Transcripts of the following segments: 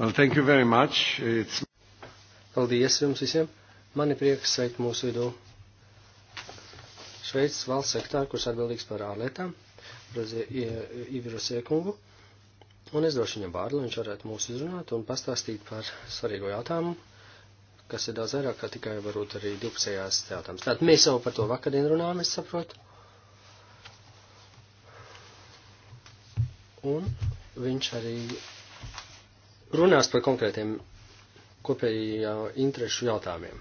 Well, thank you very much. It's... Paldies jums visiem. Man ir prieks sveikt mūsu vidū Šveices valsts sektāru, kurš atbildīgs par ārlietām, Iviru Siekungu. Un es došu viņam vārdu, lai viņš varētu mūs izrunāt un pastāstīt par svarīgo jautājumu, kas ir daudz vairāk kā tikai varbūt arī 12. jautājums. Tātad mēs jau par to vakardien runājām, es saprotu. Un viņš arī runās par konkrētiem kopējā interešu jautājumiem.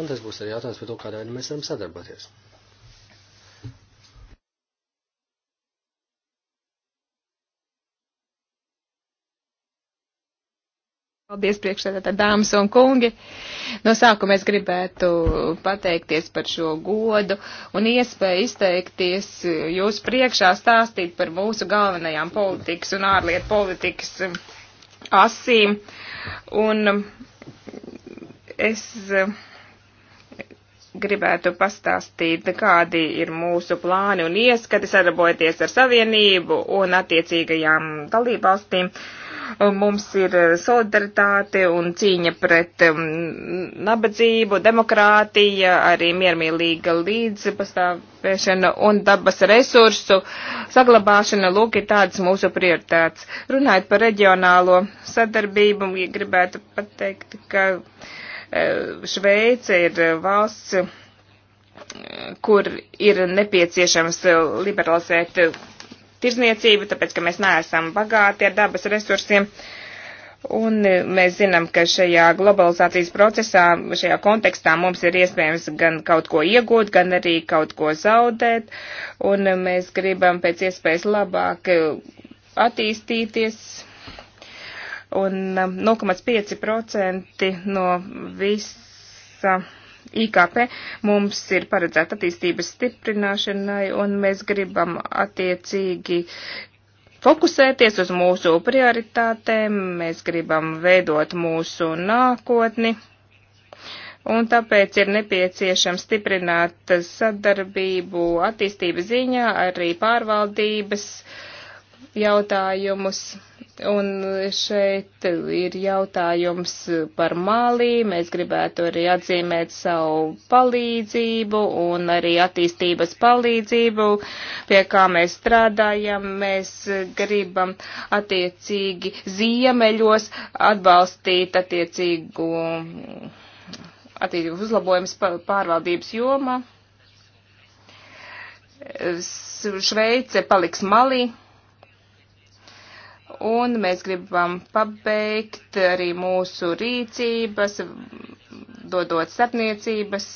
Un tas būs arī jautājums par to, kādā veidā mēs varam sadarboties. Paldies priekšsēdētā dāmas un kungi. No sākuma es gribētu pateikties par šo godu un iespēju izteikties jūsu priekšā stāstīt par mūsu galvenajām politikas un ārlietu politikas asīm. Un es gribētu pastāstīt, kādi ir mūsu plāni un ieskati sadarbojoties ar Savienību un attiecīgajām dalībvalstīm. Uh, Mums ir eh, solidaritāte un cīņa pret mm, nabadzību, demokrātija, arī miermīlīga līdzpastāvēšana un dabas resursu saglabāšana. Lūk, ir tāds mūsu prioritāts. Runājot par reģionālo sadarbību, gribētu pateikt, ka eh, Šveice ir valsts eh, kur ir nepieciešams liberalizēt tirzniecību, tāpēc, ka mēs neesam bagāti ar dabas resursiem. Un e, mēs zinām, ka šajā globalizācijas procesā, šajā kontekstā mums ir iespējams gan kaut ko iegūt, gan arī kaut ko zaudēt. Un e, mēs gribam pēc iespējas labāk e, attīstīties. Un 0,5% no visa IKP mums ir paredzēta attīstības stiprināšanai, un mēs gribam attiecīgi fokusēties uz mūsu prioritātēm, mēs gribam veidot mūsu nākotni, un tāpēc ir nepieciešams stiprināt sadarbību attīstības ziņā, arī pārvaldības jautājumus Un šeit ir jautājums par Malī. Mēs gribētu arī atzīmēt savu palīdzību un arī attīstības palīdzību, pie kā mēs strādājam. Mēs gribam attiecīgi ziemeļos atbalstīt attiecīgu, attiecīgu uzlabojumus pārvaldības jomā. Šveice paliks Malī un mēs gribam pabeigt arī mūsu rīcības, dodot starpniecības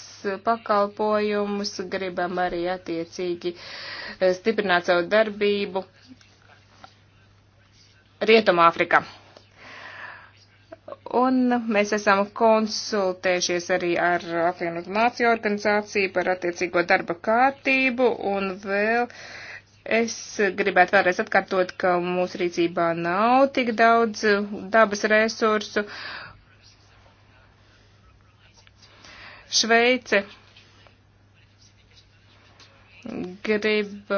pakalpojumus, gribam arī attiecīgi eh, stiprināt savu darbību Rietumāfrikā. Un mēs esam konsultējušies arī ar apvienotu nāciju organizāciju par attiecīgo darba kārtību un vēl uh, Es gribētu vēlreiz atkārtot, ka mūsu rīcībā nav tik daudz dabas resursu. Šveice grib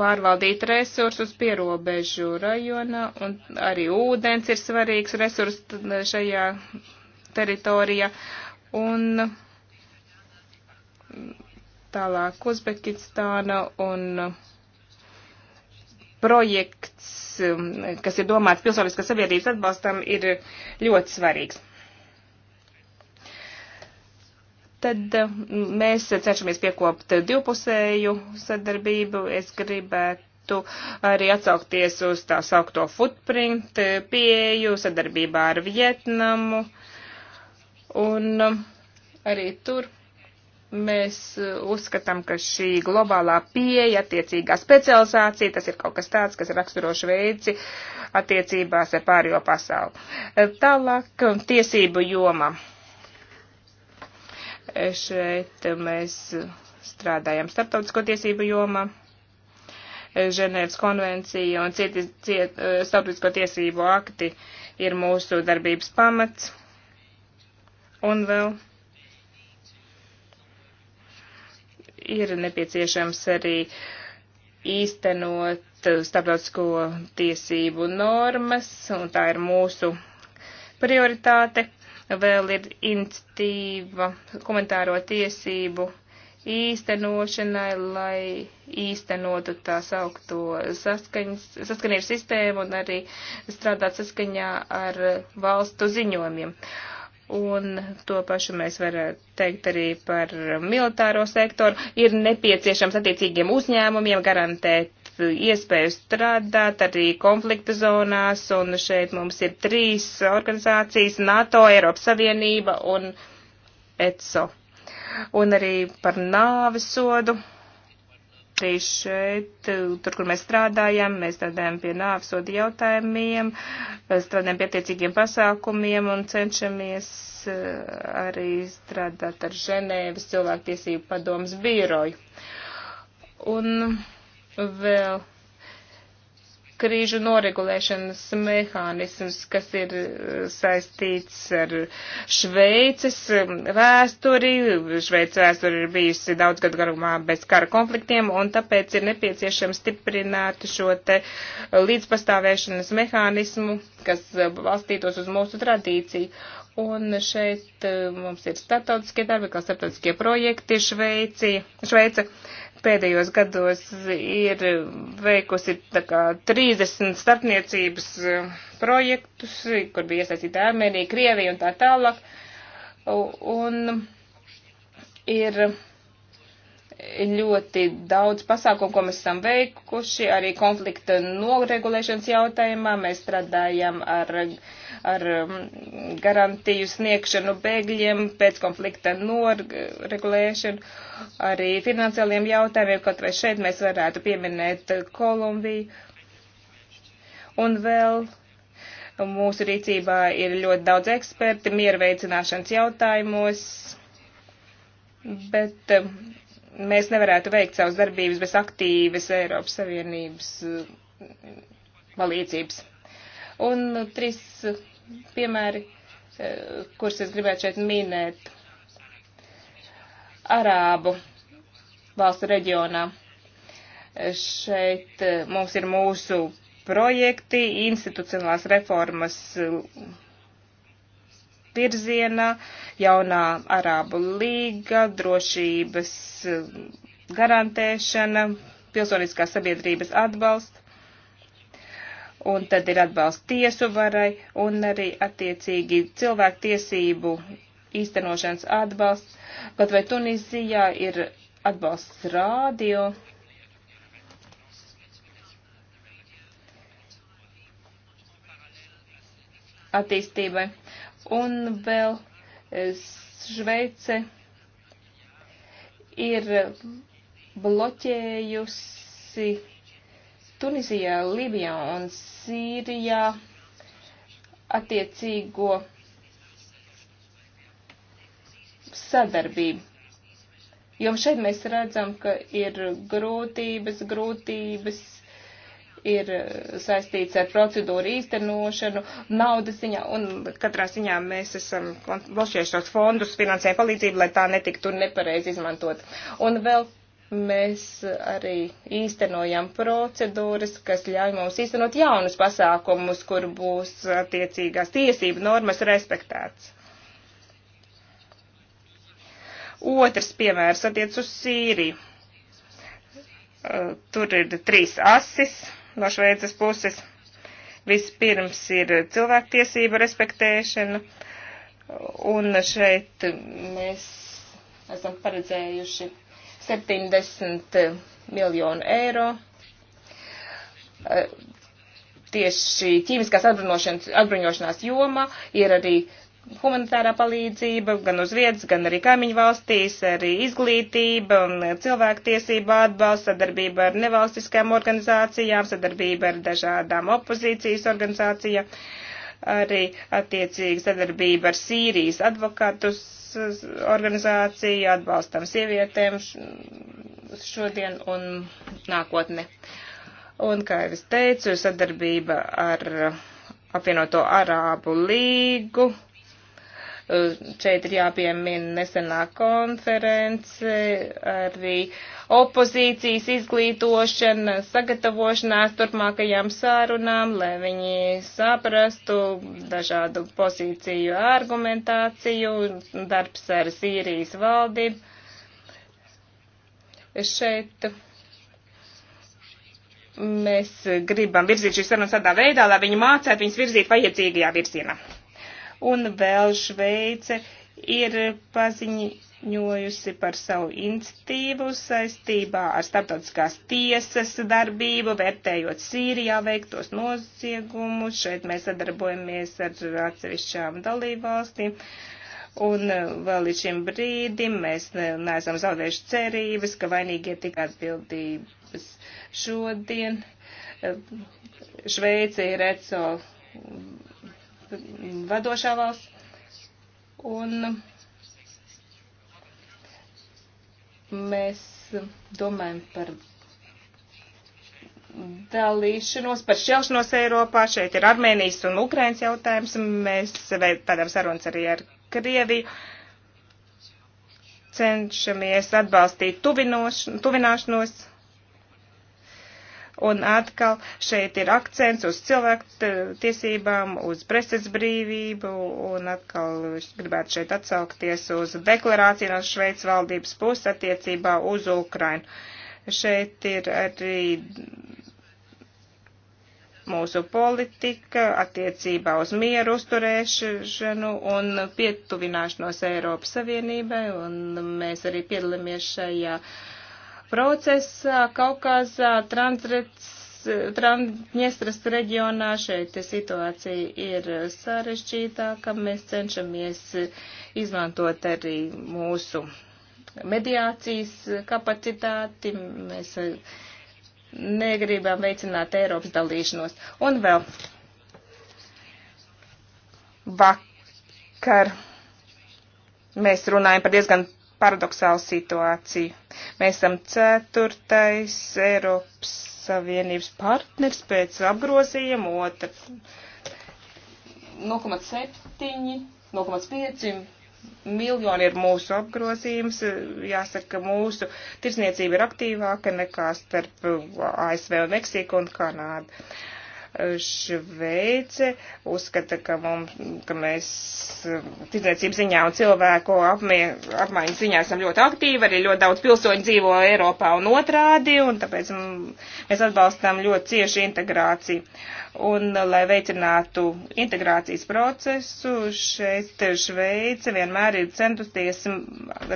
pārvaldīt resursus pierobežu rajonā, un arī ūdens ir svarīgs resurs šajā teritorijā. Un Tālāk Uzbekistāna un projekts, um, kas ir domāts pilsoniskās sabiedrības atbalstam, ir ļoti svarīgs. Tad um, mēs cenšamies piekopt divpusēju sadarbību. Es gribētu arī atsaukties uz tā saukto footprint pieju sadarbībā ar Vietnamu. Un um, arī tur Mēs uh, uzskatām, ka šī globālā pieeja, attiecīgā specializācija, tas ir kaut kas tāds, kas raksturoši veici attiecībās ar pārējo pasauli. Uh, tālāk um, tiesību joma. Uh, šeit mēs strādājam starptautisko tiesību jomā. Ženēvas konvencija un citi ciet, starptautisko tiesību akti ir mūsu darbības pamats. Un vēl ir nepieciešams arī īstenot starptautisko tiesību normas, un tā ir mūsu prioritāte. Vēl ir iniciatīva komentāro tiesību īstenošanai, lai īstenotu tā saukto saskaņu sistēmu un arī strādāt saskaņā ar valstu ziņojumiem. Uh, Un to pašu mēs varētu teikt arī par militāro sektoru. Ir nepieciešams attiecīgiem uzņēmumiem garantēt iespēju strādāt arī konflikta zonās, un šeit mums ir trīs organizācijas - NATO, Eiropas Savienība un ECO. Un arī par nāves sodu arī šeit, tur, kur mēs strādājam, mēs strādājam pie nāvsodu jautājumiem, strādājam pie tiecīgiem pasākumiem un cenšamies eh, arī strādāt ar Ženēvas cilvēktiesību padomas biroju. Un vēl krīžu noregulēšanas mehānisms, kas ir eh, saistīts ar Šveices um, vēsturi. Šveices vēsturi ir bijusi daudz gadu garumā bez kara konfliktiem, un tāpēc ir nepieciešams stiprināt šo te līdzpastāvēšanas mehānismu, kas valstītos eh, uz mūsu tradīciju. Un šeit eh, mums ir starptautiskie darbi, kā starptautiskie projekti Šveici, Šveica pēdējos gados ir veikusi tā kā 30 starpniecības e, projektus, kur bija iesaistīta Armēnija, Krievija un tā tālāk. Un ir ļoti daudz pasākumu, ko mēs esam veikuši, arī konflikta noregulēšanas jautājumā. Mēs strādājam ar, ar mm, garantiju sniegšanu bēgļiem pēc konflikta noregulēšanu, arī finansiāliem jautājumiem, kaut vai šeit mēs varētu pieminēt Kolumbiju. Un vēl mūsu rīcībā ir ļoti daudz eksperti mieru veicināšanas jautājumos, bet mēs nevarētu veikt savas darbības bez aktīvas Eiropas Savienības eh, palīdzības. Un trīs piemēri, eh, kurus es gribētu šeit minēt. Arābu valstu reģionā. Šeit eh, mums ir mūsu projekti, institucionālās reformas virzienā, jaunā Arābu līga, drošības eh, garantēšana, pilsoniskās sabiedrības atbalsts, un tad ir atbalsts tiesu varai, un arī attiecīgi cilvēku tiesību īstenošanas atbalsts, kaut vai Tunisijā ir atbalsts rādio. attīstībai. Un vēl eh, Šveice ir bloķējusi Tunizijā, Libijā un Sīrijā attiecīgo sadarbību. Jo šeit mēs redzam, ka ir grūtības, grūtības ir eh, saistīts ar procedūru īstenošanu, naudas ziņā, un katrā ziņā mēs esam valšiešos fondus finansējumu palīdzību, lai tā netiktu nepareizi izmantot. Un vēl mēs arī īstenojam procedūras, kas ļauj mums īstenot jaunus pasākumus, kur būs attiecīgās tiesību normas respektēts. Otrs piemērs attiec uz Sīriju. Eh, tur ir trīs asis no Šveices puses. Vispirms ir cilvēktiesība respektēšana, un šeit mēs esam paredzējuši 70 miljonu eiro. Tieši ķīmiskās atbruņošanās joma ir arī humanitārā palīdzība, gan uz vietas, gan arī kaimiņu valstīs, arī izglītība un cilvēktiesība atbalsts, sadarbība ar nevalstiskajām organizācijām, sadarbība ar dažādām opozīcijas organizācijām, arī attiecīgi sadarbība ar Sīrijas advokātus organizāciju, atbalstam sievietēm šodien un nākotne. Un, kā jau es teicu, sadarbība ar apvienoto Arābu līgu Šeit ir jāpiemina nesenā konference, arī opozīcijas izglītošana, sagatavošanās turpmākajām sārunām, lai viņi saprastu dažādu pozīciju argumentāciju, darbs ar Sīrijas valdību. Šeit mēs gribam virzīt šīs sarunas tādā veidā, lai viņi mācētu viņus virzīt vajadzīgajā virzienā un vēl Šveice ir paziņojusi par savu institīvu saistībā ar starptautiskās tiesas darbību, vērtējot Sīrijā veiktos noziegumus. Šeit mēs sadarbojamies ar atsevišķām dalībvalstīm. Un e, vēl līdz šim brīdim mēs neesam zaudējuši cerības, ka vainīgie tika atbildības šodien. E, Šveice ir ECO vadošā valsts. Un mēs domājam par dalīšanos, par šķelšanos Eiropā. Šeit ir Armēnijas un Ukrainas jautājums. Mēs tādām sarunas arī ar Krieviju. Cenšamies atbalstīt tuvināšanos Un atkal šeit ir akcents uz cilvēku tiesībām, uz preses brīvību, un atkal gribētu šeit atsaukties uz deklarāciju no Šveicas valdības puses attiecībā uz Ukrainu. Šeit ir arī mūsu politika attiecībā uz mieru uzturēšanu un pietuvināšanos Eiropas Savienībai, un mēs arī piedalāmies šajā. Uh, procesā Kaukazā, Transdniestras reģionā šeit situācija ir sarežģītāka. Mēs cenšamies izmantot arī mūsu mediācijas kapacitāti. Mēs eh, negribam veicināt Eiropas dalīšanos. Un vēl vakar mēs runājam par diezgan paradoxālu situāciju. Mēs esam ceturtais Eiropas Savienības partners pēc apgrozījuma, otra 0,7, 0,5 miljoni ir mūsu apgrozījums. Jāsaka, ka mūsu tirsniecība ir aktīvāka nekā starp ASV un Meksiku un Kanādu. Šveice uzskata, ka, mums, ka mēs eh, tirdzniecības ziņā un cilvēku apmaiņas ziņā esam ļoti aktīvi, arī ļoti daudz pilsoņu dzīvo Eiropā un otrādi, un tāpēc mēs atbalstam ļoti cieši integrāciju. Un, lai veicinātu integrācijas procesu, šeit Šveice vienmēr ir centusies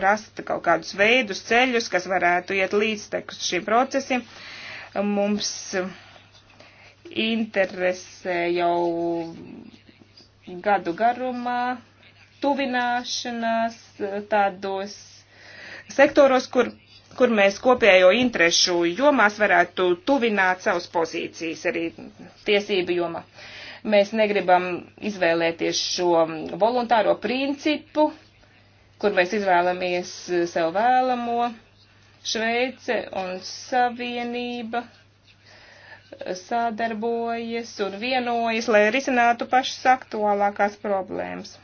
rast kaut kādus veidus, ceļus, kas varētu iet līdztekus šim procesim. Mums uh, interesē jau gadu garumā tuvināšanās e, tādos sektoros, kur, kur mēs kopējo interešu jomās varētu tuvināt savas pozīcijas arī tiesību jomā. Mēs negribam izvēlēties šo voluntāro principu, kur mēs izvēlamies sev vēlamo Šveice un Savienība sadarbojas un vienojas, lai risinātu pašas aktuālākās problēmas.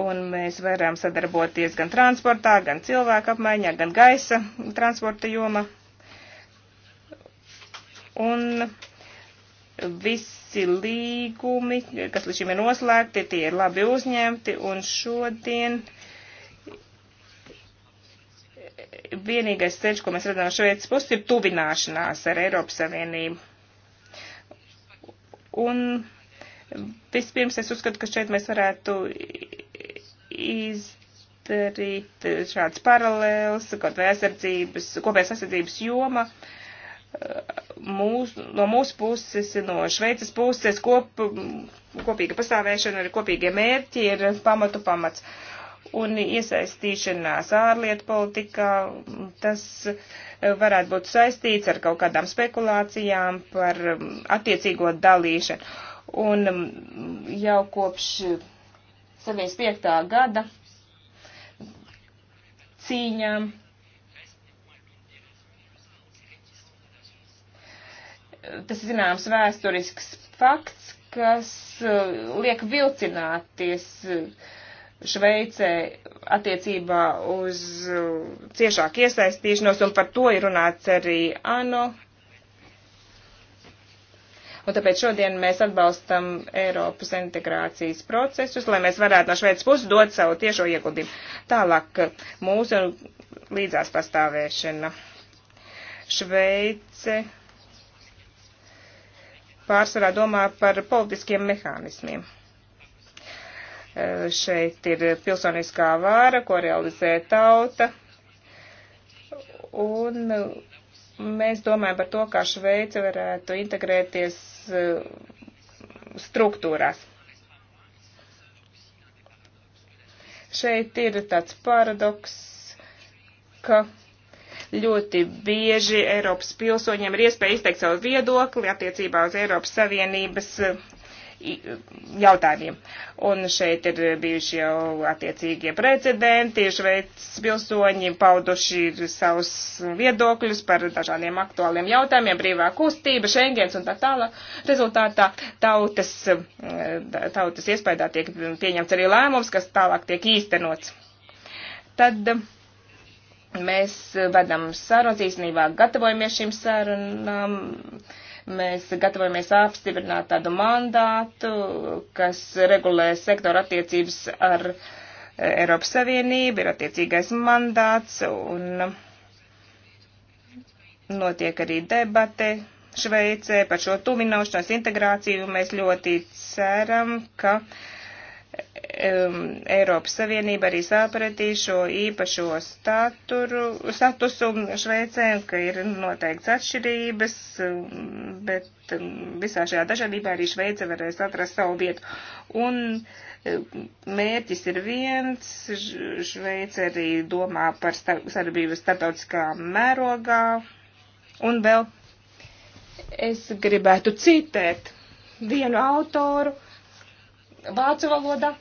Un mēs varam sadarboties gan transportā, gan cilvēku apmaiņā, gan gaisa transporta joma. Un visi līgumi, kas līdz šim ir noslēgti, tie ir labi uzņemti, un šodien vienīgais ceļš, ko mēs redzam Šveices pusi, ir tuvināšanās ar Eiropas Savienību. Un vispirms es uzskatu, ka šeit mēs varētu izdarīt šāds paralēls, kaut vai aizsardzības, kopējas aizsardzības joma. Eh, mūs, no mūsu puses, no Šveices puses kop, kopīga pastāvēšana ar kopīgiem mērķi ir pamatu pamats. Uh, un iesaistīšanās ārlietu politikā. Tas eh, varētu būt saistīts ar kaut kādām spekulācijām par mm, attiecīgo dalīšanu. Un mm, jau kopš 75. gada cīņām tas zināms vēsturisks fakts, kas eh, liek vilcināties uh, Šveicē attiecībā uz uh, ciešāku iesaistīšanos, un par to ir runāts arī ANO. Un tāpēc šodien mēs atbalstam Eiropas integrācijas procesus, lai mēs varētu no Šveices puses dot savu tiešo ieguldījumu. Tālāk uh, mūsu līdzās pastāvēšana. Šveice pārsvarā domā par politiskiem mehānismiem. Eh, šeit ir pilsoniskā vāra, ko realizē tauta. Un eh, mēs domājam par to, kā Šveica varētu integrēties eh, struktūrās. Šeit ir tāds paradoks, ka ļoti bieži Eiropas pilsoņiem ir iespēja izteikt savu viedokli attiecībā uz Eiropas Savienības jautājumiem. Un šeit ir bijuši jau attiecīgie precedenti, šveicis pilsoņi pauduši savus viedokļus par dažādiem aktuāliem jautājumiem, brīvā kustība, Schengens un tā tālāk. Rezultātā tautas, eh, tautas iespējā tiek pieņemts arī lēmums, kas tālāk tiek īstenots. Tad mēs vedam sarunas, īstenībā gatavojamies šīm sarunām. Um, Mēs gatavojamies apstiprināt tādu mandātu, kas regulē sektora attiecības ar eh, Eiropas Savienību, ir attiecīgais mandāts un notiek arī debate Šveicē par šo tuvināšanos integrāciju. Mēs ļoti ceram, ka um, Eiropas Savienība arī sapratīs šo īpašo staturu, statusu Šveicē, ka ir noteikts atšķirības, um, bet um, visā šajā dažādībā arī Šveice varēs atrast savu vietu. Un um, mērķis ir viens, Šveice arī domā par sadarbību starptautiskā mērogā. Un vēl es gribētu citēt vienu autoru vācu valodā,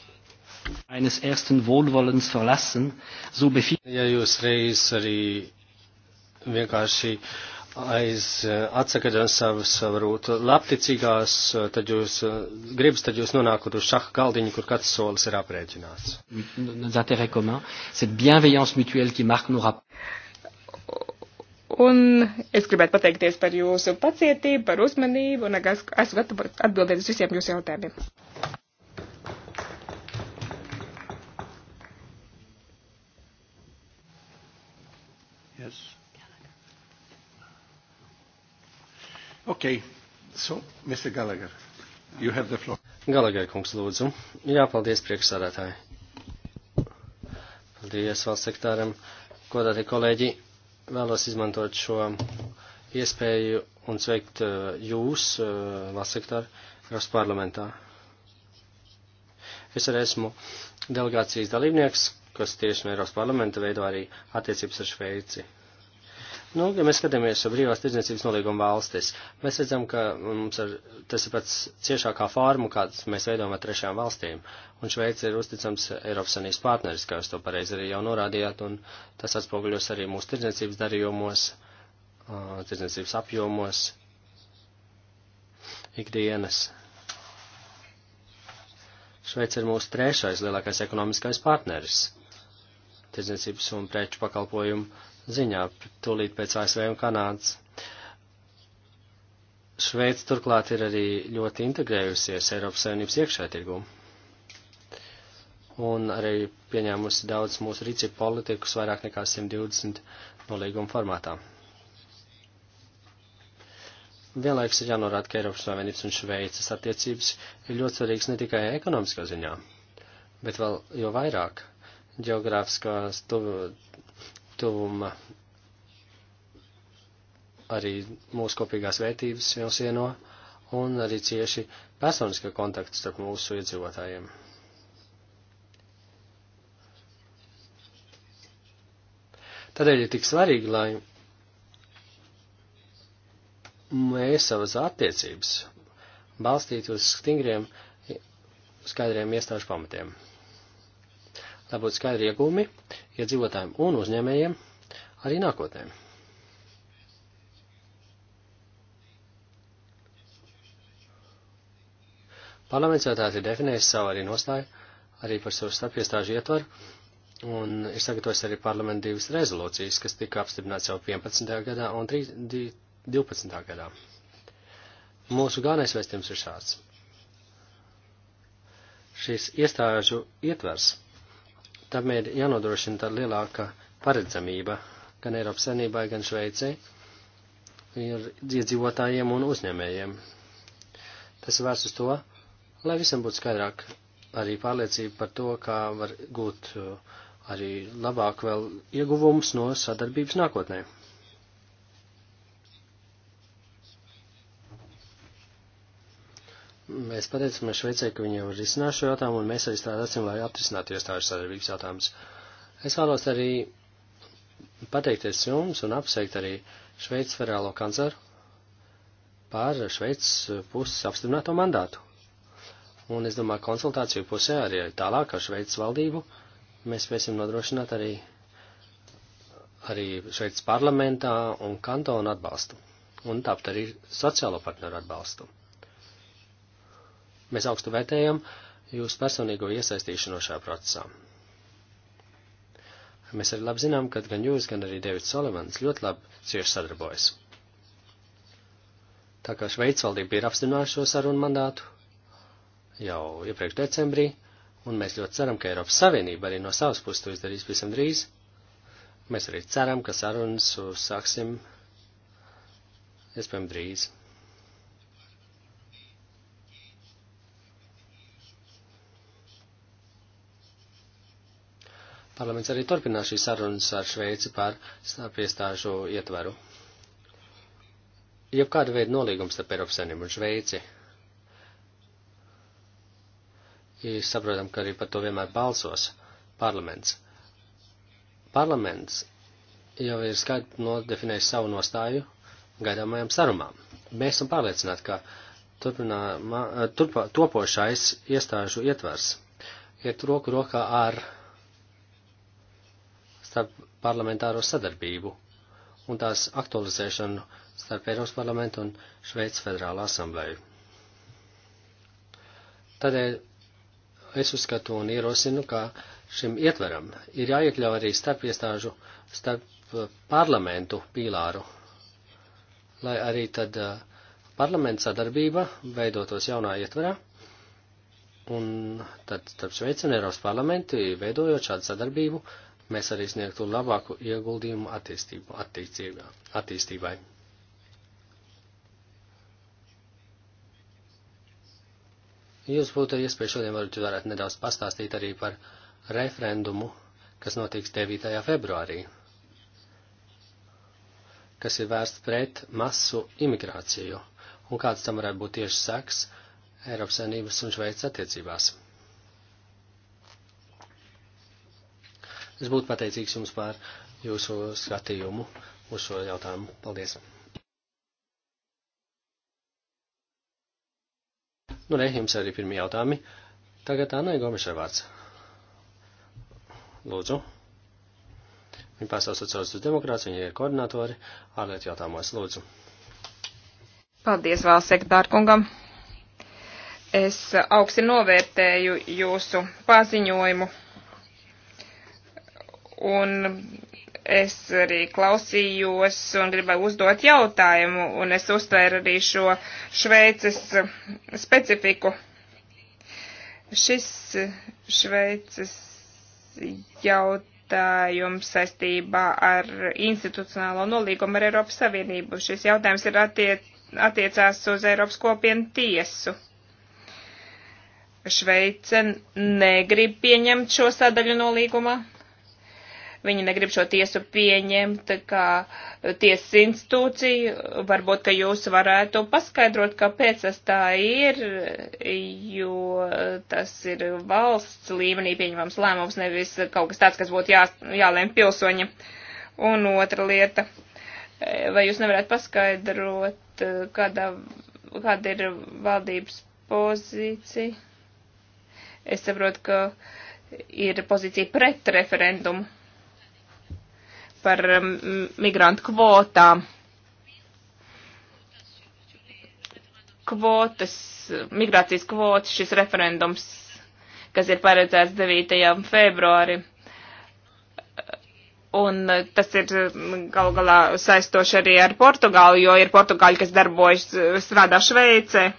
eines ersten Wohlwollens verlassen, so befiehlt. Ja jūs reiz arī vienkārši aiz eh, atsakāt no savas, varbūt, labticīgās, eh, tad jūs eh, gribas, tad jūs nonākat uz šaha galdiņu, kur katrs solis ir aprēķināts. Un es gribētu pateikties par jūsu pacietību, par uzmanību, un esmu gatava atbildēt uz visiem jūsu jautājumiem. Yes. Okay. So, Mr. Gallagher, you have the floor. Gallagher kungs, lūdzu. Jā, paldies priekšsādātāji. Paldies valsts sektāram. Godātie kolēģi, vēlos izmantot šo iespēju un sveikt eh, jūs, eh, valsts sektāri, Eiropas parlamentā. Es arī esmu delegācijas dalībnieks, kas tieši no Eiropas parlamenta veido arī attiecības ar Šveici. Nu, ja mēs skatāmies uz brīvās tirdzniecības nolīgumu valstis, mēs redzam, ka mums ar, tas ir pats ciešākā forma, kādas mēs veidojam ar trešajām valstīm, un Šveica ir uzticams Eiropas Sanības partneris, kā jūs to pareizi arī jau norādījāt, un tas atspoguļos arī mūsu tirdzniecības darījumos, tirdzniecības apjomos, ikdienas. Šveica ir mūsu trešais lielākais ekonomiskais partneris tirdzniecības un preču pakalpojumu ziņā, tūlīt pēc ASV un Kanādas. Šveica turklāt ir arī ļoti integrējusies Eiropas Savienības iekšē tirgū un arī pieņēmusi daudz mūsu rīcību politikas vairāk nekā 120 nolīguma formātā. Vienlaiks ir jānorāda, ka Eiropas Savienības un Šveices attiecības ir ļoti svarīgas ne tikai ekonomiskā ziņā, bet vēl jo vairāk geogrāfiskās tuv, tuvuma arī mūsu kopīgās vērtības jau sieno un arī cieši personiskā kontakta starp mūsu iedzīvotājiem. Tādēļ ir tik svarīgi, lai mēs savas attiecības balstītu uz stingriem, skaidriem iestāžu pamatiem. Tā būtu skaidri iegūmi iedzīvotājiem un uzņēmējiem arī nākotnē. Parlaments jau tātad ir definējis savu arī nostāju, arī par savu starpiestāžu ietvaru, un ir sagatavojis arī parlamentu divas rezolūcijas, kas tika apstiprināts jau 15. gadā un 3, 12. gadā. Mūsu galvenais vēstījums ir šāds. Šis iestāžu ietvers tam ir jānodrošina tāda lielāka paredzamība gan Eiropas Savienībai, gan Šveicei, ir iedzīvotājiem un uzņēmējiem. Tas ir vērsts uz to, lai visam būtu skaidrāk arī pārliecība par to, kā var gūt uh, arī labāk vēl ieguvums no sadarbības nākotnē. Mēs pateicamies Šveicē, ka viņi jau ir izcinājuši šo jautājumu, un mēs arī strādāsim, lai atrisinātu iestāžu sadarbības jautājumus. Es vēlos arī pateikties jums un apsveikt arī Šveicas federālo kancleru par Šveicas puses apstiprināto mandātu. Un es domāju, konsultāciju pusē arī tālāk ar Šveicas valdību mēs spēsim nodrošināt arī, arī Šveicas parlamentā un kantonu atbalstu. Un tāpat arī sociālo partneru atbalstu. Mēs augstu vērtējam jūsu personīgo iesaistīšanos no šajā procesā. Mēs arī labi zinām, ka gan jūs, gan arī Deivids Solivans ļoti labi cieši sadarbojas. Tā kā Šveic valdība ir apstiprinājusi šo sarunu mandātu jau iepriekš decembrī, un mēs ļoti ceram, ka Eiropas Savienība arī no savas puses to izdarīs visam drīz. Mēs arī ceram, ka sarunas sāksim iespējami drīz. Parlaments arī turpinās šīs sarunas ar Šveici par piestāžu ietveru. Jebkāda veida nolīgums ar Eiropas Savienību un Šveici. Ir saprotam, ka arī par to vienmēr balsos parlaments. Parlaments jau ir skaidri nodefinējis savu nostāju gaidāmajām sarunām. Mēs esam pārliecināti, ka turpinā, turpa, topošais iestāžu ietvers iet roku rokā ar starp parlamentāro sadarbību un tās aktualizēšanu starp Eiropas parlamentu un Šveices federālo asambleju. Tādēļ es uzskatu un ierosinu, ka šim ietveram ir jāiekļauj arī starp iestāžu, starp uh, parlamentu pīlāru, lai arī tad uh, parlamenta sadarbība veidotos jaunā ietverā, un tad starp Šveici un Eiropas parlamentu, veidojot šādu sadarbību, mēs arī sniegtu labāku ieguldījumu attīstību, attīstībai. Jūs būtu iespēja šodien varbūt varētu nedaudz pastāstīt arī par referendumu, kas notiks 9. februārī, kas ir vērsts pret masu imigrāciju, un kāds tam varētu būt tieši seks Eiropas Savienības un Šveicas attiecībās. Es būtu pateicīgs jums par jūsu skatījumu uz šo jautājumu. Paldies! Nu, re, jums arī pirmie jautājumi. Tagad Anna Gomeša vārds. Lūdzu. Viņa pārstāv sociālistus demokrātus, viņa ir koordinatori. Ārlietu jautājumos, lūdzu. Paldies valsts sekretārkungam. Es augsti novērtēju jūsu paziņojumu un es arī klausījos un gribēju uzdot jautājumu, un es uztvēru arī šo Šveices specifiku. Šis Šveices jautājums saistībā ar institucionālo nolīgumu ar Eiropas Savienību. Šis jautājums ir attiec, attiecās uz Eiropas kopienu tiesu. Šveice negrib pieņemt šo sadaļu nolīgumā, Viņi negrib šo tiesu pieņemt kā tiesas institūciju. Varbūt, ka jūs varētu paskaidrot, kāpēc tas tā ir, jo tas ir valsts līmenī pieņemams lēmums, nevis kaut kas tāds, kas būtu jā, jālēm pilsoņa. Un otra lieta, vai jūs nevarētu paskaidrot, kāda, kāda ir valdības pozīcija? Es saprotu, ka ir pozīcija pret referendumu par um, migrantu kvotām. Kvotas, migrācijas kvotas, šis referendums, kas ir paredzēts 9. februāri. Un tas ir um, gal galā saistoši arī ar Portugāli, jo ir Portugāļi, kas darbojas, strādā Šveicē.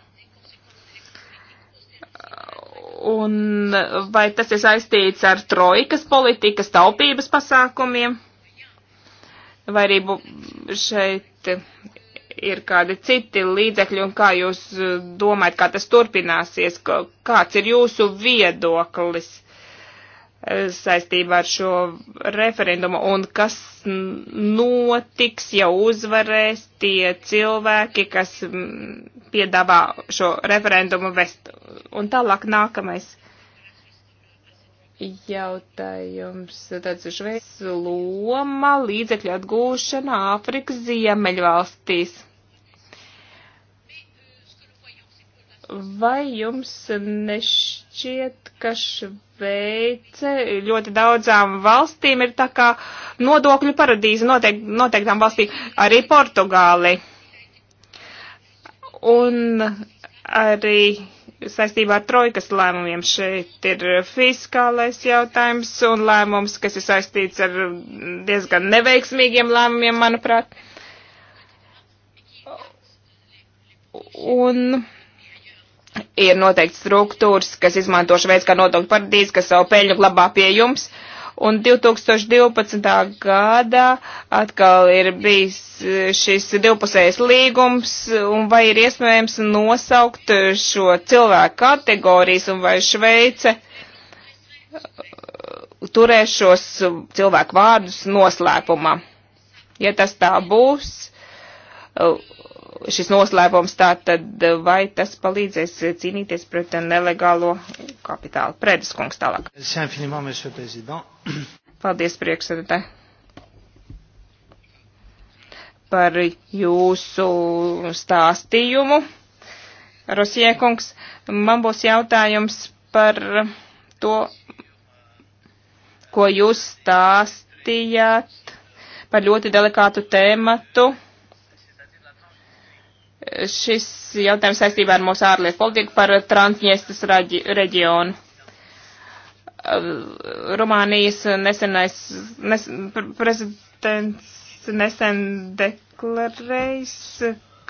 Un vai tas ir saistīts ar trojkas politikas taupības pasākumiem? vai arī šeit ir kādi citi līdzekļi un kā jūs eh, domājat, kā tas turpināsies, kāds ir jūsu viedoklis eh, saistībā ar šo referendumu un kas notiks, ja uzvarēs tie cilvēki, kas mm, piedāvā šo referendumu vest. Un tālāk nākamais jautājums. Tāds Šveices loma līdzekļu atgūšana Āfrikas ziemeļvalstīs. Vai jums nešķiet, ka Šveice ļoti daudzām valstīm ir tā kā nodokļu paradīze noteik, noteiktām valstīm, arī Portugāli? Un arī saistībā ar trojkas lēmumiem. Šeit ir fiskālais jautājums un lēmums, kas ir saistīts ar diezgan neveiksmīgiem lēmumiem, manuprāt. Un ir noteikti struktūras, kas izmanto šo veids kā nodokļu paradīzi, kas savu peļņu glabā pie jums. Uh, Un 2012. gadā atkal ir bijis eh, šis divpusējs līgums, un vai ir iespējams nosaukt šo cilvēku kategorijas, un vai Šveice eh, turēs šos cilvēku vārdus noslēpumā. Ja tas tā būs, eh, šis noslēpums tātad, vai tas palīdzēs cīnīties pret nelegālo kapitālu. Prēdas kungs tālāk. Paldies, priekšsēdētāji. Par jūsu stāstījumu, Rosiekungs. Man būs jautājums par to, ko jūs stāstījāt par ļoti delikātu tēmatu šis jautājums saistībā ar mūsu ārlietu politiku par Transniestras reģionu. Rumānijas nesenais nes, prezidents nesen deklarējis,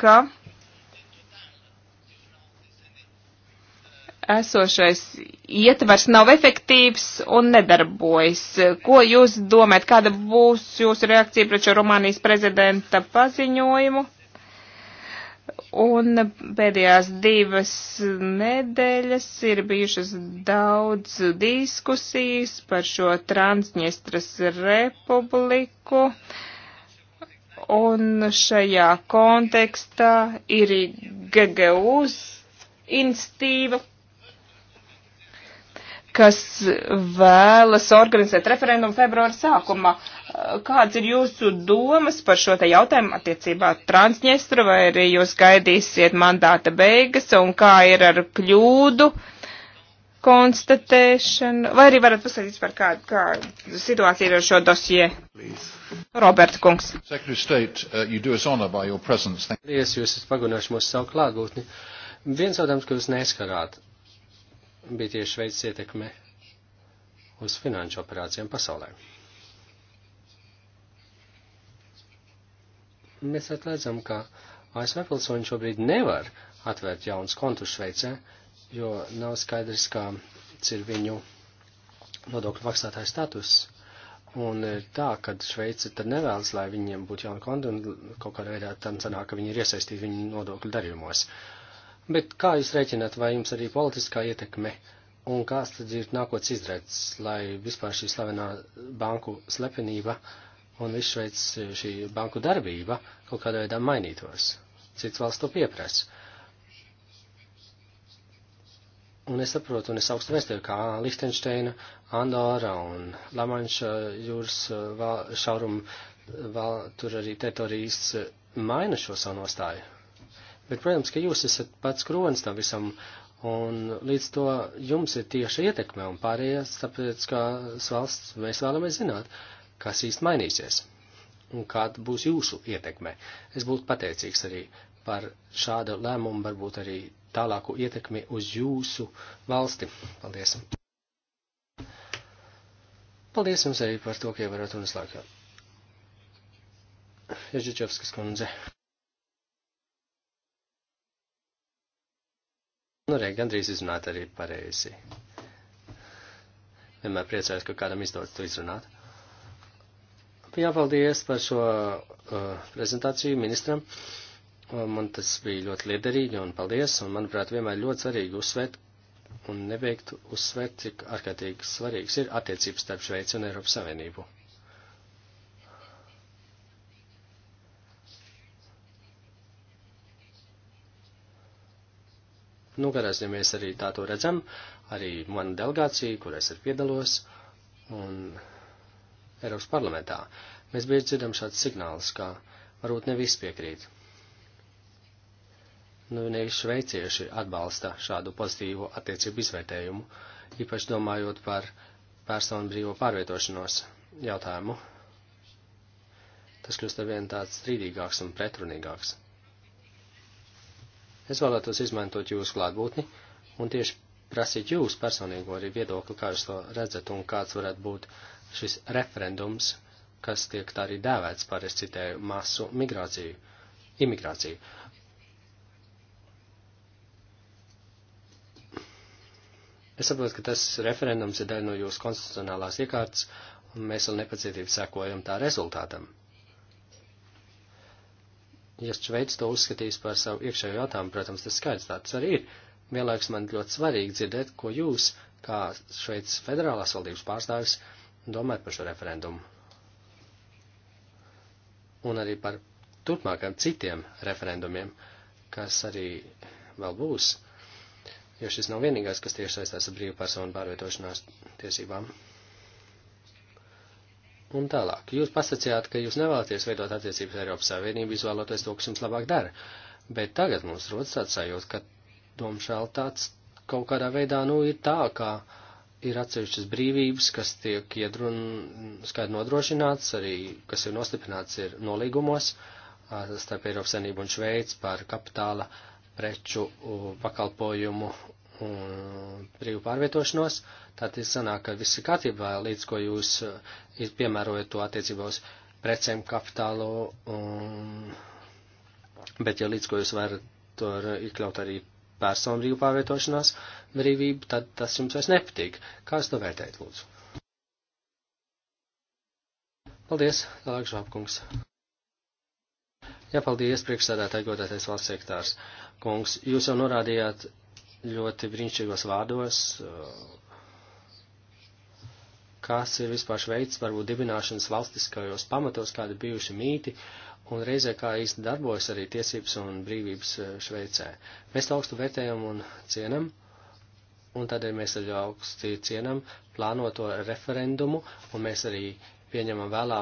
ka esošais ietvars nav efektīvs un nedarbojas. Ko jūs domājat, kāda būs jūsu reakcija pret šo Rumānijas prezidenta paziņojumu? Un pēdējās divas nedēļas ir bijušas daudz diskusijas par šo Transņestras republiku. Un šajā kontekstā ir GGUs institīva, kas vēlas organizēt referendumu februāra sākumā. Kāds ir jūsu domas par šo te jautājumu attiecībā Transņestru, vai arī jūs gaidīsiet mandāta beigas, un kā ir ar kļūdu konstatēšanu, vai arī varat pasakīt par kādu kā situāciju ar šo dosie? Roberta kungs. Uh, Paldies, jūs esat pagunājuši mūsu savu klātbūtni. Viens jautājums, ko jūs neskarāt, bija tieši veids ietekme uz finanšu operācijām pasaulē. Mēs atlēdzam, ka ASV pilsoņi šobrīd nevar atvērt jaunas kontus Šveicē, jo nav skaidrs, kāds ir viņu nodokļu maksātāja status. Un ir tā, ka Šveice tad nevēlas, lai viņiem būtu jauna konta un kaut kādā veidā tam sanāk, ka viņi ir iesaistīti viņu nodokļu darījumos. Bet kā jūs rēķināt, vai jums arī politiskā ietekme un kāds tad ir nākotnes izredz, lai vispār šī slavenā banku slepenība uh, un visu veids eh, šī banku darbība kaut kādā veidā mainītos. Cits valsts to pieprasa. Un es saprotu, un es augstu vēstēju, kā Lichtensteina, Andora un Lamanša jūras eh, val, šaurum, eh, val, tur arī teritorijas maina šo savu nostāju. Bet, protams, ka jūs esat pats kronis tam visam, un līdz to jums ir tieši ietekme, un pārējās, tāpēc, kā valsts, mēs vēlamies zināt, uh, kas īsti mainīsies un kāda būs jūsu ietekme. Es būtu pateicīgs arī par šādu lēmumu, varbūt arī tālāku ietekmi uz jūsu valsti. Paldies! Paldies jums arī par to, ka ievarat un uzlākāt. Ježičevskas kundze. Nu, re, gandrīz izrunāt arī pareizi. Vienmēr priecājos, ka kādam izdodas to izrunāt. Jāpaldies par šo uh, prezentāciju ministram. Uh, man tas bija ļoti liederīgi un paldies. Un, manuprāt, vienmēr ļoti svarīgi uzsvērt un neveikt uzsvērt, cik ārkārtīgi svarīgs ir attiecības starp Šveici un Eiropas Savienību. Nu, garās, ja mēs arī tā to redzam, arī mana delegācija, kurais ir piedalos, un Eiropas parlamentā. Mēs bieži dzirdam šāds signāls, ka varbūt ne viss piekrīt. Nu, ne visi šveicieši atbalsta šādu pozitīvu attiecību izvērtējumu, īpaši domājot par personu brīvo pārvietošanos jautājumu. Tas kļūst ar vien tāds strīdīgāks un pretrunīgāks. Es vēlētos izmantot jūsu klātbūtni un tieši prasīt jūsu personīgo arī viedokli, kā jūs to redzat un kāds varētu būt šis referendums, kas tiek tā arī dēvēts par, es citēju, masu migrāciju, imigrāciju. Es saprotu, ka tas referendums ir daļa no jūsu konstitucionālās iekārtas, un mēs vēl nepacietību sekojam tā rezultātam. Ja Šveic to uzskatīs par savu iekšējo jautājumu, protams, tas skaidrs tāds arī ir. Vienlaiks man ļoti svarīgi dzirdēt, ko jūs, kā Šveicis federālās valdības pārstāvis, uh, domāt par šo referendumu. Un arī par turpmākiem citiem referendumiem, kas arī vēl būs, jo šis nav vienīgais, kas tieši saistās ar brīvu personu pārvietošanās tiesībām. Un tālāk, jūs pasacījāt, ka jūs nevēlaties veidot attiecības Eiropas Savienību, izvēloties to, kas jums labāk dara, bet tagad mums rodas tāds sajūta, ka domšēl tāds kaut kādā veidā, nu, ir tā, kā. Ka ir atsevišķas brīvības, kas tiek iedrun, skaidri nodrošināts, arī kas ir nostiprināts ir nolīgumos starp Eiropas Savienību un Šveici par kapitāla preču pakalpojumu un brīvu pārvietošanos. Tātad sanāk, ka viss ir kārtībā, līdz ko jūs e, piemērojat to attiecībā uz precēm kapitālu, un, bet jau līdz ko jūs varat tur iekļaut arī personu brīvu pārvietošanās brīvību, tad tas jums vairs nepatīk. Kā es to vērtēju, lūdzu? Paldies, tālāk žāpkungs. Jā, paldies, priekšsēdētāji, godātais valsts sektārs. Kungs, jūs jau norādījāt ļoti brīnišķīgos vārdos, uh, kas ir vispār veids, varbūt dibināšanas valstiskajos pamatos, kādi bijuši mīti, un reizē kā īsti darbojas arī tiesības un brīvības e, Šveicē. Mēs to augstu vērtējam un cienam, un tādēļ mēs arī augstu cienam plānoto referendumu, un mēs arī pieņemam vēlā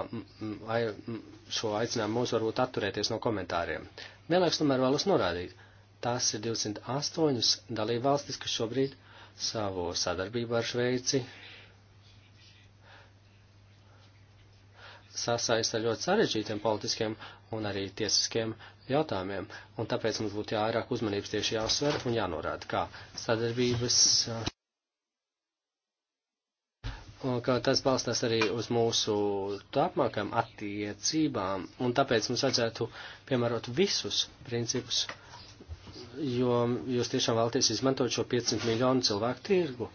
šo aicinājumu mūs varbūt atturēties no komentāriem. Vienlaiks tomēr vēlos norādīt, tās ir 28 dalībvalstis, kas šobrīd savu sadarbību ar Šveici sasaista ar ļoti sarežģītiem politiskiem un arī tiesiskiem jautājumiem. Un tāpēc mums būtu jāvairāk uzmanības tieši jāuzsver un jānorāda, kā sadarbības, ka tas balstās arī uz mūsu tāpmākajām attiecībām. Un tāpēc mums vajadzētu piemērot visus principus, jo jūs tiešām vēlaties izmantot šo 500 miljonu cilvēku tirgu.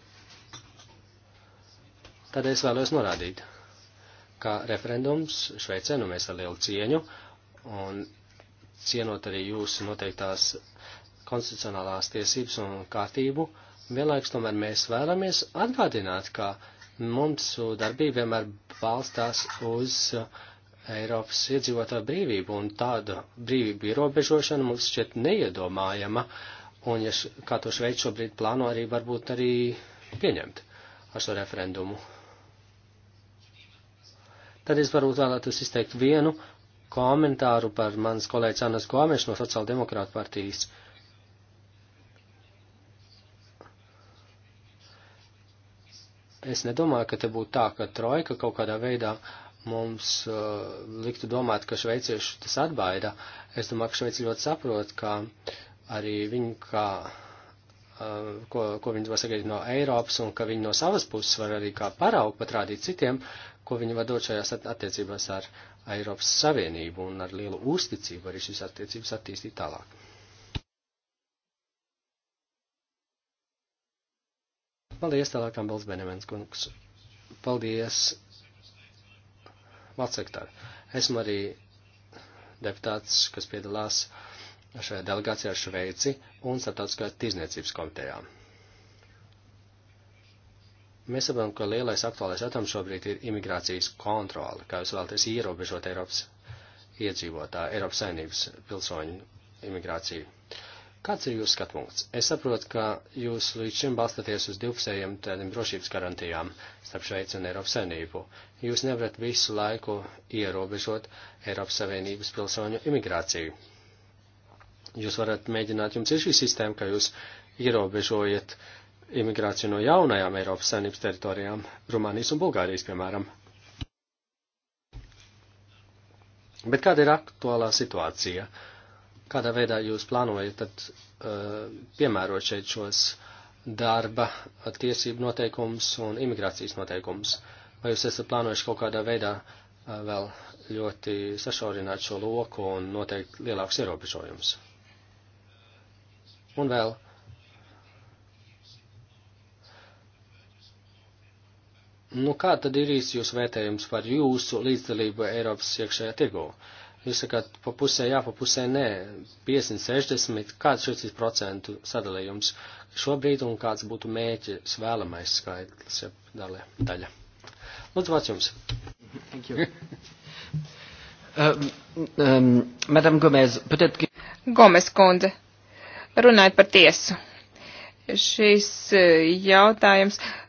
Tad es vēlos norādīt ka referendums Šveicē, nu mēs ar lielu cieņu un cienot arī jūsu noteiktās konstitucionālās tiesības un kārtību, vienlaiks tomēr mēs vēlamies atgādināt, ka mūsu darbība vienmēr balstās uz Eiropas iedzīvotāju brīvību, un tāda brīvība ierobežošana mums šķiet neiedomājama, un ja kā to Šveic šobrīd plāno arī varbūt arī pieņemt ar šo referendumu. Tad es varbūt vēlētos izteikt vienu komentāru par manas kolēģis Annas Gomes no Sociāldemokrāta partijas. Es nedomāju, ka te būtu tā, ka trojka kaut kādā veidā mums uh, liktu domāt, ka šveicieši tas atbaida. Es domāju, ka šveici ļoti saprot, ka arī viņi kā uh, ko, ko viņi var sagaidīt no Eiropas, un ka viņi no savas puses var arī kā paraugu patrādīt citiem, ko viņi var dot šajās attiecībās ar Eiropas Savienību un ar lielu uzticību arī šīs attiecības attīstīt tālāk. Paldies, tālāk Ambels Benemens kungs. Paldies, valsts sektāri. Esmu arī deputāts, kas piedalās šajā delegācijā ar Šveici un starptautiskās tirzniecības komitejām. Mēs saprotam, ka lielais aktuālais jautājums šobrīd ir imigrācijas kontrole, kā jūs vēlaties ierobežot Eiropas iedzīvotā, Eiropas saimnības pilsoņu imigrāciju. Kāds ir jūsu skatpunkts? Es saprotu, ka jūs līdz šim balstaties uz divpusējiem tādiem drošības garantijām starp Šveici un Eiropas saimnību. Jūs nevarat visu laiku ierobežot Eiropas Savienības pilsoņu imigrāciju. Jūs varat mēģināt, jums ir šī sistēma, ka jūs ierobežojat uh, imigrāciju no jaunajām Eiropas saimnības teritorijām, Rumānijas un Bulgārijas, piemēram. Bet kāda ir aktuālā situācija? Kādā veidā jūs plānojat tad, uh, piemērot šeit šos darba tiesību noteikumus un imigrācijas noteikumus? Vai jūs esat plānojuši kaut kādā veidā uh, vēl ļoti sašaurināt šo loku un noteikt lielākus ierobežojumus? Un vēl Nu, kā tad ir īsti jūs vērtējums par jūsu līdzdalību Eiropas iekšējā tirgū? Jūs sakāt, pa pusē jā, pa pusē nē, 50, 60, kāds šis ir procentu sadalījums šobrīd un kāds būtu mēķis vēlamais skaitlis, ja dalē, daļa. Lūdzu, vārds jums. Thank you. um, um, Madam Gomez, peut-être que... Gomez kundze, runājot par tiesu. Šis eh, jautājums. Uh,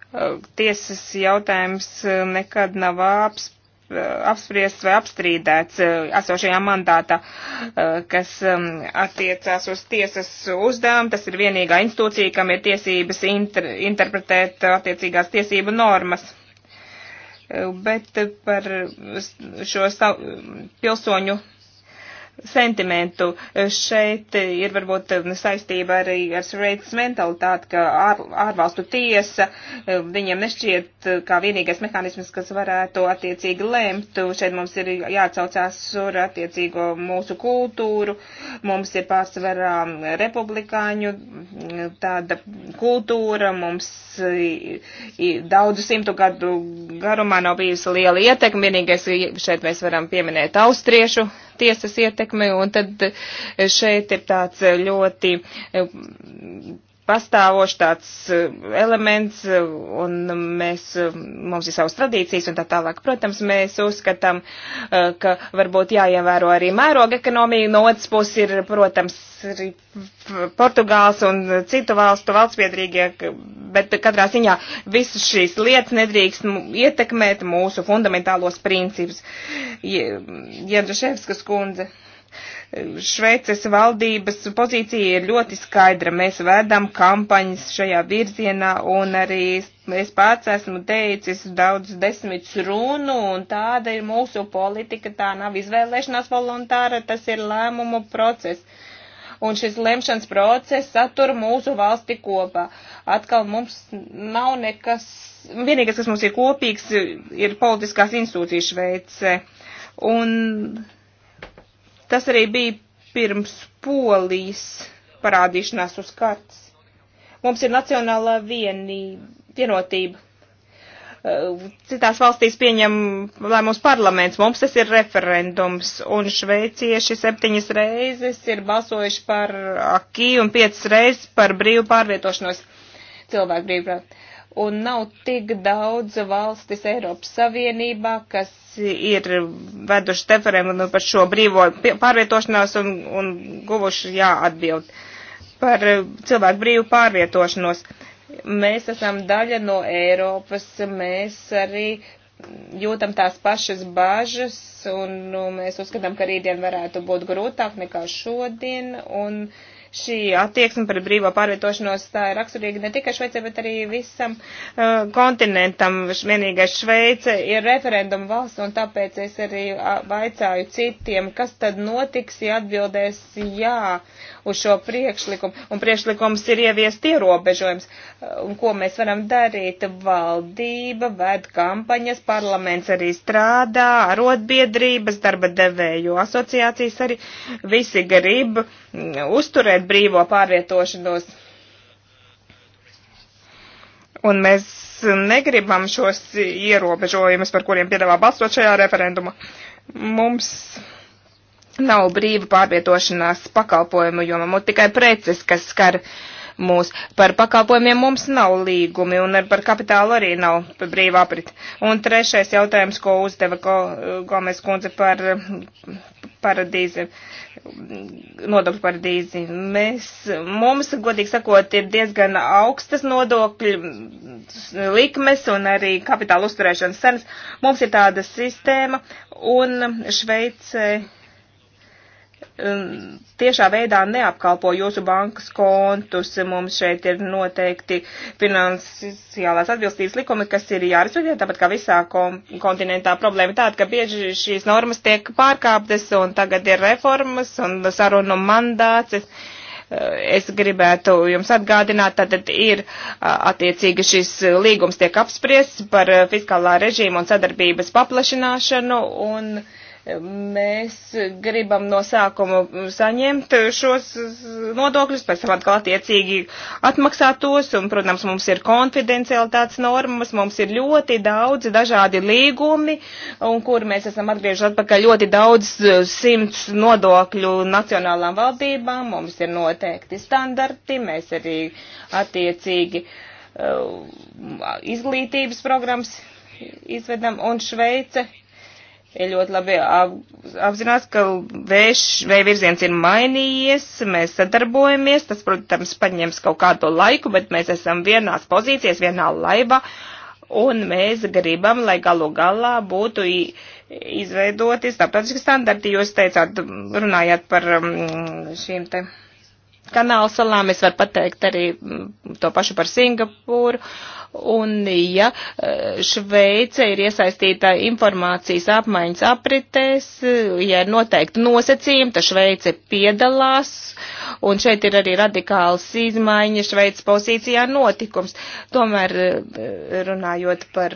tiesas jautājums eh, nekad nav apspriests eh, apspriests vai apstrīdēts eh, esošajā mandātā, kas mm, attiecās uz tiesas uzdevumu. Tas ir vienīgā institūcija, kam ir tiesības inter interpretēt attiecīgās tiesību normas. Bet par šo mm, pilsoņu sentimentu. Šeit ir varbūt saistība arī ar Sveicis mentalitāti, ka ār, ārvalstu tiesa viņiem nešķiet kā vienīgais mehānisms, kas varētu attiecīgi lēmt. Šeit mums ir jāatcaucās ar attiecīgo mūsu kultūru. Mums ir pārsvarā republikāņu tāda kultūra. Mums daudzu simtu gadu garumā nav bijusi liela ietekme. Vienīgais šeit mēs varam pieminēt austriešu tiesas ietekmi ietekmi, un tad eh, šeit ir tāds eh, ļoti eh, pastāvošs tāds elements, un mēs, mums ir savas tradīcijas un tā tālāk. Protams, mēs uzskatām, ka varbūt jāievēro arī mēroga ekonomija, no otras puses ir, protams, arī Portugāls un citu valstu valstspiedrīgie, bet katrā ziņā visas šīs lietas nedrīkst ietekmēt mūsu fundamentālos principus. Jendruševskas kundze Šveices valdības pozīcija ir ļoti skaidra. Mēs vedam kampaņas šajā virzienā un arī es pats esmu teicis daudz desmits runu un tāda ir mūsu politika. Tā nav izvēlēšanās voluntāra, tas ir lēmumu process. Un šis lemšanas process satura mūsu valsti kopā. Atkal mums nav nekas, vienīgais, kas mums ir kopīgs, ir politiskās institūcijas Šveice. Un Tas arī bija pirms polijas parādīšanās uz kartes. Mums ir nacionālā vienība, vienotība. Uh, citās valstīs pieņem lēmums parlaments, mums tas ir referendums, un šveicieši septiņas reizes ir balsojuši par akī un piecas reizes par brīvu pārvietošanos cilvēku brīvprāt. Uh, un nav tik daudz valstis Eiropas Savienībā, kas ir veduši referendumu par šo brīvo pārvietošanās un, un guvuši jāatbild par eh, cilvēku brīvu pārvietošanos. Mēs esam daļa no Eiropas, mēs arī jūtam tās pašas bažas un nu, mēs uzskatām, ka rītdien varētu būt grūtāk nekā šodien. Un, uh, šī attieksme par brīvo pārvietošanos tā ir raksturīga ne tikai Šveicē, bet arī visam uh, kontinentam. Vienīgais Šveice ir referenduma valsts, un tāpēc es arī vaicāju citiem, kas tad notiks, ja atbildēs jā uz šo priekšlikumu, un priekšlikums ir ieviest ierobežojums, uh, un ko mēs varam darīt. Valdība ved kampaņas, parlaments arī strādā, arotbiedrības, darba devēju asociācijas arī visi grib mm, uzturēt brīvo pārvietošanos. Un mēs negribam šos ierobežojumus, par kuriem piedāvā balsot šajā referendumā. Mums nav brīva pārvietošanās pakalpojumu jomam, un tikai preces, kas skar mūs. Par pakalpojumiem mums nav līgumi, un par kapitālu arī nav brīva aprit. Un trešais jautājums, ko uzdeva Gomes kundze par paradīzi, nodokļu paradīzi. Mēs, mums, godīgi sakot, ir diezgan augstas nodokļu likmes un arī kapitāla uzturēšanas cenas. Mums ir tāda sistēma, un Šveicē Um, tiešā veidā neapkalpo jūsu bankas kontus. Mums šeit ir noteikti finansiālās atbilstības likumi, kas ir jārespektē, tāpat kā visā kontinentā problēma tāda, ka bieži šīs normas tiek pārkāptas un tagad ir reformas un sarunu mandāts. Uh, es gribētu jums atgādināt, tad ir uh, attiecīgi šis līgums tiek apspriests par uh, fiskālā režīma un sadarbības paplašināšanu un uh, Mēs gribam no sākuma saņemt šos nodokļus, pēc tam atkal attiecīgi atmaksāt tos, un, protams, mums ir konfidencialitātes normas, mums ir ļoti daudz dažādi līgumi, un kur mēs esam atgriežuši atpakaļ ļoti daudz eh, simts nodokļu nacionālām valdībām, mums ir noteikti standarti, mēs arī attiecīgi uh, izglītības programmas izvedam, un Šveice ir ļoti labi ap, apzinās, ka vējš, vēja virziens ir mainījies, mēs sadarbojamies, tas, protams, paņems kaut kādu laiku, bet mēs esam vienās pozīcijās, vienā laivā, un mēs gribam, lai galu galā būtu izveidoti starptautiski standarti, jūs teicāt, runājāt par um, šīm te kanāla salām, es varu pateikt arī mm, to pašu par Singapūru. Uh, un ja eh, Šveice ir iesaistīta informācijas apmaiņas apritēs, eh, ja ir noteikti nosacījumi, tad Šveice piedalās, un šeit ir arī radikāls izmaiņas Šveices pozīcijā notikums. Tomēr eh, runājot par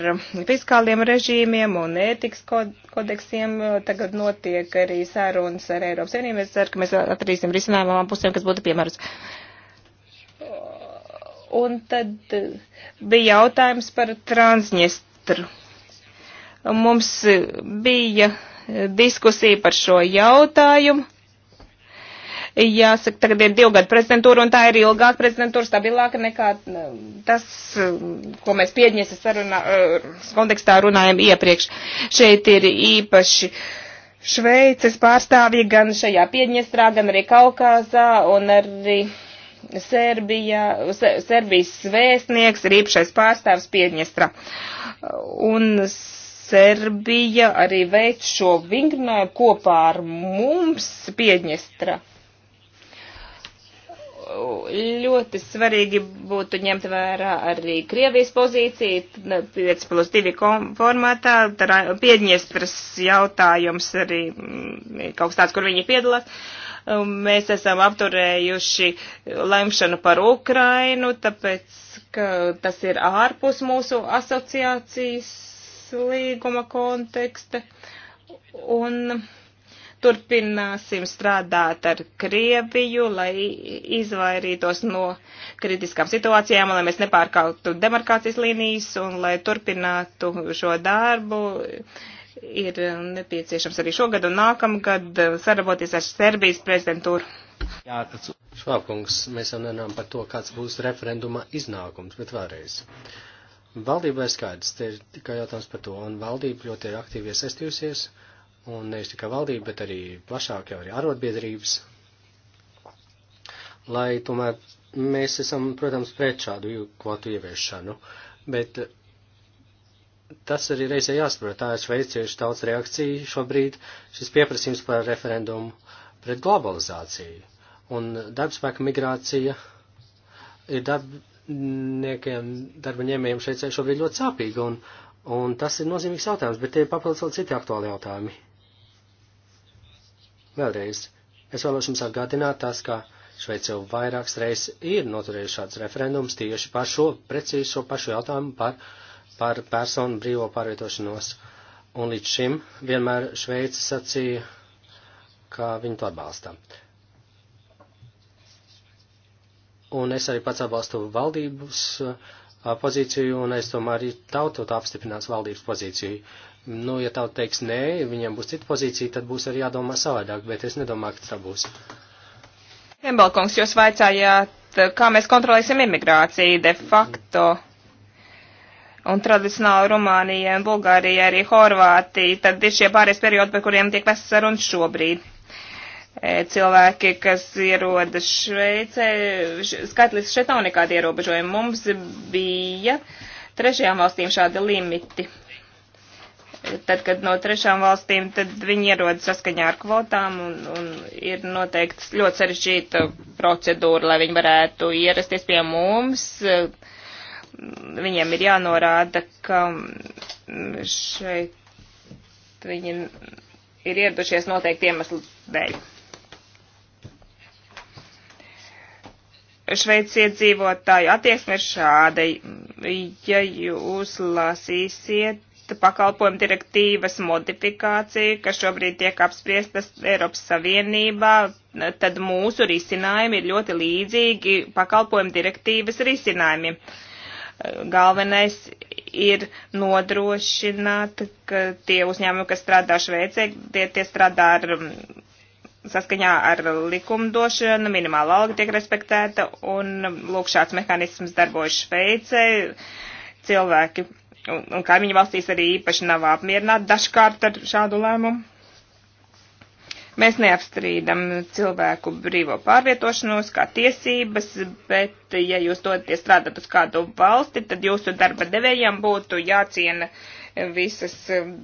fiskāliem režīmiem un ētikas kodeksiem, tagad notiek arī sarunas ar Eiropas Savienību. Es ceru, ka mēs atradīsim risinājumu abām pusēm, kas būtu piemērots. Un tad eh, bija jautājums par Transnistru. Mums eh, bija eh, diskusija par šo jautājumu. Jāsaka, tagad ir divu gadu prezidentūra, un tā ir ilgāka prezidentūra, stabilāka nekā tas, ko mēs pieņēsim sarunā, kontekstā runājam iepriekš. Šeit ir īpaši uh, Šveices pārstāvji gan šajā Piedņestrā, gan arī Kaukāzā un arī Serbija, Serbijas svēstnieks ir īpašais pārstāvs Piedņestra. Un Serbija arī veic šo vingrinājumu kopā ar mums Piedņestra. Ļoti svarīgi būtu ņemt vērā arī Krievijas pozīciju 5 plus 2 formātā. Piedņestras jautājums arī mm, kaut kas tāds, kur viņi piedalās. Um, mēs esam apturējuši lemšanu par Ukrainu, tāpēc, ka tas ir ārpus mūsu asociācijas līguma konteksta. Un turpināsim strādāt ar Krieviju, lai izvairītos no kritiskām situācijām, lai mēs nepārkautu demarkācijas līnijas un lai turpinātu šo darbu ir eh, nepieciešams arī šogad un nākamgad eh, sadarboties ar Serbijas prezidentūru. Jā, Švābkungs, mēs jau nenām par to, kāds būs referenduma iznākums, bet vēlreiz. Valdība ir skaidrs, te ir tikai jautājums par to, un valdība ļoti ir aktīvi iesaistījusies, un ne tikai valdība, bet arī plašāk jau arī arotbiedrības, lai tomēr mēs esam, protams, pret šādu kvotu ieviešanu, bet tas arī reizē jāsaprot. Tā ir šveiciešu tautas reakcija šobrīd, šis pieprasījums par referendumu pret globalizāciju. Un darbspēka migrācija ir darbniekiem, darba ņēmējiem šeit šobrīd ļoti sāpīga, un, un tas ir nozīmīgs jautājums, bet tie ir papildus vēl citi aktuāli jautājumi. Vēlreiz, es vēlos jums atgādināt tās, ka Šveice jau vairākas reizes ir noturējuši šāds referendums tieši par šo precīzi šo pašu jautājumu par uh, par personu brīvo pārvietošanos. Un līdz šim vienmēr Šveica sacīja, ka viņi to atbalsta. Un es arī pats atbalstu valdības uh, pozīciju, un es tomēr arī tautu apstiprinās valdības pozīciju. Nu, ja tauta teiks nē, viņiem būs cita pozīcija, tad būs arī jādomā savādāk, bet es nedomāju, ka tā būs. Hembalkungs, jūs vaicājāt, kā mēs kontrolēsim imigrāciju de facto? Mm un tradicionāli Rumānija, Bulgārija, arī Horvātija, tad ir šie pārējais periodi, par kuriem tiek vests sarunas šobrīd. E, cilvēki, kas ierodas Šveicē, skaitlis šeit nav nekādi ierobežojumi. Mums bija trešajām valstīm šādi limiti. Tad, kad no trešām valstīm, tad viņi ierodas saskaņā ar kvotām un, un ir noteikti ļoti sarežģīta procedūra, lai viņi varētu ierasties pie mums. Uh, viņiem ir jānorāda, ka mm, šeit viņi ir ieradušies noteikti iemeslu dēļ. Šveicis iedzīvotāju attieksme ir šāda. Ja jūs lasīsiet pakalpojumu direktīvas modifikāciju, kas šobrīd tiek apspriestas Eiropas Savienībā, tad mūsu risinājumi ir ļoti līdzīgi pakalpojumu direktīvas risinājumiem. Uh, galvenais ir nodrošināt, ka tie uzņēmumi, kas strādā Šveicē, tie, tie strādā ar, mm, saskaņā ar likumdošanu, minimāla alga tiek respektēta, un mm, lūk, šāds mehānisms darbojas Šveicē. Cilvēki un, un kaimiņu valstīs arī īpaši nav apmierināti dažkārt ar šādu lēmumu. Mēs neapstrīdam cilvēku brīvo pārvietošanos kā tiesības, bet ja jūs dodaties strādāt uz kādu valsti, tad jūsu darba devējiem būtu jāciena visas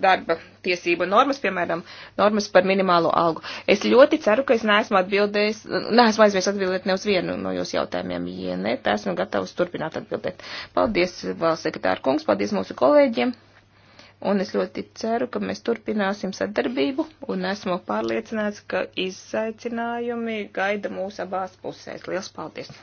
darba tiesību normas, piemēram, normas par minimālo algu. Es ļoti ceru, ka es neesmu atbildējis, neesmu aizmies atbildēt ne uz vienu no jūsu jautājumiem. Ja ne, tad esmu gatavs turpināt atbildēt. Paldies, valsts sekretāra kungs, paldies mūsu kolēģiem un es ļoti ceru, ka mēs turpināsim sadarbību, un esmu pārliecināts, ka izaicinājumi gaida mūs abās pusēs. Lielas paldies!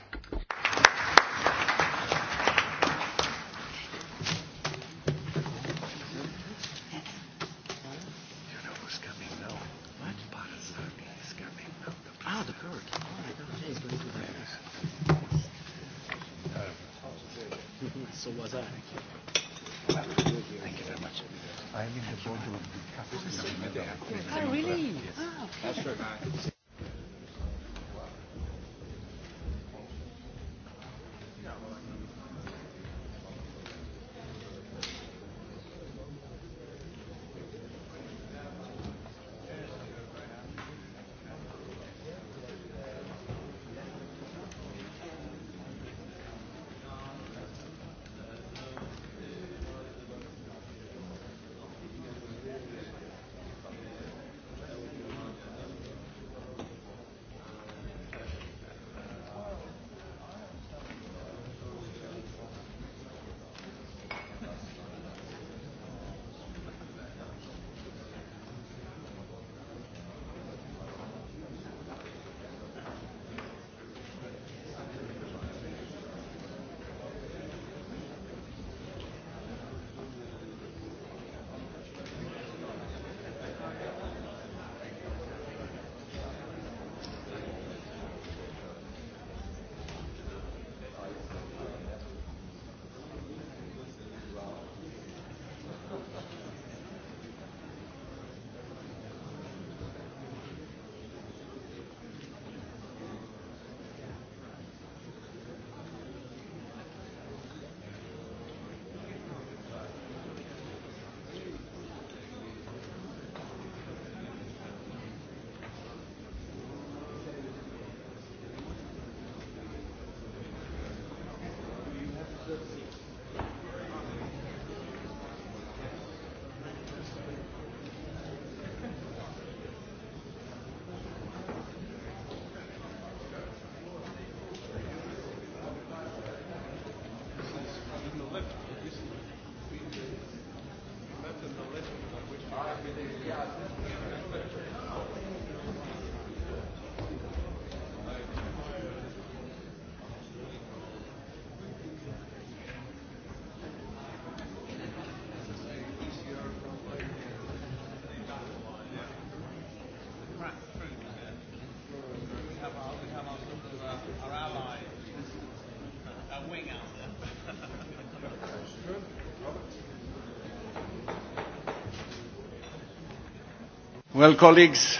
Well, colleagues,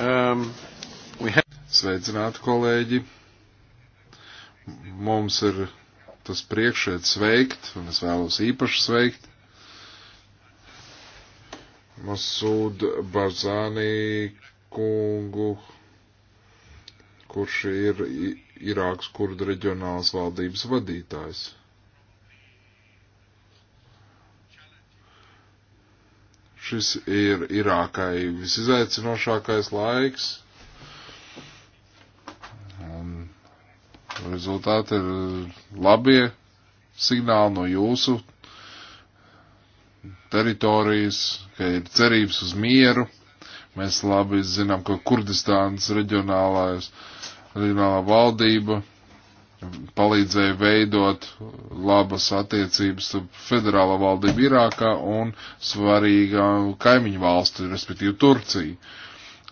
um, we have... Sveicināti, kolēģi! Mums ir tas priekšēt sveikt, un es vēlos īpaši sveikt Masūd Barzānī kungu, kurš ir Irākas kurdu reģionālas valdības vadītājs. Šis ir Irākai visizaicinošākais laiks. Un rezultāti ir labie signāli no jūsu teritorijas, ka ir cerības uz mieru. Mēs labi zinām, ka Kurdistānas reģionālā valdība palīdzēja veidot labas attiecības federāla valdība Irākā un svarīga kaimiņu valsti, respektīvi Turcija.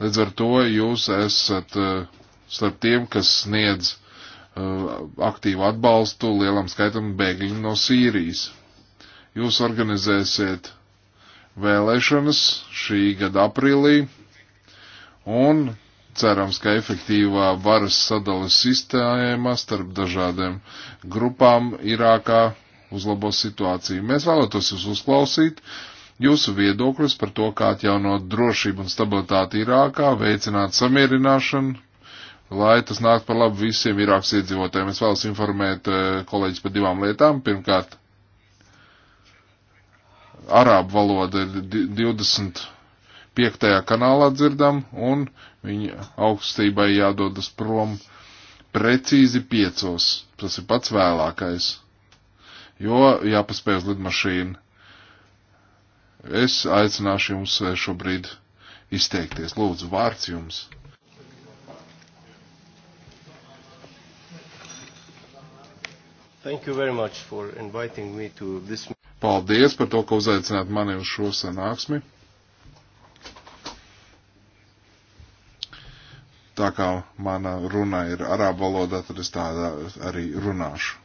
Līdz ar to jūs esat eh, starp tiem, kas sniedz eh, aktīvu atbalstu lielam skaitam bēgļu no Sīrijas. Jūs organizēsiet vēlēšanas šī gada aprīlī un cerams, ka efektīvā varas sadalas sistēma starp dažādiem grupām Irākā uzlabos situāciju. Mēs vēlētos jūs uzklausīt, jūsu viedokļus par to, kā atjaunot drošību un stabilitāti Irākā, veicināt samierināšanu, lai tas nāk par labu visiem Irākas iedzīvotājiem. Es vēlos informēt eh, kolēģis par divām lietām. Pirmkārt, arābu valoda ir 20 piektajā kanālā dzirdam, un viņa augstībai jādodas prom precīzi piecos. Tas ir pats vēlākais, jo jāpaspēj uz lidmašīnu. Es aicināšu jums eh, šobrīd izteikties. Lūdzu, vārds jums! Paldies par to, ka uzaicināt mani uz šo sanāksmi. tā kā mana runa ir arābu valodā, tad es tādā arī runāšu.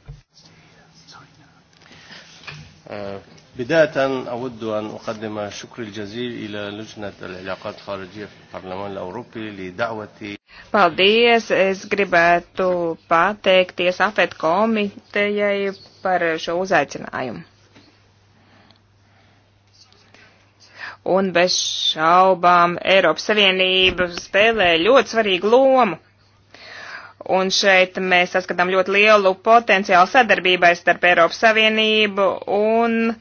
بداية أود أن أقدم شكر الجزيل إلى لجنة العلاقات الخارجية في البرلمان الأوروبي لدعوتي Paldies! Es gribētu pateikties AFET komitejai par šo uzaicinājumu. un bez šaubām Eiropas Savienība spēlē ļoti svarīgu lomu. Un šeit mēs saskatām ļoti lielu potenciālu sadarbībai starp Eiropas Savienību un e,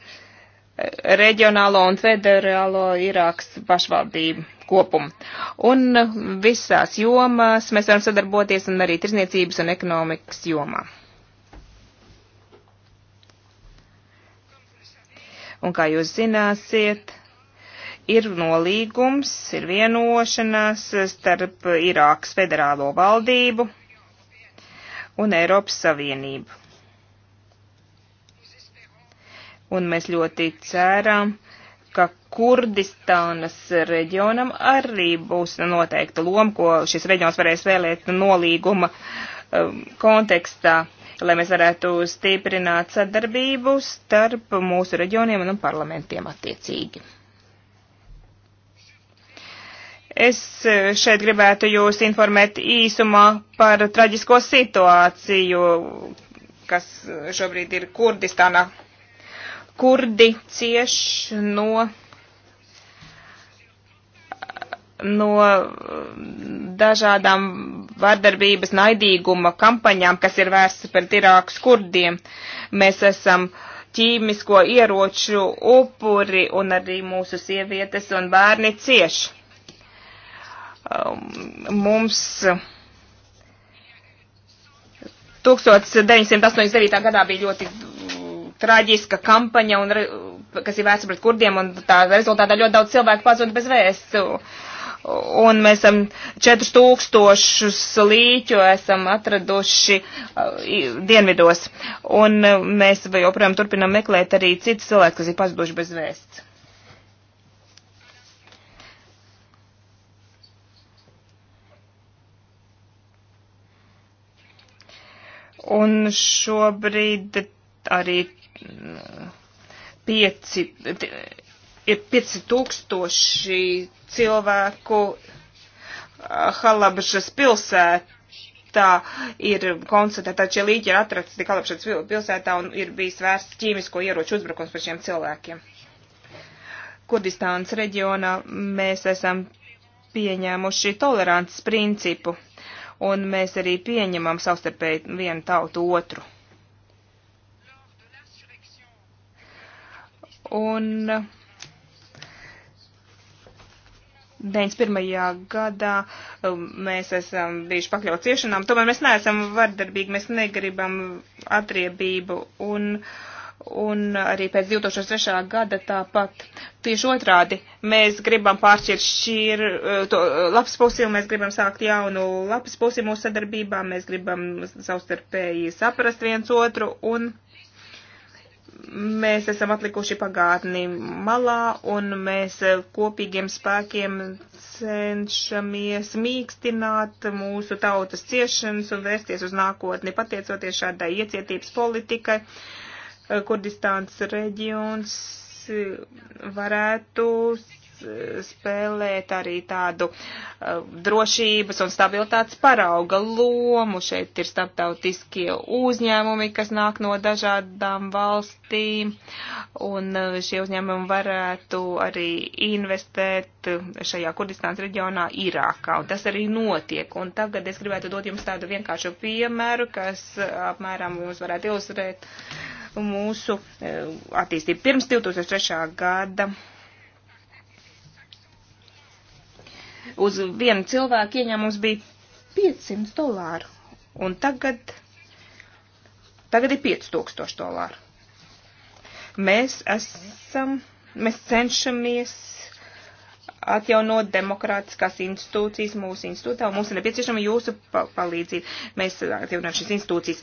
reģionālo un federālo Irākas pašvaldību kopumu. Un visās jomās mēs varam sadarboties un arī tirzniecības un ekonomikas jomā. Un kā jūs zināsiet, ir nolīgums, ir vienošanās starp Irākas federālo valdību un Eiropas Savienību. Un mēs ļoti ceram, ka Kurdistānas reģionam arī būs noteikta loma, ko šis reģions varēs vēlēt nolīguma um, kontekstā, lai mēs varētu stiprināt sadarbību starp mūsu reģioniem un parlamentiem attiecīgi. Es eh, šeit gribētu jūs informēt īsumā par traģisko situāciju, kas eh, šobrīd ir Kurdistānā. Kurdi cieš no no eh, dažādām vardarbības naidīguma kampaņām, kas ir vērstas pret Irākas kurdiem. Mēs esam ķīmisko ieroču upuri un arī mūsu sievietes un bērni cieši. Um, mums 1989. gadā bija ļoti traģiska kampaņa, un, kas ir vērsta pret kurdiem, un tā rezultātā ļoti daudz cilvēku pazuda bez vēsts. Un mēs esam 4000 līķu esam atraduši uh, dienvidos. Un uh, mēs joprojām turpinam meklēt arī citus cilvēkus, kas ir pazuduši bez vēsts. Un šobrīd arī mm, pieci, ir pieci tūkstoši cilvēku Halabžas pilsētā ir konstatēta, šie līķi ir atrasti Halabžas pilsētā un ir bijis vērsts ķīmisko ieroču uzbrukums par šiem cilvēkiem. Kurdistānas reģionā mēs esam pieņēmuši tolerants principu un mēs arī pieņemam savstarpēji vienu tautu otru. Un 91. gadā um, mēs esam bijuši pakļauti ciešanām, tomēr mēs neesam vardarbīgi, mēs negribam atriebību un uh, un arī pēc 2003. gada tāpat. Tieši otrādi, mēs gribam pāršķirt šīr, eh, to eh, labs pusi, un mēs gribam sākt jaunu labs pusi mūsu sadarbībā, mēs gribam savstarpēji saprast viens otru, un mēs esam atlikuši pagātni malā, un mēs eh, kopīgiem spēkiem cenšamies mīkstināt mūsu tautas ciešanas un vērsties uz nākotni, pateicoties šādai iecietības politikai. Uh, Kurdistāns reģions eh, varētu spēlēt arī tādu eh, drošības un stabilitātes parauga lomu. Šeit ir starptautiskie uzņēmumi, kas nāk no dažādām valstīm, un eh, šie uzņēmumi varētu arī investēt šajā Kurdistānas reģionā Irākā, un tas arī notiek. Un tagad es gribētu dot jums tādu vienkāršu piemēru, kas apmēram jums varētu ilustrēt mūsu e, attīstību. Pirms 2003. gada uz vienu cilvēku ieņēmums bija 500 dolāru, un tagad, tagad ir 5000 dolāru. Mēs esam, mēs cenšamies atjaunot demokrātiskās institūcijas mūsu institūtā, un mums ir nepieciešama jūsu palīdzība. Mēs atjaunojam šīs institūcijas,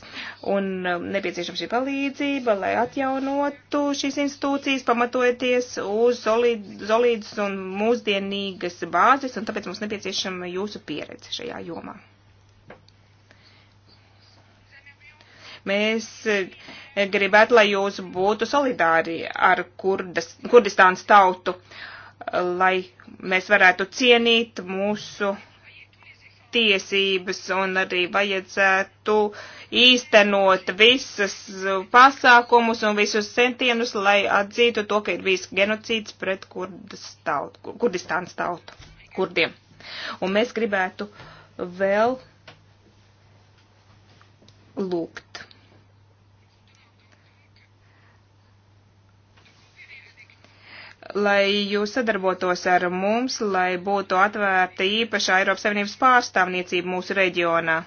un um, nepieciešama šī palīdzība, lai atjaunotu šīs institūcijas, pamatojoties uz solīdas un mūsdienīgas bāzes, un tāpēc mums nepieciešama jūsu pieredze šajā jomā. mēs eh, gribētu, lai jūs būtu solidāri ar Kurdas, Kurdistānas tautu. Uh, lai mēs varētu cienīt mūsu tiesības un arī vajadzētu īstenot visas pasākumus un visus centienus, lai atzītu to, ka ir bijis genocīds pret tautu, Kurdistānas tautu, kurdiem. Un mēs gribētu vēl lūgt lai jūs sadarbotos ar mums, lai būtu atvērta īpašā Eiropas Savienības pārstāvniecība mūsu reģionā,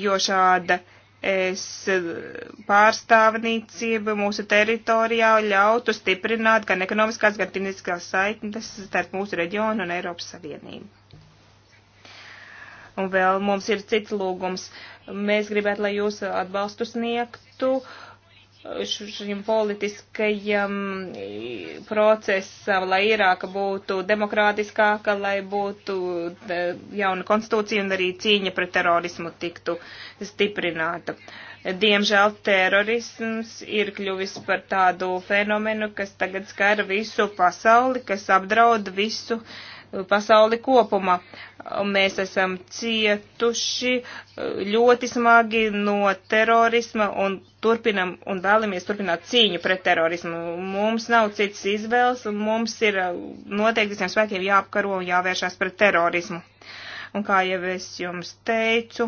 jo šāda es pārstāvniecība mūsu teritorijā ļautu stiprināt gan ekonomiskās, gan tīniskās saiknes starp mūsu reģionu un Eiropas Savienību. Un vēl mums ir cits lūgums. Mēs gribētu, lai jūs atbalstu sniegtu uh, šim politiskajam procesam, lai Irāka būtu demokrātiskāka, lai būtu e, jauna konstitūcija un arī cīņa pret terorismu tiktu stiprināta. Diemžēl terorisms ir kļuvis par tādu fenomenu, kas tagad skara visu pasauli, kas apdraud visu uh, pasauli kopumā. Mēs esam cietuši eh, ļoti smagi no terorisma un turpinam un vēlamies turpināt cīņu pret terorismu. Mums nav cits izvēles un mums ir eh, noteikti visiem spēkiem jāapkaro un jāvēršās pret terorismu. Un kā jau es jums teicu,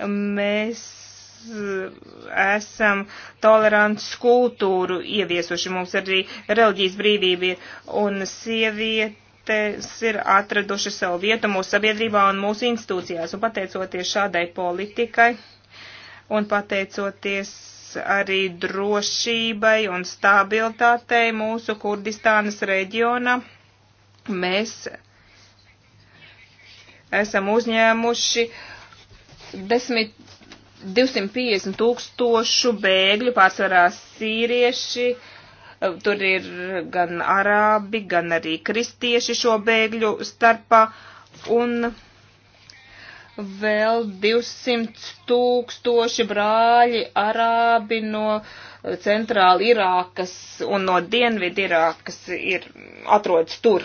mēs Eh, esam tolerants kultūru ieviesuši. Mums arī reliģijas brīvība ir un sievietes ir atraduši savu vietu mūsu sabiedrībā un mūsu institūcijās. Un pateicoties šādai politikai un pateicoties arī drošībai un stabilitātei mūsu Kurdistānas reģiona, mēs esam uzņēmuši desmit 250 tūkstošu bēgļu, pārsvarā sīrieši, eh, tur ir gan arābi, gan arī kristieši šo bēgļu starpā, un vēl 200 tūkstoši brāļi arābi no eh, centrāla Irākas un no dienvidu Irākas ir atrodas tur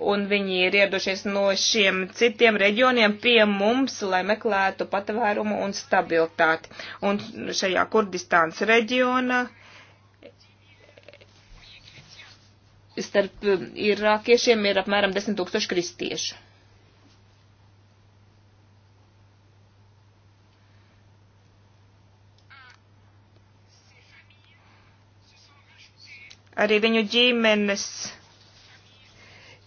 un viņi ir ieradušies no šiem citiem reģioniem pie mums, lai meklētu patvērumu un stabilitāti. Un šajā Kurdistāns reģiona starp irākiešiem ir apmēram 10 tūkstoši kristiešu. Arī viņu ģimenes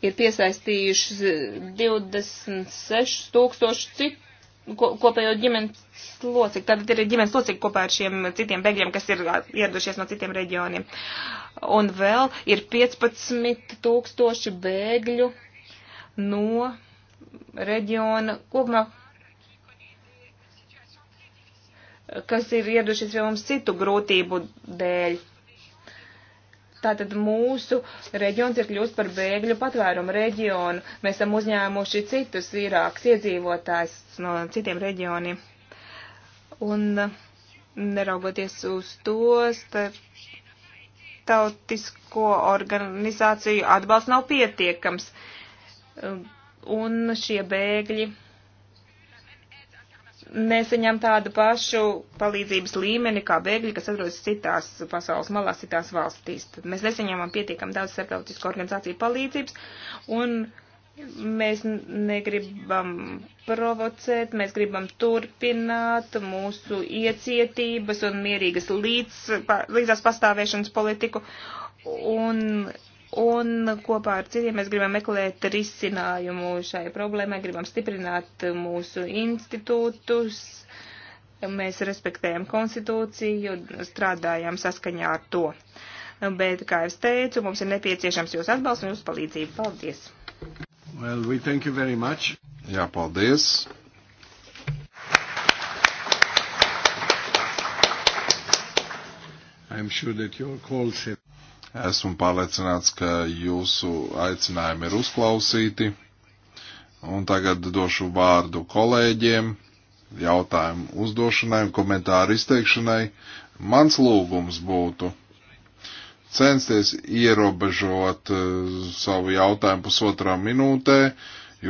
ir piesaistījušas 26 eh, tūkstoši citu kopējo ģimenes locekļu. Tātad ir ģimenes locekļi kopā ar šiem citiem bēgļiem, kas ir ieradušies no citiem reģioniem. Un vēl ir 15 tūkstoši bēgļu no reģiona kopumā, kas ir ieradušies pie mums citu grūtību dēļ. Tātad mūsu reģions ir kļūst par bēgļu patvērumu reģionu. Mēs esam uzņēmuši citus īrāks iedzīvotājs no citiem reģioniem. Un neraugoties uz to, starp starptautisko organizāciju atbalsts nav pietiekams. Un šie bēgļi nesaņem tādu pašu palīdzības līmeni kā bēgļi, kas atrodas citās pasaules malās, citās valstīs. Tad mēs nesaņemam pietiekam daudz starptautisko organizāciju palīdzības un mēs negribam provocēt, mēs gribam turpināt mūsu iecietības un mierīgas līdz, līdzās pastāvēšanas politiku. Un Un kopā ar citiem mēs gribam meklēt risinājumu šai problēmai, gribam stiprināt mūsu institūtus, mēs respektējam konstitūciju, strādājam saskaņā ar to. Bet, kā es teicu, mums ir nepieciešams jūsu atbalsts un jūsu palīdzība. Paldies! Well, we thank you very much. Jā, paldies! I'm sure that your call set Esmu pārliecināts, ka jūsu aicinājumi ir uzklausīti. Un tagad došu vārdu kolēģiem, jautājumu uzdošanai un komentāru izteikšanai. Mans lūgums būtu censties ierobežot uh, savu jautājumu pusotrā minūtē,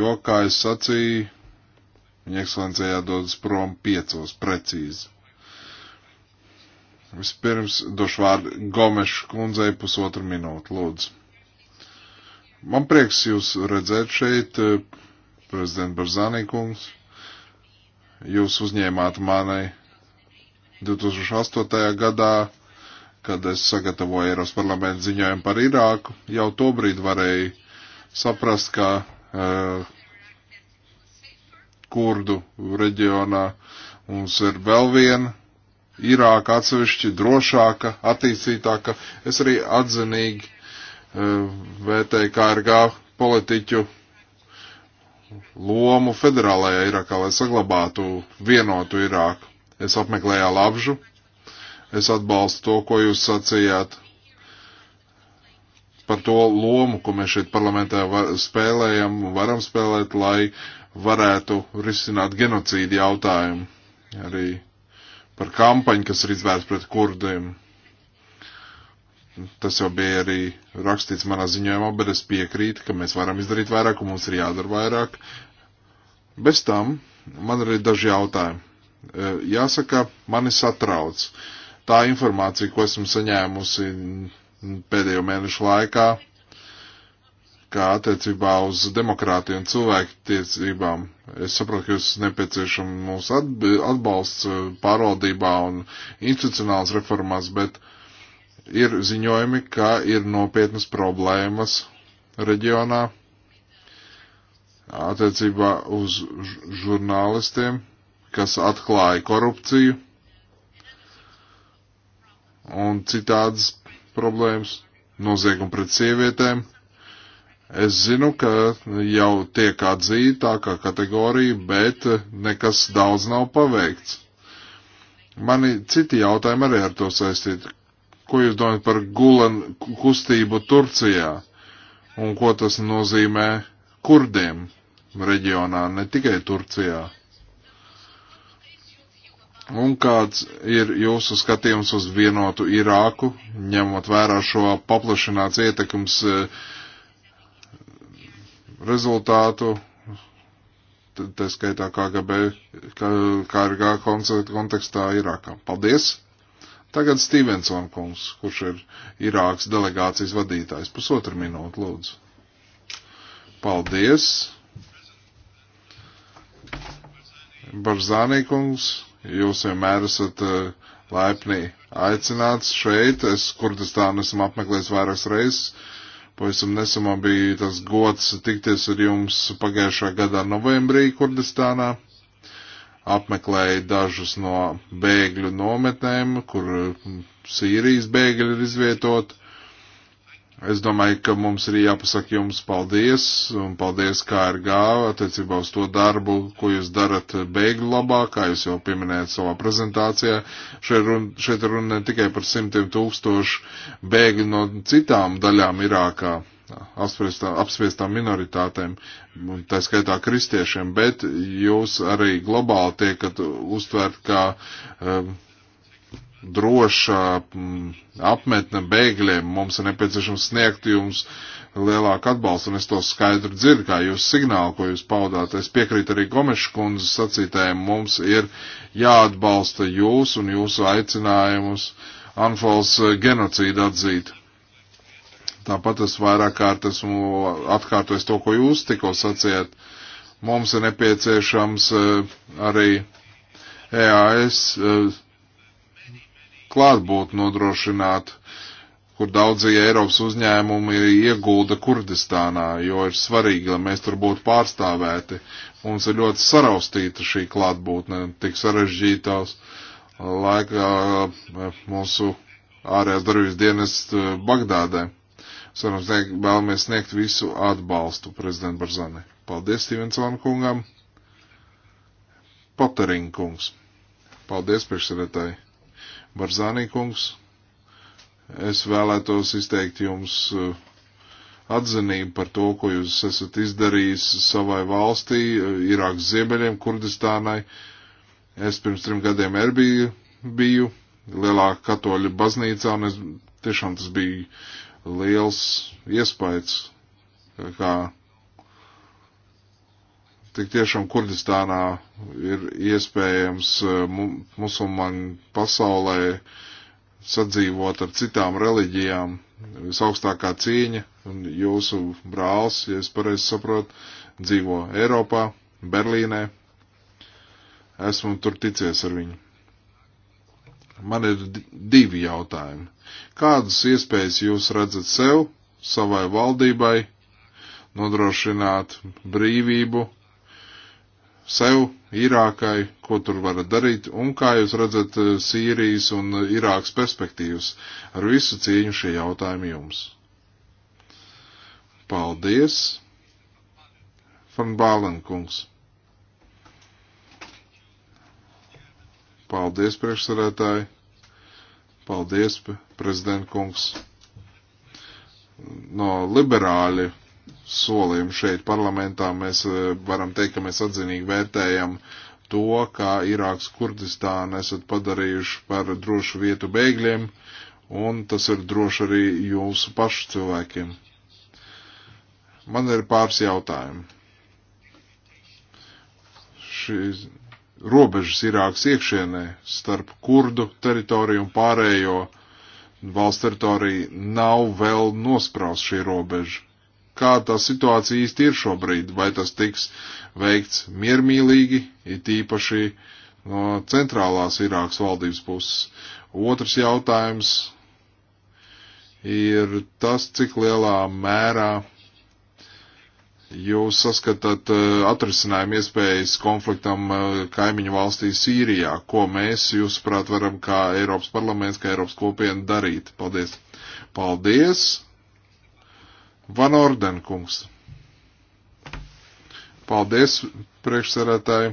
jo, kā es sacīju, viņa ekscelencē jādodas prom piecos precīzi. Vispirms došu vārdu Gomešu kundzei pusotru minūtu, lūdzu. Man prieks jūs redzēt šeit, prezident Barzanī kungs. Jūs uzņēmāt mani 2008. gadā, kad es sagatavoju Eiros parlamentu ziņojumu par Irāku. Jau to brīdi varēju saprast, ka uh, kurdu reģionā mums ir vēl viena Irāka atsevišķi drošāka, attīstītāka. Es arī atzinīgi e, vērtēju KRG politiķu lomu federālajā Irākā, lai saglabātu vienotu Irāku. Es apmeklēju Labžu, es atbalstu to, ko jūs sacījāt par to lomu, ko mēs šeit parlamentā var, spēlējam un varam spēlēt, lai varētu risināt genocīdu jautājumu. Arī par kampaņu, kas ir izvērsta pret kurdiem. Tas jau bija arī rakstīts manā ziņojumā, bet es piekrītu, ka mēs varam izdarīt vairāk un mums ir jādara vairāk. Bez tam man ir daži jautājumi. E, jāsaka, mani satrauc tā informācija, ko esmu saņēmusi pēdējo mēnešu laikā kā attiecībā uz demokrātiju un cilvēku tiesībām. Es saprotu, ka jūs nepieciešams mūsu atbalsts eh, pārvaldībā un institucionāls reformās, bet ir ziņojumi, ka ir nopietnas problēmas reģionā attiecībā uz žurnālistiem, kas atklāja korupciju un citādas problēmas, noziegumu pret sievietēm Es zinu, ka jau tiek atzīta tā kā kategorija, bet nekas daudz nav paveikts. Mani citi jautājumi arī ar to saistīti. Ko jūs domājat par gulan kustību Turcijā un ko tas nozīmē kurdiem reģionā, ne tikai Turcijā? Un kāds ir jūsu skatījums uz vienotu Irāku, ņemot vērā šo paplašināts ietekums uh, eh, rezultātu, tā skaitā KGB, KRG kontekstā Irākā. Paldies! Tagad Stevenson kungs, kurš ir Irākas delegācijas vadītājs. Pusotru minūtu, lūdzu. Paldies! Barzānī kungs, jūs vienmēr esat uh, laipni aicināts šeit, es Kurdistānu esmu apmeklējis vairākas reizes Pavisam nesamā bija tas gods tikties ar jums pagājušā gadā novembrī Kurdistānā. Apmeklēju dažus no bēgļu nometnēm, kur Sīrijas bēgļi ir izvietoti. Es domāju, ka mums ir jāpasaka jums paldies, un paldies KRG attiecībā uz to darbu, ko jūs darat bēgļu labā, kā jūs jau pieminējat savā prezentācijā. Šeit runa, šeit runa ne tikai par simtiem tūkstošu bēgļu no citām daļām Irākā, apspiestām, apspiestām minoritātēm, tā skaitā kristiešiem, bet jūs arī globāli tiekat uztvērt kā. Um, droša mm, apmetne bēgļiem. Mums ir nepieciešams sniegt jums lielāku atbalstu, un es to skaidru dzirdu, kā jūs signālu, ko jūs paudāt. Es piekrītu arī Gomeša kundzes sacītājiem, mums ir jāatbalsta jūs un jūsu aicinājumus Anfals genocīdu atzīt. Tāpat es vairāk kārt esmu atkārtojis to, ko jūs tikko sacījāt. Mums ir nepieciešams eh, arī EAS eh, klātbūtu nodrošināt, kur daudzie Eiropas uzņēmumi iegulda Kurdistānā, jo ir svarīgi, lai mēs tur būtu pārstāvēti. Mums ir ļoti saraustīta šī klātbūtne, tik sarežģītās laikā eh, mūsu ārējās darbības dienas eh, Bagdādē. Sarams, vēlamies sniegt visu atbalstu prezidentu Barzani. Paldies Stevensona kungam. Poterinkungs. Paldies priekšsēdētāji. Barzānīkungs, es vēlētos izteikt jums uh, atzinību par to, ko jūs esat izdarījis savai valstī, uh, Irākas ziemeļiem, Kurdistānai. Es pirms trim gadiem Erbiju biju, lielā katoļu baznīcā, un es tiešām tas bija liels iespējas, kā Tik tiešām Kurdistānā ir iespējams eh, musulmaņu pasaulē sadzīvot ar citām reliģijām visaugstākā cīņa, un jūsu brālis, ja es pareizi saprotu, dzīvo Eiropā, Berlīnē. Esmu tur ticies ar viņu. Man ir divi jautājumi. Kādas iespējas jūs redzat sev, savai valdībai, nodrošināt brīvību sev, Irākai, ko tur varat darīt, un kā jūs redzat eh, Sīrijas un eh, Irākas perspektīvas. Ar visu cieņu šie jautājumi jums. Paldies, Fan Bālenkungs. Paldies, priekšsarētāji. Paldies, prezidentkungs. No liberāļi solim šeit parlamentā. Mēs e, varam teikt, ka mēs atzinīgi vērtējam to, kā Irāks Kurdistāna esat padarījuši par drošu vietu bēgļiem, un tas ir droši arī jūsu pašu cilvēkiem. Man ir pāris jautājumu. Šis robežas Irākas iekšienē starp kurdu teritoriju un pārējo valsts teritoriju nav vēl nospraust šī robeža kā tā situācija īsti ir šobrīd, vai tas tiks veikts miermīlīgi, it īpaši no centrālās Irākas valdības puses. Otrs jautājums ir tas, cik lielā mērā jūs saskatāt eh, atrisinājumu iespējas konfliktam eh, kaimiņu valstī Sīrijā, ko mēs, jūsuprāt, varam kā Eiropas parlaments, kā Eiropas kopiena darīt. Paldies! Paldies! Van Ordenkungs. Paldies, priekšsarētāji.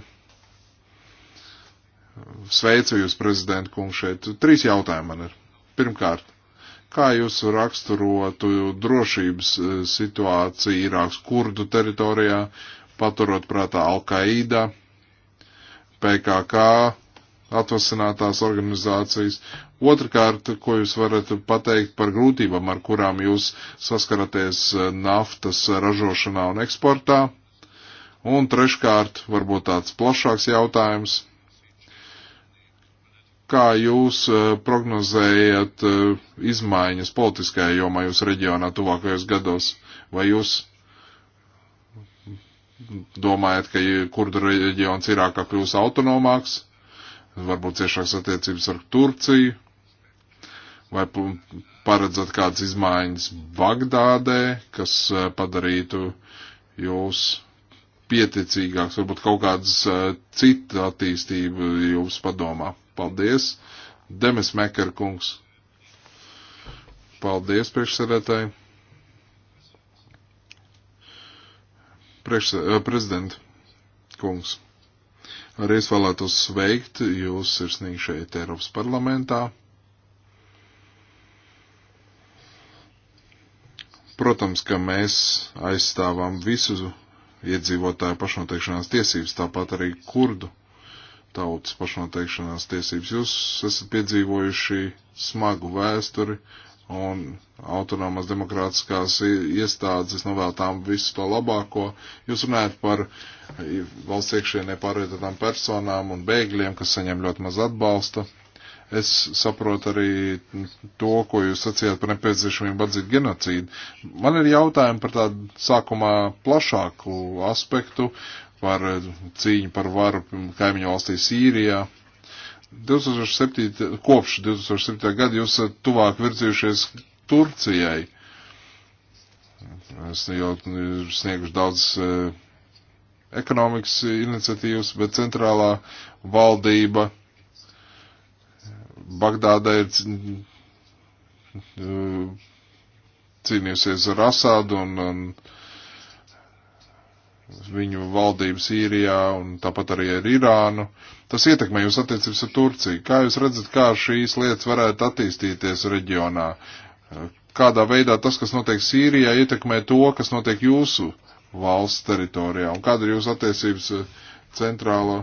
Sveicu jūs, prezidenta kungs, šeit. Trīs jautājumi man ir. Pirmkārt, kā jūs raksturotu drošības eh, situāciju Irāks kurdu teritorijā, paturot prātā Al-Qaida, PKK atvasinātās organizācijas. Otrakārt, ko jūs varat pateikt par grūtībām, ar kurām jūs saskaraties eh, naftas ražošanā un eksportā? Un treškārt, varbūt tāds plašāks jautājums. Kā jūs eh, prognozējat eh, izmaiņas politiskajā jomā jūsu reģionā tuvākajos gados? Vai jūs domājat, ka kurdu reģions Irākā kļūs autonomāks? varbūt ciešākas attiecības ar Turciju, vai paredzat kādas izmaiņas Bagdādē, kas eh, padarītu jūs pieticīgāks, varbūt kaut kādas eh, cita attīstība jūs padomā. Paldies, Demes Mekar kungs. Paldies, priekšsēdētāji. Priekšsē, eh, prezident kungs. Arī es vēlētos sveikt jūs sirsnīgi šeit Eiropas parlamentā. Protams, ka mēs aizstāvām visu iedzīvotāju pašnoteikšanās tiesības, tāpat arī kurdu tautas pašnoteikšanās tiesības. Jūs esat piedzīvojuši smagu vēsturi un autonomās demokrātiskās iestādes novēl tām visu to labāko. Jūs runājat par valsts iekšienē pārvietotām personām un bēgļiem, kas saņem ļoti maz atbalsta. Es saprotu arī to, ko jūs sacījāt par nepieciešamību atzīt genocīdu. Man ir jautājumi par tādu sākumā plašāku aspektu, par e, cīņu par varu kaimiņu valstī Sīrijā, 2007, kopš 2007. gada jūs esat tuvāk virzījušies Turcijai. Es jau snieguši daudz e, ekonomikas iniciatīvas, bet centrālā valdība Bagdādē ir e, cīnījusies ar Asādu un, un viņu valdības Sīrijā un tāpat arī ar Irānu. Tas ietekmē jūs attiecības ar Turciju. Kā jūs redzat, kā šīs lietas varētu attīstīties reģionā? Kādā veidā tas, kas notiek Sīrijā, ietekmē to, kas notiek jūsu valsts teritorijā? Un kāda ir jūsu attiecības eh, centrāla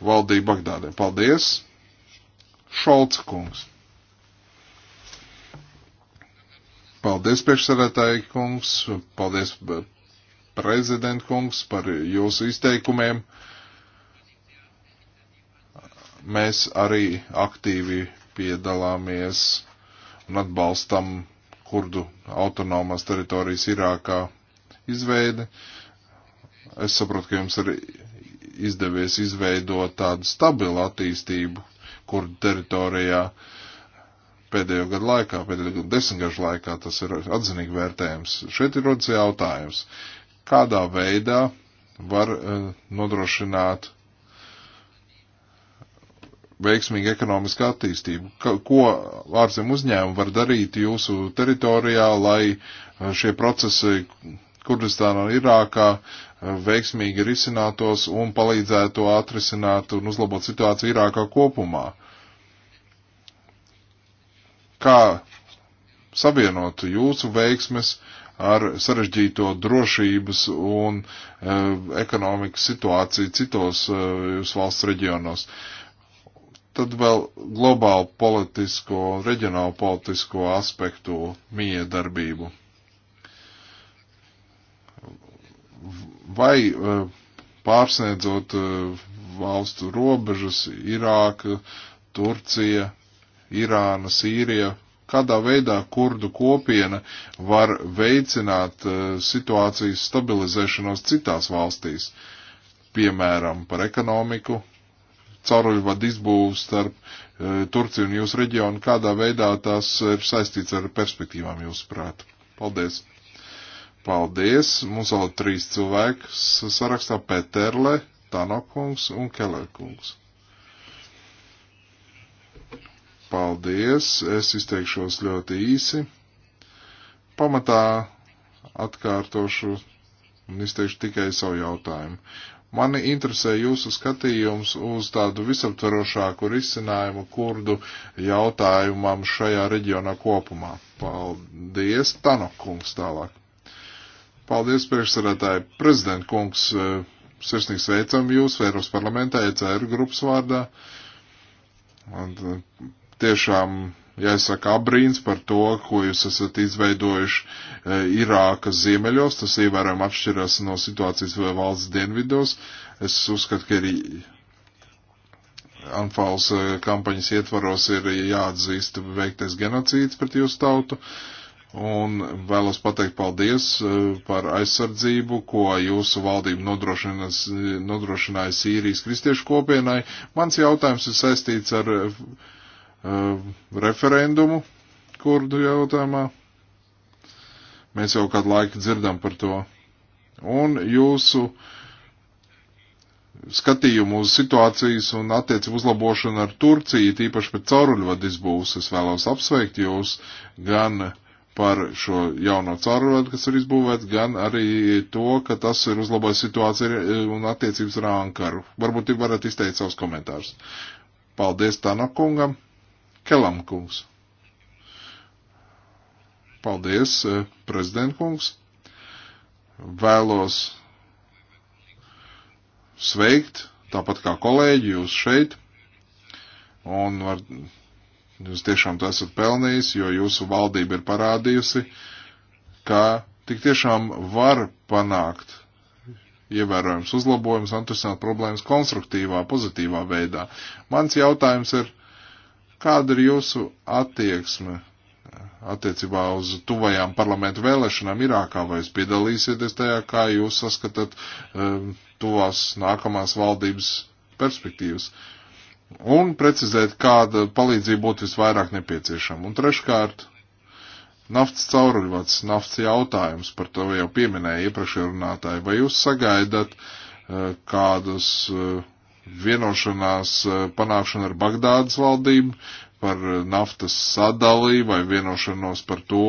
valdība Bagdādē? Paldies! Šolts kungs! Paldies, priekšsarētāji kungs! Paldies prezident kungs, par jūsu izteikumiem. Mēs arī aktīvi piedalāmies un atbalstam kurdu autonomās teritorijas Irākā izveidi. Es saprotu, ka jums ir izdevies izveidot tādu stabilu attīstību kurdu teritorijā pēdējo gadu laikā, pēdējo desmitgažu laikā tas ir atzinīgi vērtējums. Šeit ir rodas jautājums, kādā veidā var e, nodrošināt veiksmīgu ekonomisku attīstību. Ko ārzem uzņēmumi var darīt jūsu teritorijā, lai e, šie procesi Kurdistānā un Irākā e, veiksmīgi risinātos un palīdzētu atrisināt un uzlabot situāciju Irākā kopumā? Kā savienot jūsu veiksmes uh, ar sarežģīto drošības un e, ekonomikas situāciju citos e, valsts reģionos. Tad vēl globālu politisko un reģionālu politisko aspektu miedarbību. Vai e, pārsniedzot e, valstu robežas, Irāka, Turcija, Irāna, Sīrija, kādā veidā kurdu kopiena var veicināt e, situācijas stabilizēšanos citās valstīs, piemēram, par ekonomiku, cauruļvadu izbūvu starp e, Turciju un jūsu reģionu, kādā veidā tās ir saistīts ar perspektīvām jūsu prātu. Paldies! Paldies! Mums vēl trīs cilvēki sarakstā Pēterle, Tanokungs un Kelerkungs. Paldies, es izteikšos ļoti īsi. Pamatā atkārtošu un izteikšu tikai savu jautājumu. Mani interesē jūsu skatījums uz tādu visaptvarošāku risinājumu kurdu jautājumam šajā reģionā kopumā. Paldies, Tanokungs tālāk. Paldies, priekšsarētāji. Prezident kungs, eh, sirsnīgi sveicam jūs Eiropas parlamentā ECR grupas vārdā. Un eh, tiešām jāsaka abrīns par to, ko jūs esat izveidojuši e, Irākas ziemeļos. Tas ievērojami atšķiras no situācijas valsts dienvidos. Es uzskatu, ka ir Anfāls e, kampaņas ietvaros ir jāatzīst veiktais genocīds pret jūsu tautu. Un vēlos pateikt paldies e, par aizsardzību, ko jūsu valdība nodrošināja Sīrijas kristiešu kopienai. Mans jautājums ir saistīts ar referendumu kurdu jautājumā. Mēs jau kādu laiku dzirdam par to. Un jūsu skatījumu uz situācijas un attiecību uzlabošanu ar Turciju, tīpaši pēc cauruļvadu izbūves, es vēlos apsveikt jūs gan par šo jauno cauruļvadu, kas ir izbūvēts, gan arī to, ka tas ir uzlabojis situāciju un attiecības ar Ankaru. Varbūt jūs varat izteikt savus komentārus. Paldies Tanakungam! Kelam kungs. Paldies, eh, prezident kungs. Vēlos sveikt, tāpat kā kolēģi, jūs šeit. Un var, jūs tiešām to esat pelnījis, jo jūsu valdība ir parādījusi, ka tik tiešām var panākt ievērojams uzlabojums un atrisināt problēmas konstruktīvā, pozitīvā veidā. Mans jautājums ir Kāda ir jūsu attieksme eh, attiecībā uz tuvajām parlamentu vēlēšanām Irākā? Vai jūs piedalīsieties tajā, kā jūs saskatāt um, tuvās nākamās valdības perspektīvas? Un precizēt, kāda palīdzība būtu visvairāk nepieciešama. Un treškārt, naftas cauruļvads, naftas jautājums, par to jau pieminēja iepriekšējā runātāja. Vai jūs sagaidat uh, kādus uh, vienošanās eh, panākšana ar Bagdādas valdību par eh, naftas sadalī vai vienošanos par to,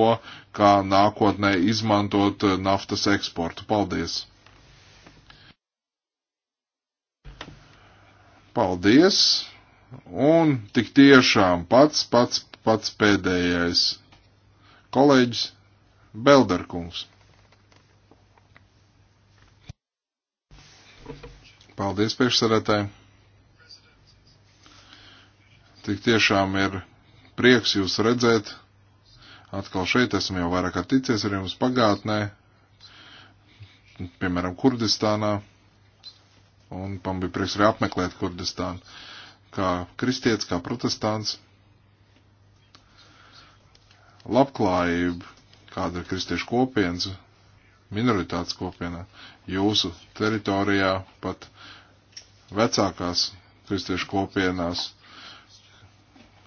kā nākotnē izmantot eh, naftas eksportu. Paldies! Paldies! Un tik tiešām pats, pats, pats pēdējais kolēģis Belderkungs. Paldies, priekšsarētāji. Tik tiešām ir prieks jūs redzēt. Atkal šeit esam jau vairāk kā ticies ar jums pagātnē, piemēram, Kurdistānā. Un man bija prieks arī apmeklēt Kurdistānu kā kristietis, kā protestants. Labklājība, kāda ir kristiešu kopienas minoritātes kopienā, jūsu teritorijā, pat vecākās kristiešu kopienās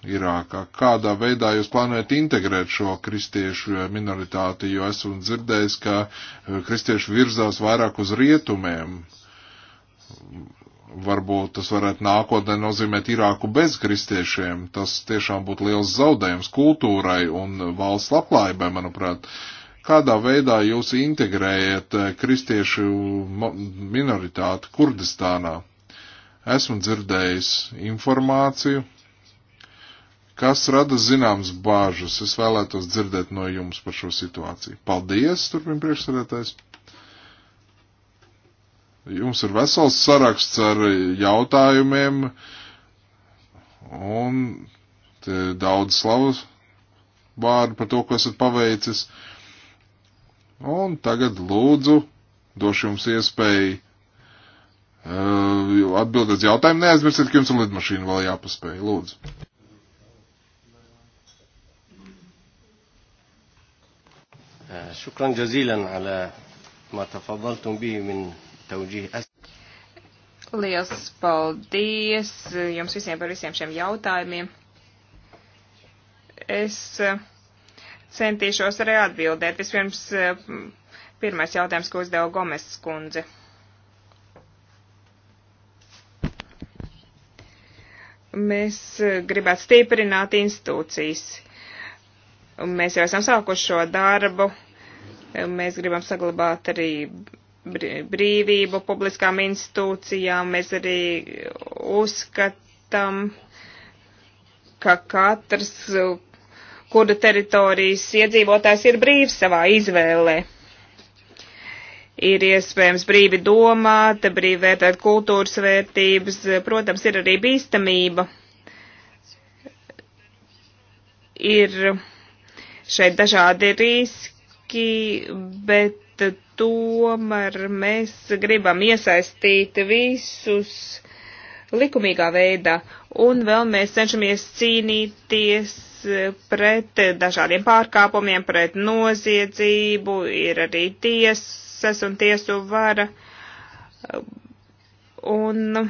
Irākā. Kādā veidā jūs plānojat integrēt šo kristiešu minoritāti, jo esmu dzirdējis, ka eh, kristieši virzās vairāk uz rietumiem. Varbūt tas varētu nākotnē nozīmēt Irāku bez kristiešiem. Tas tiešām būtu liels zaudējums kultūrai un valsts labklājībai, manuprāt. Uh, Kādā veidā jūs integrējat eh, kristiešu minoritāti Kurdistānā? Esmu dzirdējis informāciju, kas rada zināmas bāžas. Es vēlētos dzirdēt no jums par šo situāciju. Paldies, turpin priekšsēdētājs. Jums ir vesels saraksts ar jautājumiem un daudz slavas vārdu par to, ko esat paveicis. Uh, Un tagad lūdzu došu jums iespēju uh, atbildēt jautājumu. Neaizmirsiet, ka jums ir lidmašīna vēl jāpaspēj. Lūdzu. شكرا جزيلا على ما تفضلتم به من توجيه أس... Liels paldies jums visiem par visiem šiem jautājumiem. Es uh, centīšos arī atbildēt. Vispirms eh, pirmais jautājums, ko uzdeva Gomes skundze. Mēs eh, gribētu stiprināt institūcijas. Mēs jau esam sākuši šo darbu. Mēs gribam saglabāt arī brīvību publiskām institūcijām. Mēs arī uzskatām, ka katrs kura teritorijas iedzīvotājs ir brīvs savā izvēlē. Ir iespējams brīvi domāt, brīvi vērtēt kultūras vērtības, protams, ir arī bīstamība. Ir šeit dažādi riski, bet tomēr mēs gribam iesaistīt visus likumīgā veidā, un vēl mēs cenšamies cīnīties pret dažādiem pārkāpumiem, pret noziedzību, ir arī tiesas un tiesu vara. Un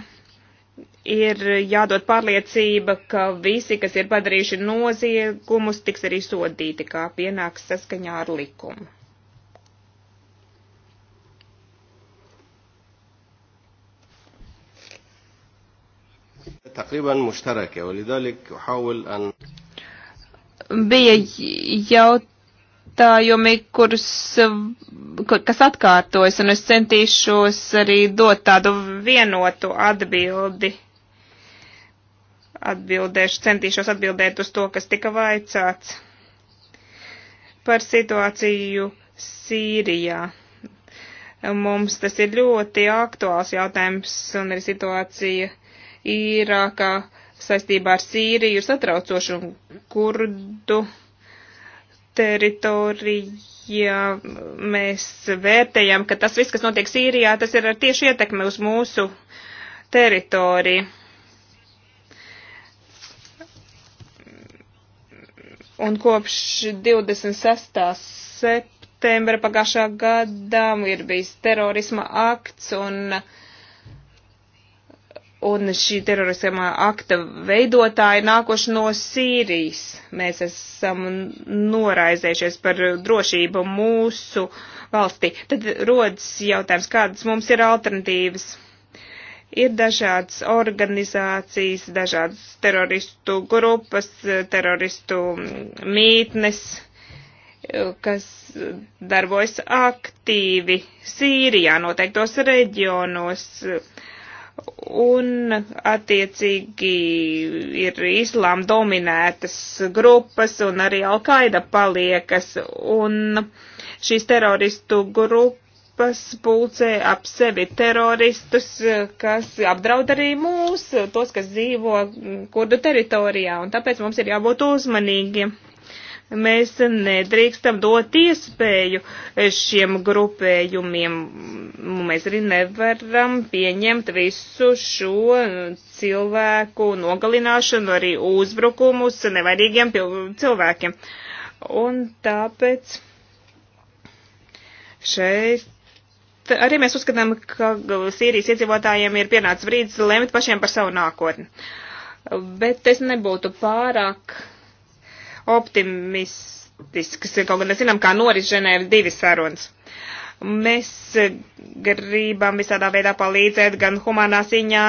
ir jādod pārliecība, ka visi, kas ir padarījuši noziegumus, tiks arī sodīti, kā pienāks saskaņā ar likumu. تقريبا مشتركة ولذلك أحاول أن bija jautājumi, kurus, kas atkārtojas, un es centīšos arī dot tādu vienotu atbildi. Atbildēšu, centīšos atbildēt uz to, kas tika vaicāts par situāciju Sīrijā. Mums tas ir ļoti aktuāls jautājums un ir situācija Īrākā saistībā ar Sīriju ir satraucoši un kurdu teritorijā mēs vērtējam, ka tas viss, kas notiek Sīrijā, tas ir ar tieši ietekmi uz mūsu teritoriju. Un kopš 26. septembra pagājušā gadā ir bijis terorisma akts un uh, Un šī teroriskā akta veidotāji nākoši no Sīrijas. Mēs esam noraizējušies par drošību mūsu valstī. Tad rodas jautājums, kādas mums ir alternatīvas. Ir dažādas organizācijas, dažādas teroristu grupas, teroristu mītnes, kas darbojas aktīvi Sīrijā noteiktos reģionos un attiecīgi ir islām dominētas grupas un arī Alkaida paliekas un šīs teroristu grupas pulcē ap sevi teroristus, kas apdraud arī mūs, tos, kas dzīvo kurdu teritorijā, un tāpēc mums ir jābūt uzmanīgiem. Mēs nedrīkstam dot iespēju šiem grupējumiem. Mēs arī nevaram pieņemt visu šo cilvēku nogalināšanu, arī uzbrukumus nevainīgiem cilvēkiem. Un tāpēc šeit arī mēs uzskatām, ka Sīrijas iedzīvotājiem ir pienācis brīdis lemt pašiem par savu nākotni. Bet es nebūtu pārāk optimistisks, kaut gan mēs zinām, kā noris Ženēva divi sarunas. Mēs e, gribam visādā veidā palīdzēt gan humanā ziņā,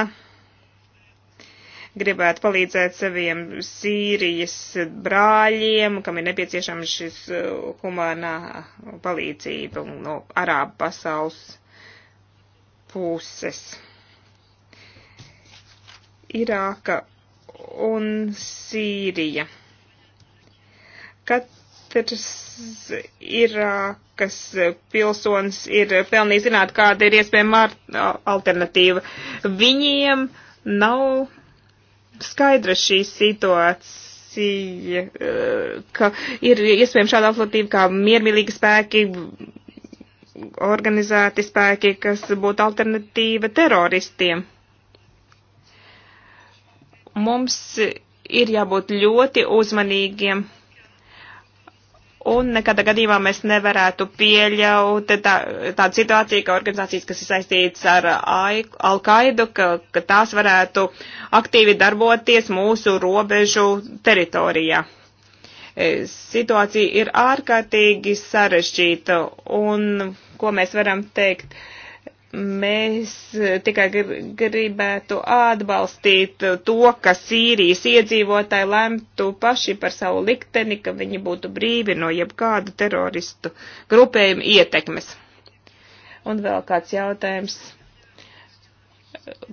gribētu palīdzēt saviem Sīrijas brāļiem, kam ir nepieciešama šis e, humanā palīdzība no Arābu pasaules puses. Irāka un Sīrija. Katrs Irākas pilsonis ir pelnījis zināt, kāda ir iespējama alternatīva. Viņiem nav skaidra šī situācija ka ir iespējams šāda alternatīva kā miermīlīgi spēki, organizēti spēki, kas būtu alternatīva teroristiem. Mums ir jābūt ļoti uzmanīgiem Un nekādā gadījumā mēs nevarētu pieļaut tā, tādu situāciju, ka organizācijas, kas ir saistītas ar Al-Qaidu, ka, ka tās varētu aktīvi darboties mūsu robežu teritorijā. E, situācija ir ārkārtīgi sarežģīta, un ko mēs varam teikt? Uh, Mēs tikai gribētu atbalstīt to, ka Sīrijas iedzīvotāji lemtu paši par savu likteni, ka viņi būtu brīvi no jebkāda teroristu grupējuma ietekmes. Un vēl kāds jautājums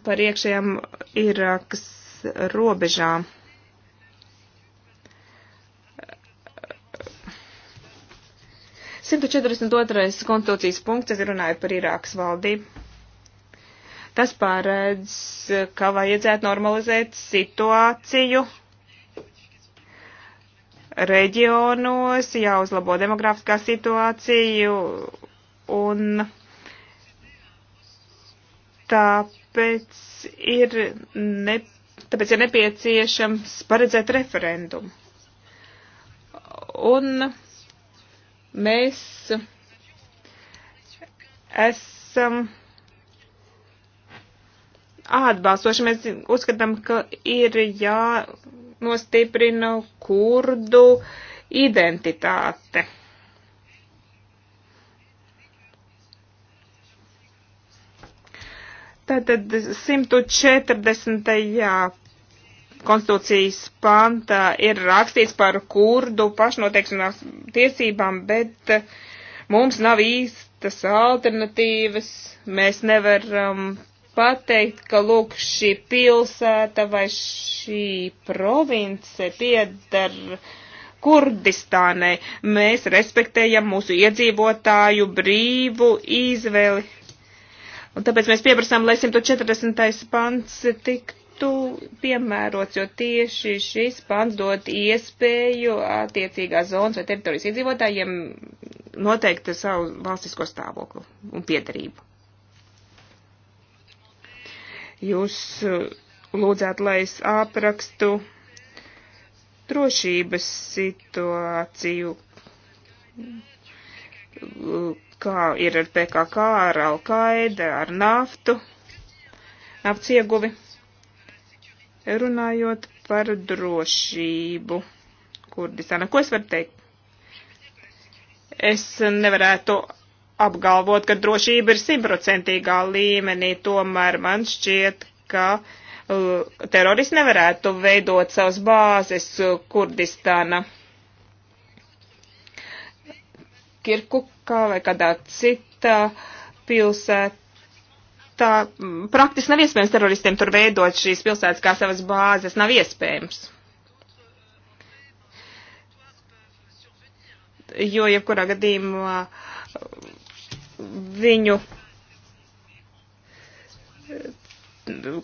par iekšējām Irākas robežām. 142. konstitūcijas punkts, es runāju par Irākas valdību. Tas pārēdz, ka vajadzētu normalizēt situāciju reģionos, jāuzlabo demografiskā situāciju un tāpēc ir, ne, tāpēc ir nepieciešams paredzēt referendumu. Un Mēs esam atbalstoši. Mēs uzskatām, ka ir jānostiprina kurdu identitāte. Tātad 140 konstitūcijas pantā ir rakstīts par kurdu pašnoteikšanās tiesībām, bet eh, mums nav īstas alternatīvas. Mēs nevaram pateikt, ka lūk šī pilsēta vai šī province piedara Kurdistānai. Mēs respektējam mūsu iedzīvotāju brīvu izvēli. Un tāpēc mēs pieprasām, lai 140. pants tiktu tiktu piemērots, jo tieši šis pants dod iespēju attiecīgās zonas vai teritorijas iedzīvotājiem noteikt savu valstisko stāvokli un piedarību. Jūs uh, lūdzāt, lai es aprakstu drošības situāciju, kā ir ar PKK, ar Alkaida, ar naftu, nafts ieguvi. Runājot par drošību Kurdistānā, ko es varu teikt? Es nevarētu apgalvot, ka drošība ir simtprocentīgā līmenī, tomēr man šķiet, ka uh, teroristi nevarētu veidot savas bāzes uh, Kurdistāna. Kirkukā vai kādā citā pilsētā tā mm, praktiski nav iespējams teroristiem tur veidot šīs pilsētas kā savas bāzes, nav iespējams. Jo, jebkurā gadījumā, viņu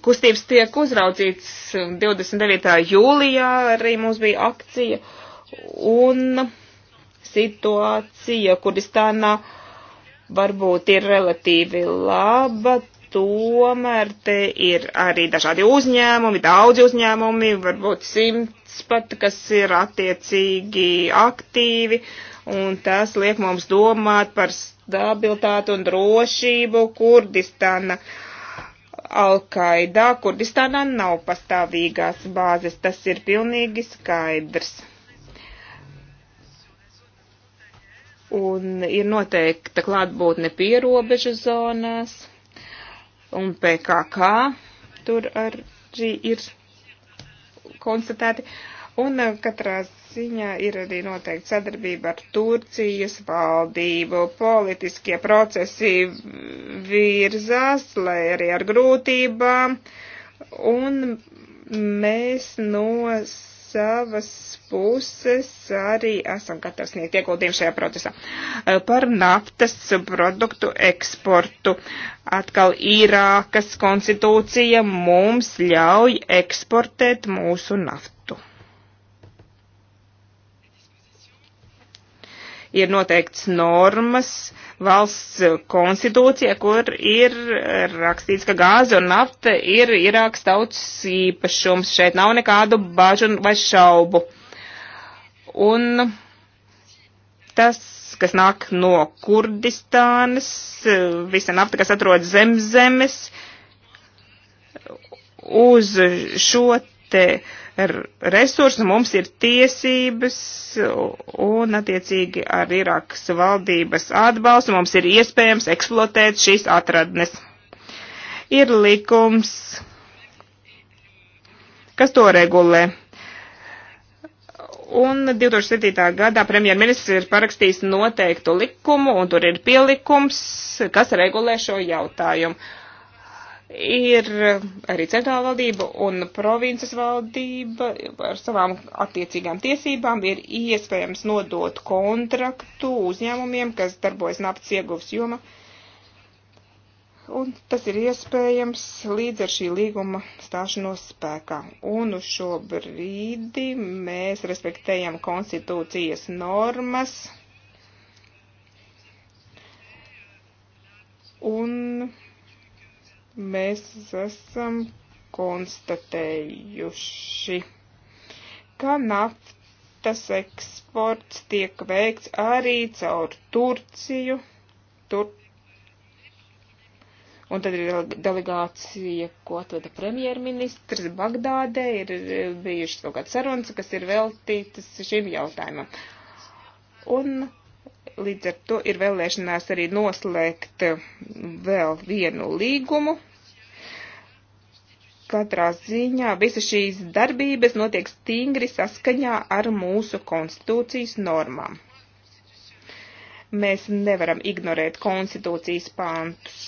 kustības tiek uzraudzīts 29. jūlijā, arī mums bija akcija, un situācija Kurdistānā varbūt ir relatīvi laba, tomēr te ir arī dažādi uzņēmumi, daudzi uzņēmumi, varbūt simts pat, kas ir attiecīgi aktīvi, un tas liek mums domāt par stabilitāti un drošību Kurdistāna. Alkaidā Kurdistānā nav pastāvīgās bāzes, tas ir pilnīgi skaidrs. Un ir noteikta klātbūtne pierobežu zonās un PKK tur arī ir konstatēti. Un uh, katrā ziņā ir arī noteikti sadarbība ar Turcijas valdību. Politiskie procesi virzās, lai arī ar grūtībām. Un mēs no savas puses arī esam gatavi sniegt ieguldījumu šajā procesā. Par naftas produktu eksportu. Atkal Irākas konstitūcija mums ļauj eksportēt mūsu naftu. ir noteikts normas valsts konstitūcija, kur ir rakstīts, ka gāze un nafta ir Irāks tautas īpašums. Šeit nav nekādu bažu vai šaubu. Un tas, kas nāk no Kurdistānas, visa nafta, kas atrodas zem zemes, uz šo te uh, resursu, mums ir tiesības un, attiecīgi, ar Irākas valdības atbalstu mums ir iespējams eksploatēt šīs atradnes. Ir likums, kas to regulē. Un 2007. gadā premjerministrs ir parakstījis noteiktu likumu, un tur ir pielikums, kas regulē šo jautājumu ir eh, arī centrāla valdība un provinces valdība ar savām attiecīgām tiesībām ir iespējams nodot kontraktu uzņēmumiem, kas darbojas naftas ieguvas joma. Un tas ir iespējams līdz ar šī līguma stāšanos spēkā. Un uz šo brīdi mēs respektējam konstitūcijas normas. Un mēs esam konstatējuši, ka naftas eksports tiek veikts arī caur Turciju. Tur... Un tad ir delegācija, ko atveda premjerministrs Bagdādē, ir bijušas kaut kādas sarunas, kas ir veltītas šim jautājumam. Un līdz ar to ir vēlēšanās arī noslēgt eh, vēl vienu līgumu katrā ziņā visa šīs darbības notiek stingri saskaņā ar mūsu konstitūcijas normām. Mēs nevaram ignorēt konstitūcijas pāntus.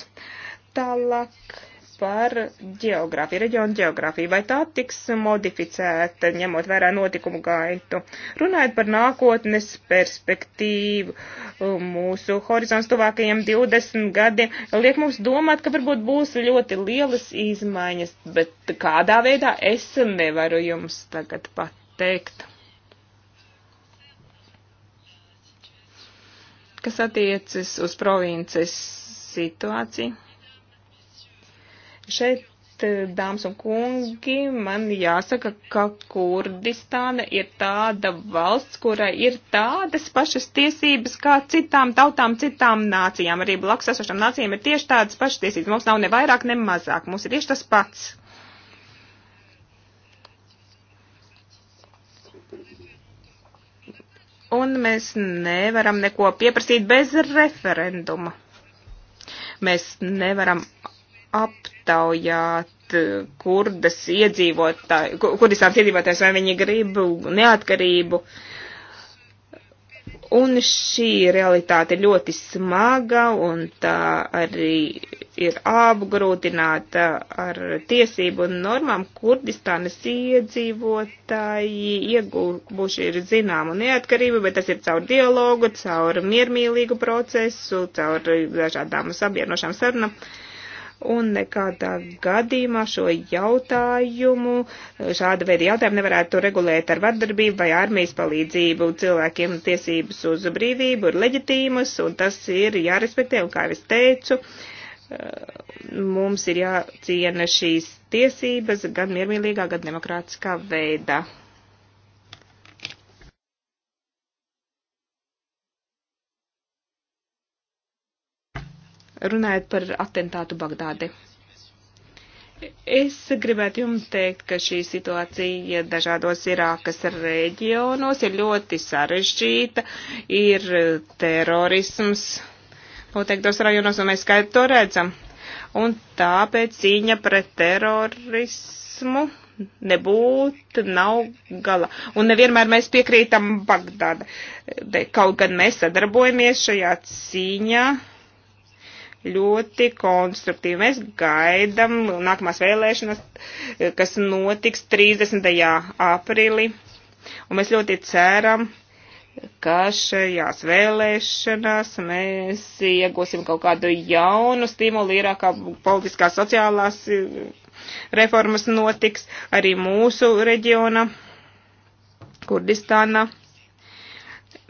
Tālāk par geogrāfiju, reģionu geogrāfiju, vai tā tiks modificēta, ņemot vērā notikumu gaitu. Runājot par nākotnes perspektīvu, um, mūsu horizons tuvākajiem 20 gadiem liek mums domāt, ka varbūt būs ļoti lielas izmaiņas, bet kādā veidā es nevaru jums tagad pateikt. Kas attiecas uz provinces situāciju? Šeit, e, dāmas un kungi, man jāsaka, ka Kurdistāna ir tāda valsts, kurai ir tādas pašas tiesības kā citām tautām, citām nācijām. Arī blakus esošām nācijām ir tieši tādas pašas tiesības. Mums nav ne vairāk, ne mazāk. Mums ir tieši tas pats. un mēs nevaram neko pieprasīt bez referenduma. Mēs nevaram aptaujāt eh, kurdas iedzīvotāji, kurdistāns iedzīvotājs, vai viņi grib neatkarību. Un šī realitāte ir ļoti smaga, un tā arī ir apgrūtināta ar tiesību un normām. Kurdistānas iedzīvotāji ieguvuši ir zināmu neatkarību, bet tas ir caur dialogu, caur miermīlīgu procesu, caur dažādām sabiedrošām sarunām. Uh, un nekādā gadījumā šo jautājumu, šāda veida jautājumu nevarētu regulēt ar vardarbību vai armijas palīdzību. Cilvēkiem tiesības uz brīvību ir leģitīmas, un tas ir jārespektē, un kā jau es teicu, mums ir jāciena šīs tiesības gan miermīlīgā, gan demokrātiskā veidā. runājot par atentātu Bagdādi. Es gribētu jums teikt, ka šī situācija dažādos Irākas reģionos ir ļoti sarežģīta, ir terorisms noteiktos rajonos, un mēs skaidri to redzam. Un tāpēc cīņa pret terorismu nebūt, nav gala. Un nevienmēr mēs piekrītam Bagdāda. Kaut gan mēs sadarbojamies šajā cīņā, ļoti konstruktīvi. Mēs gaidam nākamās vēlēšanas, kas notiks 30. aprīlī, un mēs ļoti ceram, ka šajās vēlēšanās mēs iegūsim kaut kādu jaunu stimulu Irākā politiskās sociālās reformas notiks arī mūsu reģiona Kurdistāna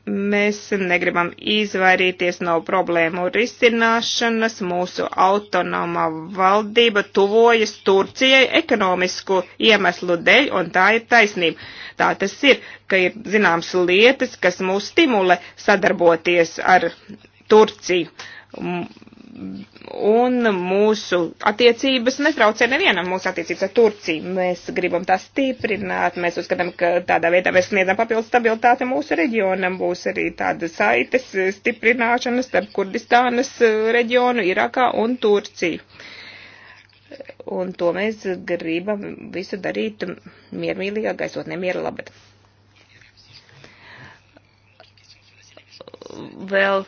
mēs negribam izvairīties no problēmu risināšanas. Mūsu autonomā valdība tuvojas Turcijai ekonomisku iemeslu dēļ, un tā ir taisnība. Tā tas ir, ka ir zināms lietas, kas mūs stimulē sadarboties ar Turciju un mūsu attiecības netraucē nevienam mūsu attiecības ar Turciju. Mēs gribam tās stiprināt, mēs uzskatām, ka tādā veidā mēs sniedzam papildus stabilitāti mūsu reģionam. Būs arī tāda saites stiprināšana starp Kurdistānas eh, reģionu, Irākā un Turciju. Un to mēs gribam visu darīt miermīlīgā gaisotnē, miera labad. Vēl. Well,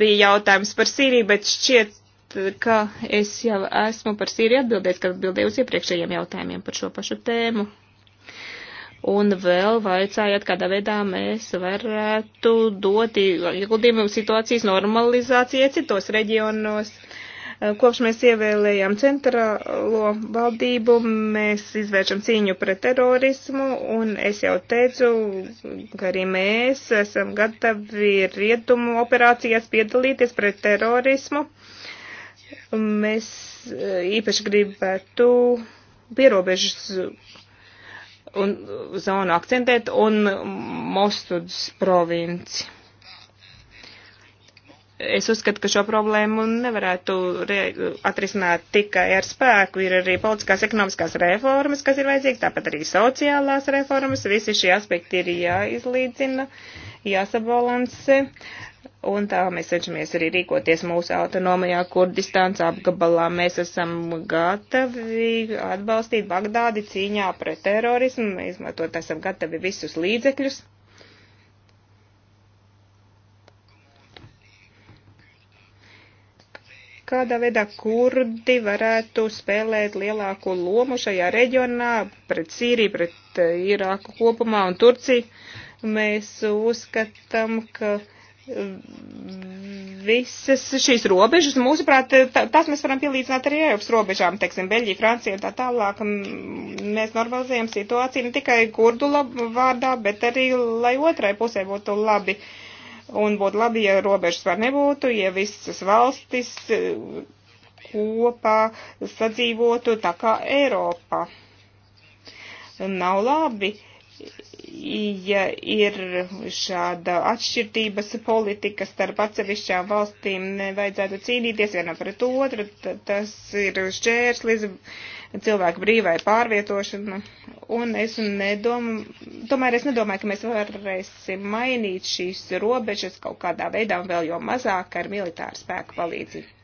bija jautājums par Sīriju, bet šķiet, ka es jau esmu par Sīriju atbildējis, ka atbildēju uz iepriekšējiem jautājumiem par šo pašu tēmu. Un vēl vaicājāt, kādā veidā mēs varētu dot ieguldījumu situācijas normalizācijai citos reģionos. Uh, Eh, kopš mēs ievēlējām centrālo valdību, mēs izvēršam cīņu pret terorismu, un es jau teicu, ka arī mēs esam gatavi rietumu operācijās piedalīties pret terorismu. Mēs eh, īpaši gribētu pierobežas un zonu akcentēt un Mostudas provinci. Es uzskatu, ka šo problēmu nevarētu atrisināt tikai ar spēku. Ir arī politiskās, ekonomiskās reformas, kas ir vajadzīgas, tāpat arī sociālās reformas. Visi šie aspekti ir jāizlīdzina, jāsabalansē. Un tā mēs cenšamies arī rīkoties mūsu autonomajā Kurdistāns apgabalā. Mēs esam gatavi atbalstīt Bagdādi cīņā pret terorismu. Mēs to esam gatavi visus līdzekļus kādā veidā kurdi varētu spēlēt lielāku lomu šajā reģionā pret Sīriju, pret e, Irāku kopumā un Turciju. Mēs uzskatām, ka e, visas šīs robežas, mūsuprāt, e, tās mēs varam pielīdzināt arī Eiropas robežām, teiksim, Beļģija, Francija un tā tālāk. Mēs normalizējam situāciju ne tikai kurdu vārdā, bet arī, lai otrai pusē būtu labi. Uh, Un būtu labi, ja robežas var nebūtu, ja visas valstis eh, kopā sadzīvotu tā kā Eiropā. Nav labi, ja ir šāda atšķirtības politika starp atsevišķām valstīm, nevajadzētu cīnīties viena pret otru, tas ir šķērslis cilvēku brīvai pārvietošana, un es nedomāju, tomēr es nedomāju, ka mēs varēsim mainīt šīs robežas kaut kādā veidā un vēl jo mazāk ar militāru spēku palīdzību.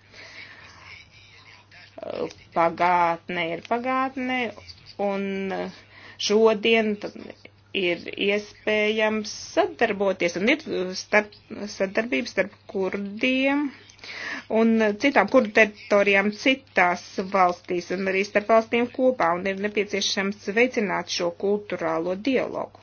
Pagātne ir pagātne, un šodien ir iespējams sadarboties, un ir starp, sadarbības starp kurdiem un citām kurdu teritorijām citās valstīs un arī starp valstīm kopā, un ir nepieciešams veicināt šo kulturālo dialogu.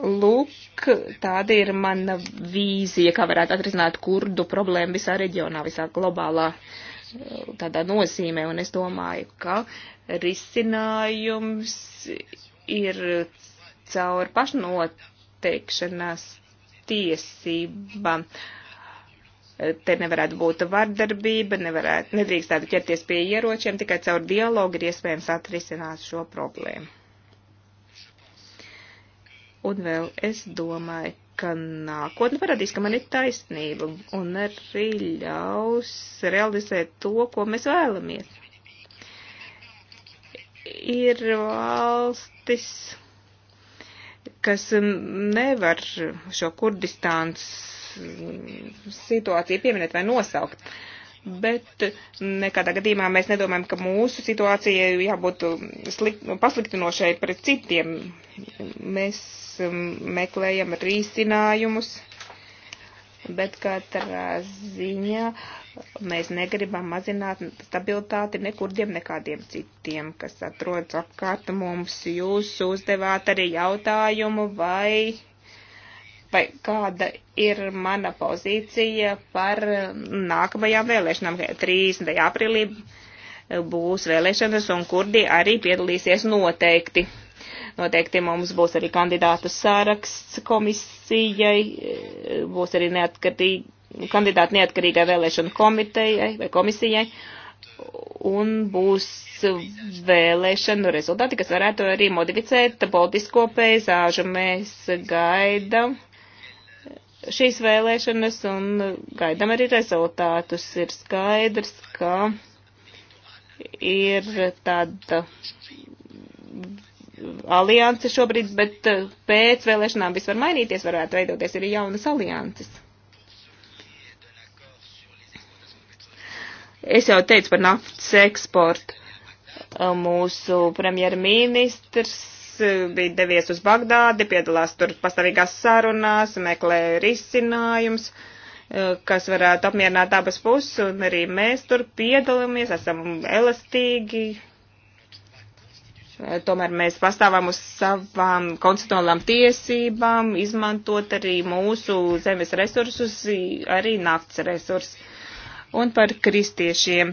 Lūk, tāda ir mana vīzija, kā varētu atrisināt kurdu problēmu visā reģionā, visā globālā eh, tādā nozīmē, un es domāju, ka risinājums ir caur pašnoteikšanās tiesībām. Te nevarētu būt vardarbība, nevarētu, nedrīkstētu ķerties pie ieročiem, tikai caur dialogu ir iespējams atrisināt šo problēmu. Un vēl es domāju, ka nākotne parādīs, ka man ir taisnība un arī ļaus realizēt to, ko mēs vēlamies ir valstis, kas nevar šo Kurdistāns situāciju pieminēt vai nosaukt. Bet nekādā gadījumā mēs nedomājam, ka mūsu situācija jābūt slikt, pasliktinošai pret citiem. Mēs um, meklējam risinājumus, bet katrā ziņā Mēs negribam mazināt stabilitāti nekurdiem, nekādiem citiem, kas atrodas apkārt mums. Jūs uzdevāt arī jautājumu, vai, vai kāda ir mana pozīcija par nākamajām vēlēšanām 30. aprīlī būs vēlēšanas, un kurdi arī piedalīsies noteikti. Noteikti mums būs arī kandidātu sāraksts komisijai, būs arī neatkarīgi kandidāti neatkarīgai vēlēšanu komitejai vai komisijai, un būs vēlēšanu rezultāti, kas varētu arī modificēt politisko peizāžu. Mēs gaidām šīs vēlēšanas un gaidām arī rezultātus. Ir skaidrs, ka ir tāda alianse šobrīd, bet pēc vēlēšanām viss var mainīties, varētu veidoties arī jaunas alianses. Es jau teicu par naftas eksportu. Uh, mūsu premjerministrs uh, bija devies uz Bagdādi, piedalās tur pastāvīgās sarunās, meklē risinājums, uh, kas varētu apmierināt abas puses, un arī mēs tur piedalāmies, esam elastīgi. Tomēr mēs pastāvām uz savām konstitucionālām tiesībām, izmantot arī mūsu zemes resursus, arī naftas resursus un par kristiešiem.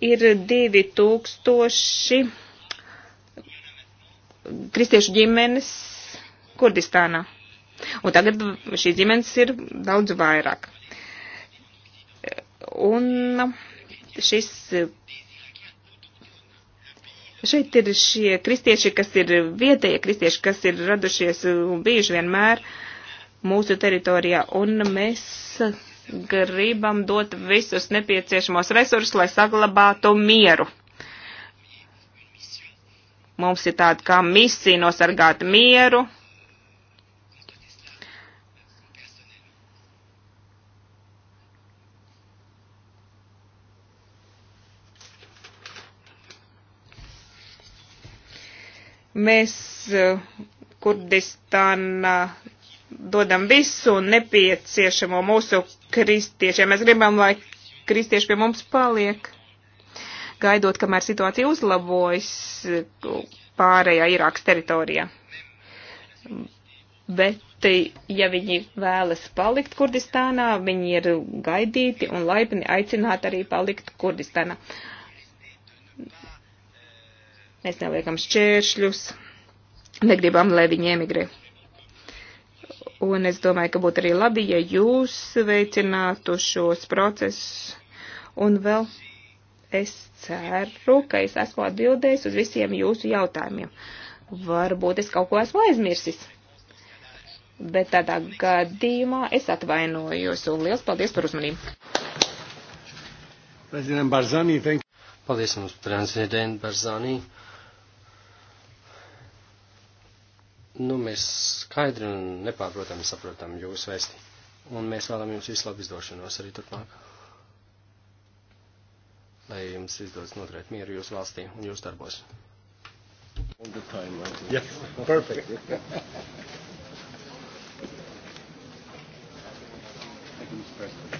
Ir 2000 kristiešu ģimenes Kurdistānā. Un tagad šīs ģimenes ir daudz vairāk. Un šis Šeit ir šie kristieši, kas ir vietējie kristieši, kas ir radušies un bijuši vienmēr mūsu teritorijā, un mēs gribam dot visus nepieciešamos resursus, lai saglabātu mieru. Mums ir tāda kā misija nosargāt mieru. Mēs uh, Kurdistāna dodam visu nepieciešamo mūsu kristiešiem. Mēs gribam, lai kristieši pie mums paliek, gaidot, kamēr situācija uzlabojas pārējā Irākas teritorijā. Bet, ja viņi vēlas palikt Kurdistānā, viņi ir gaidīti un laipni aicināti arī palikt Kurdistānā. Mēs neliekam šķēršļus, negribam, lai viņi emigrē. Un es domāju, ka būtu arī labi, ja jūs veicinātu šos procesus. Un vēl es ceru, ka es esmu atbildējis uz visiem jūsu jautājumiem. Varbūt es kaut ko esmu aizmirsis. Bet tādā gadījumā es atvainojos un liels paldies par uzmanību. Prezident Barzani, thank you. Paldies mums, prezident Barzani. Nu, mēs skaidri un nepārprotami saprotam jūsu vēsti. Un mēs vēlam jums visu labu izdošanos arī turpmāk. Lai jums izdodas noturēt mieru jūsu valstī un jūsu darbos. All the time, right? Yes, perfect. Thank you, Mr. President.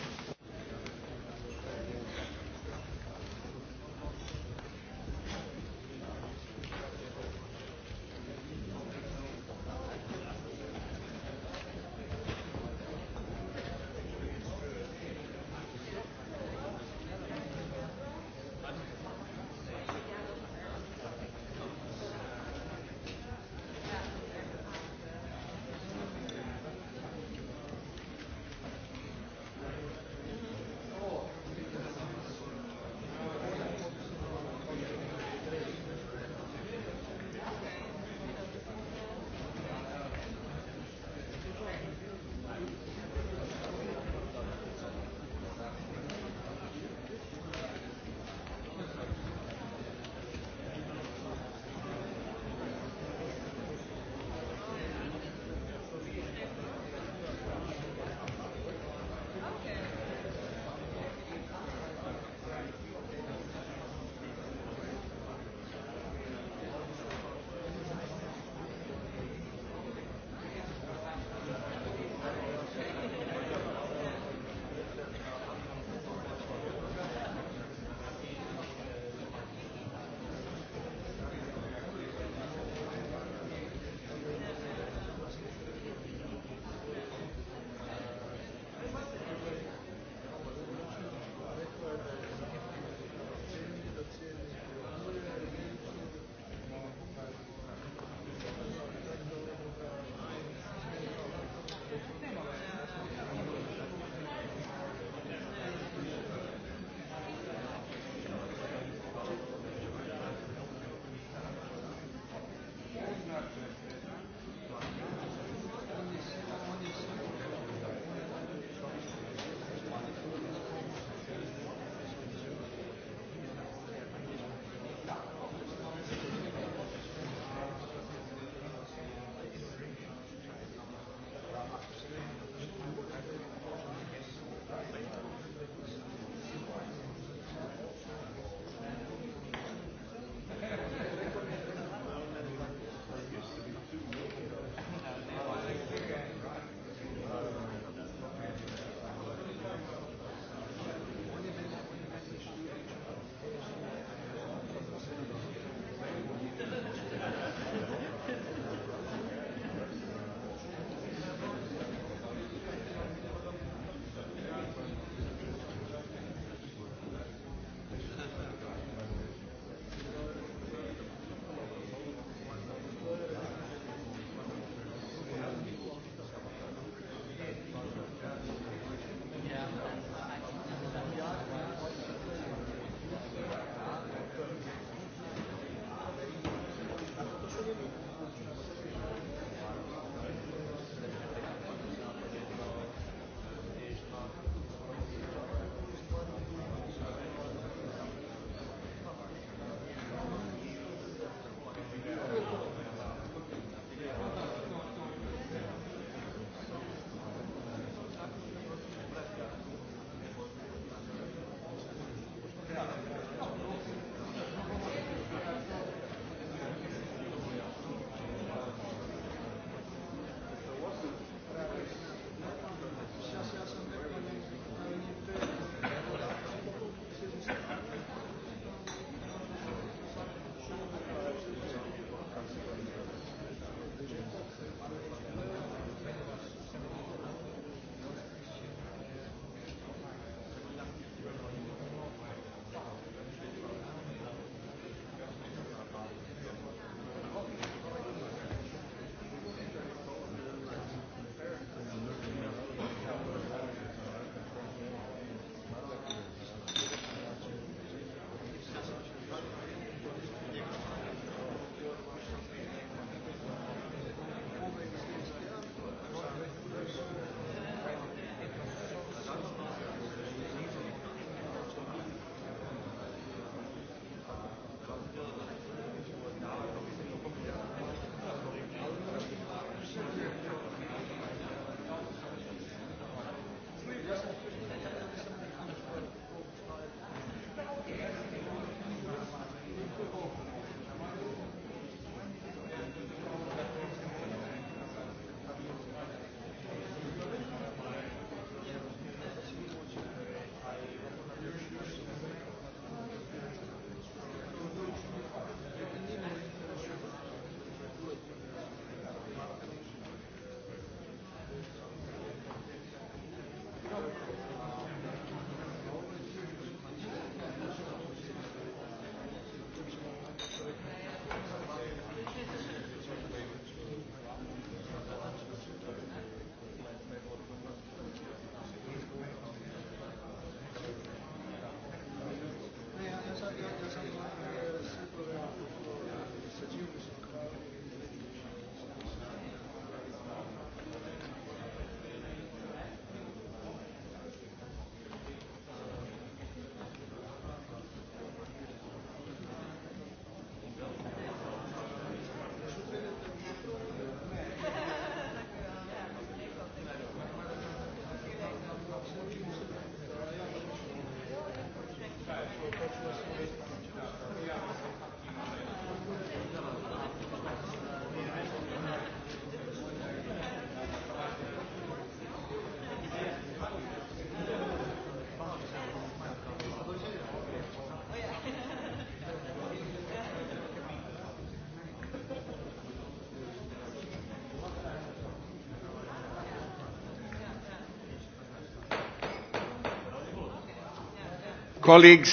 colleagues,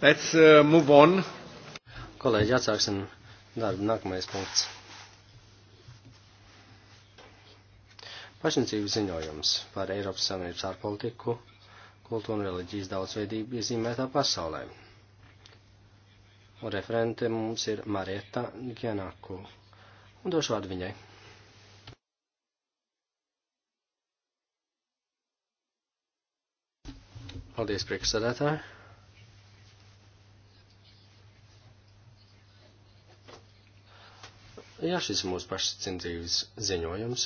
let's uh, move on. Kolēģi, atsāksim darbu nākamais punkts. Pašnicības ziņojums par Eiropas Savienības ārpolitiku, kultūru un reliģijas daudzveidību iezīmētā pasaulē. Un referente mums ir Marieta Gianaku. Un došu vārdu viņai. Paldies, priekšsēdētāji. Jā, šis ir mūsu pašas cindzīves ziņojums.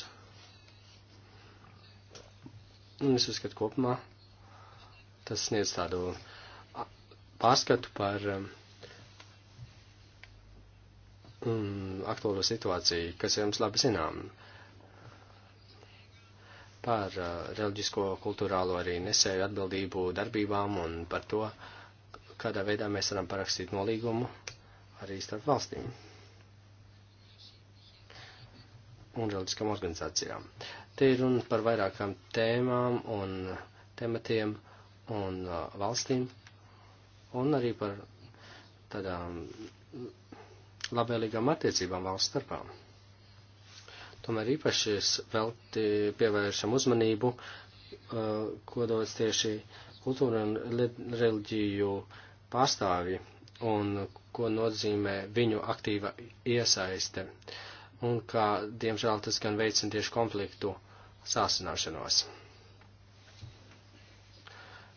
Un es uzskatu kopumā, tas sniedz tādu pārskatu par um, mm, aktuālo situāciju, kas jums labi zinām. Uh, par uh, reliģisko, kultūrālo arī nesēju atbildību darbībām un par to, kādā veidā mēs varam parakstīt nolīgumu arī starp valstīm un reliģiskām organizācijām. Te ir runa par vairākām tēmām un tematiem un uh, valstīm un arī par tādām labvēlīgām attiecībām valsts starpām. Tomēr īpaši es velti pievēršam uzmanību, uh, ko dodas tieši kultūra un reliģiju pārstāvji un ko nozīmē viņu aktīva iesaiste. Un kā, diemžēl, tas gan veicina tieši konfliktu sāsināšanos.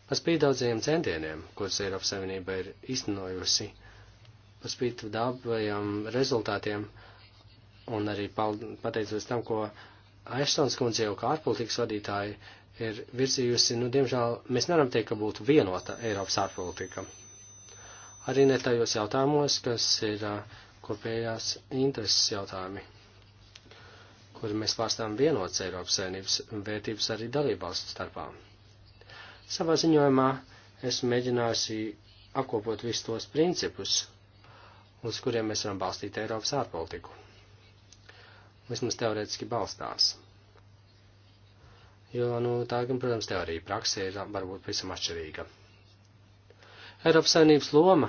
Par spīti daudziem centieniem, kurus Eiropas Savienība ir iznojusi, par spīti dabajiem rezultātiem, uh, Un arī pateicoties tam, ko Aštons kundze jau kā ārpolitikas vadītāji ir virzījusi, nu, diemžēl mēs nevaram teikt, ka būtu vienota Eiropas ārpolitika. Arī ne tajos jautājumos, kas ir kopējās intereses jautājumi, kuri mēs pārstāvam vienots Eiropas saimnības vērtības arī dalībvalstu starpā. Savā ziņojumā esmu mēģinājusi apkopot visus tos principus, uz kuriem mēs varam balstīt Eiropas ārpolitiku vismaz teorētiski balstās. Jo, nu, tā gan, protams, teorija praksē ir varbūt visam atšķirīga. Eiropas saimnības loma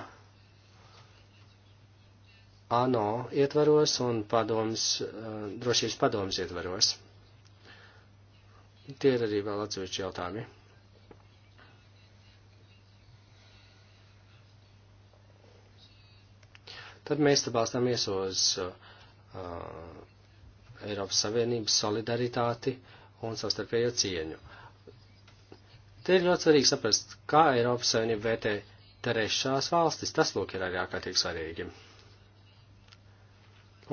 ANO ietvaros un padomas, eh, drošības padomas ietvaros. Tie ir arī vēl atsevišķi jautājumi. Tad mēs te balstāmies uz uh, Eiropas Savienības solidaritāti un savstarpējo cieņu. Te ir ļoti svarīgi saprast, kā Eiropas Savienība vērtē trešās valstis. Tas, lūk, ir arī ārkārtīgi svarīgi.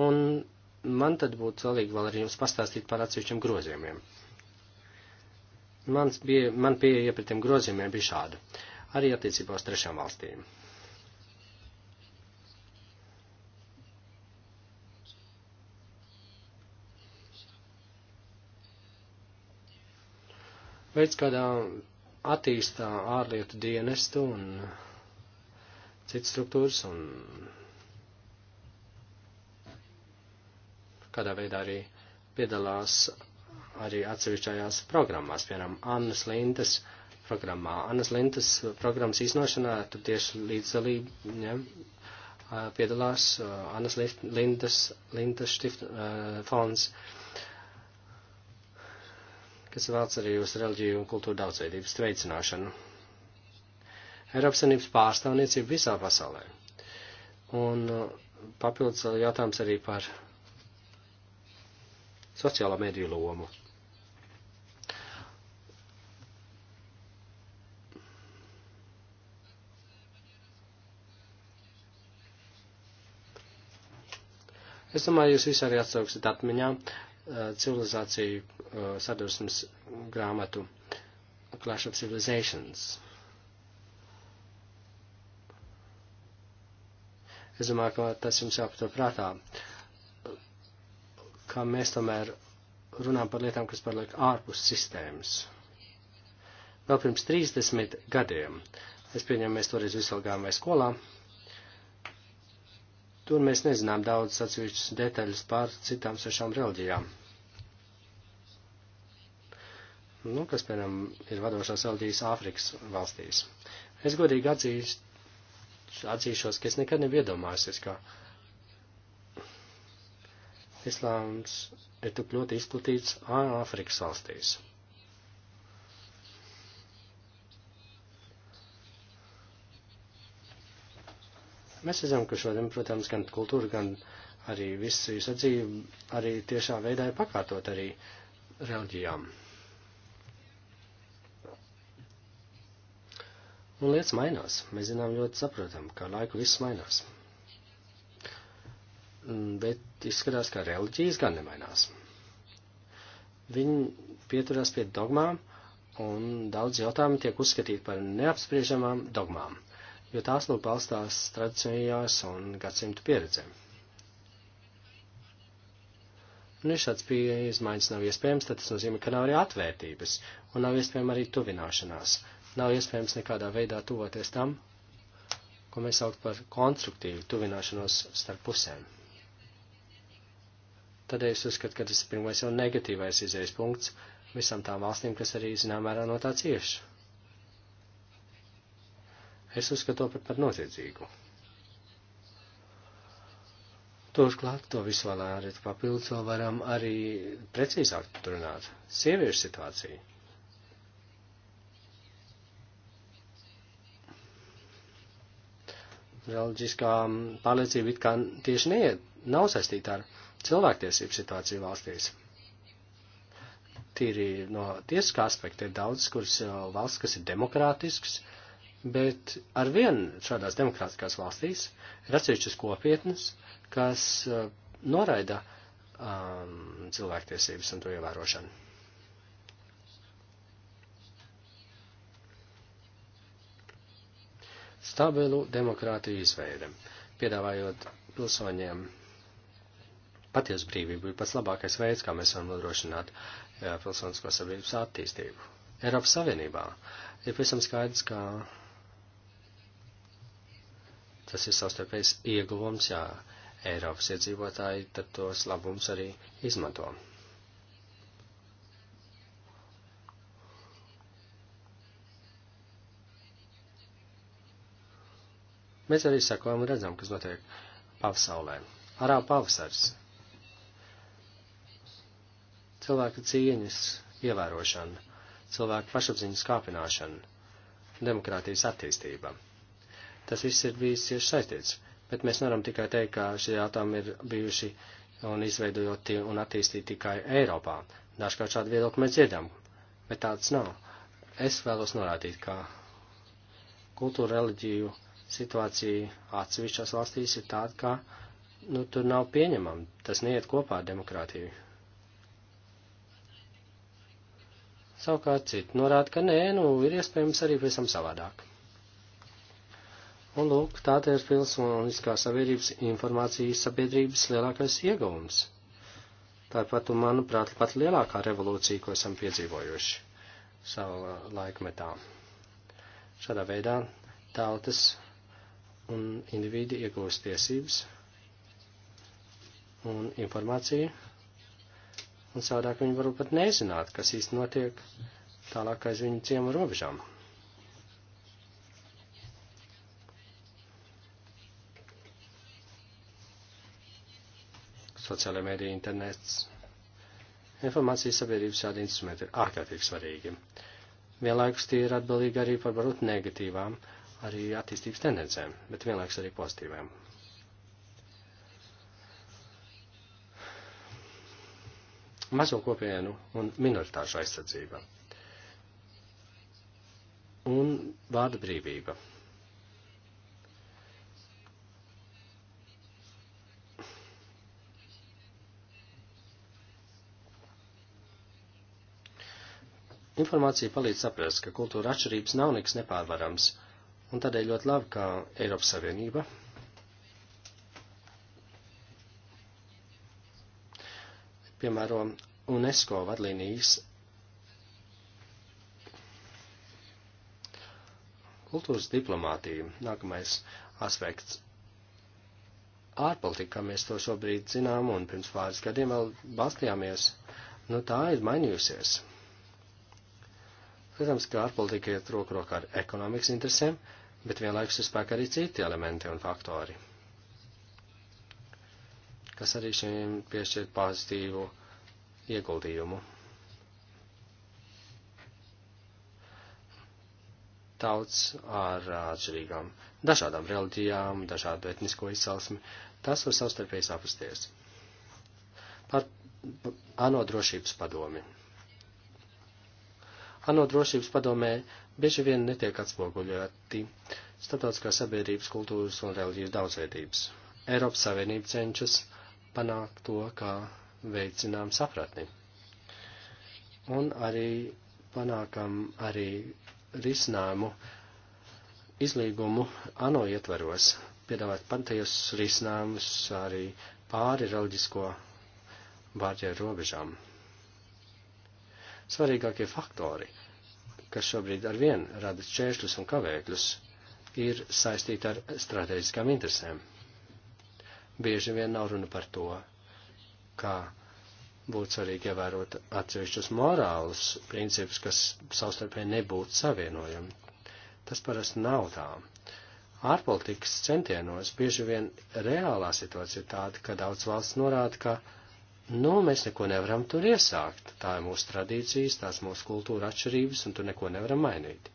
Un man tad būtu svarīgi vēl arī jums pastāstīt par atsevišķiem grozījumiem. Mans bija, man pieeja pret tiem grozījumiem bija šāda. Arī attiecībā uz trešām valstīm. veids, kādā attīstā ārlietu dienestu un citas struktūras un kādā veidā arī piedalās arī atsevišķajās programmās, piemēram, Annas Lintas programmā. Annas Lintas programmas īsnošanā tur tieši līdzdalība ja, piedalās Annas Lintas, Lintas Stift, uh, fonds. Uh, kas vēlas arī uz reliģiju un kultūru daudzveidības veicināšanu. Eiropas Savienības pārstāvniecība visā pasaulē. Un uh, papildus jautājums arī par sociālo mediju lomu. Es domāju, jūs visi arī atsauksiet atmiņā, Uh, civilizāciju uh, sadursmes grāmatu Clash of Civilizations. Es domāju, ka tas jums jāpatur prātā, ka mēs tomēr runām par lietām, kas paliek ārpus sistēmas. Vēl pirms 30 gadiem, es pieņemu, mēs toreiz visu gājām vai skolā, Tur mēs nezinām daudz atsevišķas detaļas pār citām sešām reliģijām. Nu, kas, piemēram, ir vadošās reliģijas Āfrikas valstīs. Es godīgi atzīst, atzīšos, ka es nekad nebiju iedomājusies, ka islāms ir tik ļoti izplatīts Āfrikas valstīs. Mēs redzam, ka šodien, protams, gan kultūra, gan arī viss jūsu dzīve arī tiešā veidā ir pakārtot arī reliģijām. Un lietas mainās. Mēs zinām ļoti saprotam, ka laiku viss mainās. Mm, bet izskatās, ka reliģijas gan nemainās. Viņi pieturās pie dogmām, un daudz jautājumu tiek uzskatīti par neapspriežamām dogmām jo tās lūk balstās tradicionējās un gadsimtu pieredzēm. Un, ja šāds izmaiņas nav iespējams, tad tas nozīmē, ka nav arī atvērtības, un nav iespējama arī tuvināšanās. Nav iespējams nekādā veidā tuvoties tam, ko mēs saukt par konstruktīvu tuvināšanos starp pusēm. Tādēļ es uzskatu, ka tas ir pirmais jau negatīvais izējas punkts visam tām valstīm, kas arī, zinām, mērā no tā cieši. Es uzskatu to par, par noziedzīgu. Turklāt to visu vēl arī papildus vēl varam arī precīzāk runāt. Sieviešu situācija. Reliģiskā pārliecība it kā tieši neiet, nav saistīta ar cilvēktiesību situāciju valstīs. Tīri no tiesiskā aspekta ir daudz, kuras uh, valsts, kas ir demokrātisks, uh, bet ar vien šādās demokrātiskās valstīs ir atsevišķas kopietnes, kas uh, noraida um, cilvēktiesības un to ievērošanu. Stabilu demokrātiju izveide, piedāvājot pilsoņiem patiesu brīvību, ir pats labākais veids, kā mēs varam nodrošināt uh, pilsonisko sabiedrības attīstību. Eiropas Savienībā ir pavisam skaidrs, ka Tas ir savstarpējs ieguvums, jā, Eiropas iedzīvotāji tad tos labums arī izmanto. Mēs arī sakojam un redzam, kas notiek pasaulē. Arā pavasars. Cilvēka cieņas ievērošana, cilvēka pašapziņas kāpināšana, demokrātijas attīstība. Tas viss ir bijis cieši saistīts, bet mēs nevaram tikai teikt, ka šie jautājumi ir bijuši un izveidoti un attīstīti tikai Eiropā. Dažkārt šādu viedokli mēs dzirdam, bet tāds nav. Es vēlos norādīt, ka kultūra, reliģiju situācija atsevišķās valstīs ir tāda, ka nu, tur nav pieņemama. Tas neiet kopā ar demokrātiju. Savukārt citi norāda, ka nē, nu, ir iespējams arī visam savādāk. Un lūk, tā te ir pilsoniskā sabiedrības informācijas sabiedrības lielākais ieguvums. Tāpat, manuprāt, pat lielākā revolūcija, ko esam piedzīvojuši savā uh, laikmetā. Šādā veidā tautas un individi iegūst tiesības un informāciju, un savādāk viņi varbūt pat nezināt, kas īsti notiek tālāk aiz viņu ciemu robežām. sociālajā mēdī, internets. Informācijas sabiedrības šādi instrumenti ir ārkārtīgi svarīgi. Vienlaikus tie ir atbildīgi arī par varbūt negatīvām, arī attīstības tendencēm, bet vienlaikus arī pozitīvām. mazo kopienu un minoritāšu aizsardzība un vārda brīvība. Informācija palīdz saprast, ka kultūra atšķirības nav nekas nepārvarams, un tādēļ ļoti labi, ka Eiropas Savienība piemēro UNESCO vadlīnijas kultūras diplomātija, nākamais aspekts. Ārpolitika, kā mēs to šobrīd zinām, un pirms pāris gadiem vēl balstījāmies, nu tā ir mainījusies. Protams, ka ārpolitika iet roku rokā ar ekonomikas interesēm, bet vienlaikus ir spēkā arī citi elementi un faktori, kas arī šiem piešķir pozitīvu ieguldījumu. Tauts ar atšķirīgām, dažādām reliģijām, dažādu etnisko izcelsmi, tas var savstarpēji sapasties. Par ANO drošības padomi. ANO drošības padomē bieži vien netiek atspoguļoti starptautiskā sabiedrības kultūras un reliģijas daudzveidības. Eiropas Savienība cenšas panākt to, kā veicinām sapratni. Un arī panākam arī risinājumu izlīgumu ANO ietvaros, piedāvāt pantajos risinājumus arī pāri reliģisko barjeru robežām svarīgākie faktori, kas šobrīd ar vien rada čēršļus un kavēkļus, ir saistīti ar strateģiskām interesēm. Bieži vien nav runa par to, kā būtu svarīgi ievērot atsevišķus morālus principus, kas savstarpēji nebūtu savienojami. Tas parasti nav tā. Ārpolitikas centienos bieži vien reālā situācija ir tāda, ka daudz valsts norāda, ka nu, mēs neko nevaram tur iesākt. Tā ir mūsu tradīcijas, tās mūsu kultūra atšķirības, un tur neko nevaram mainīt.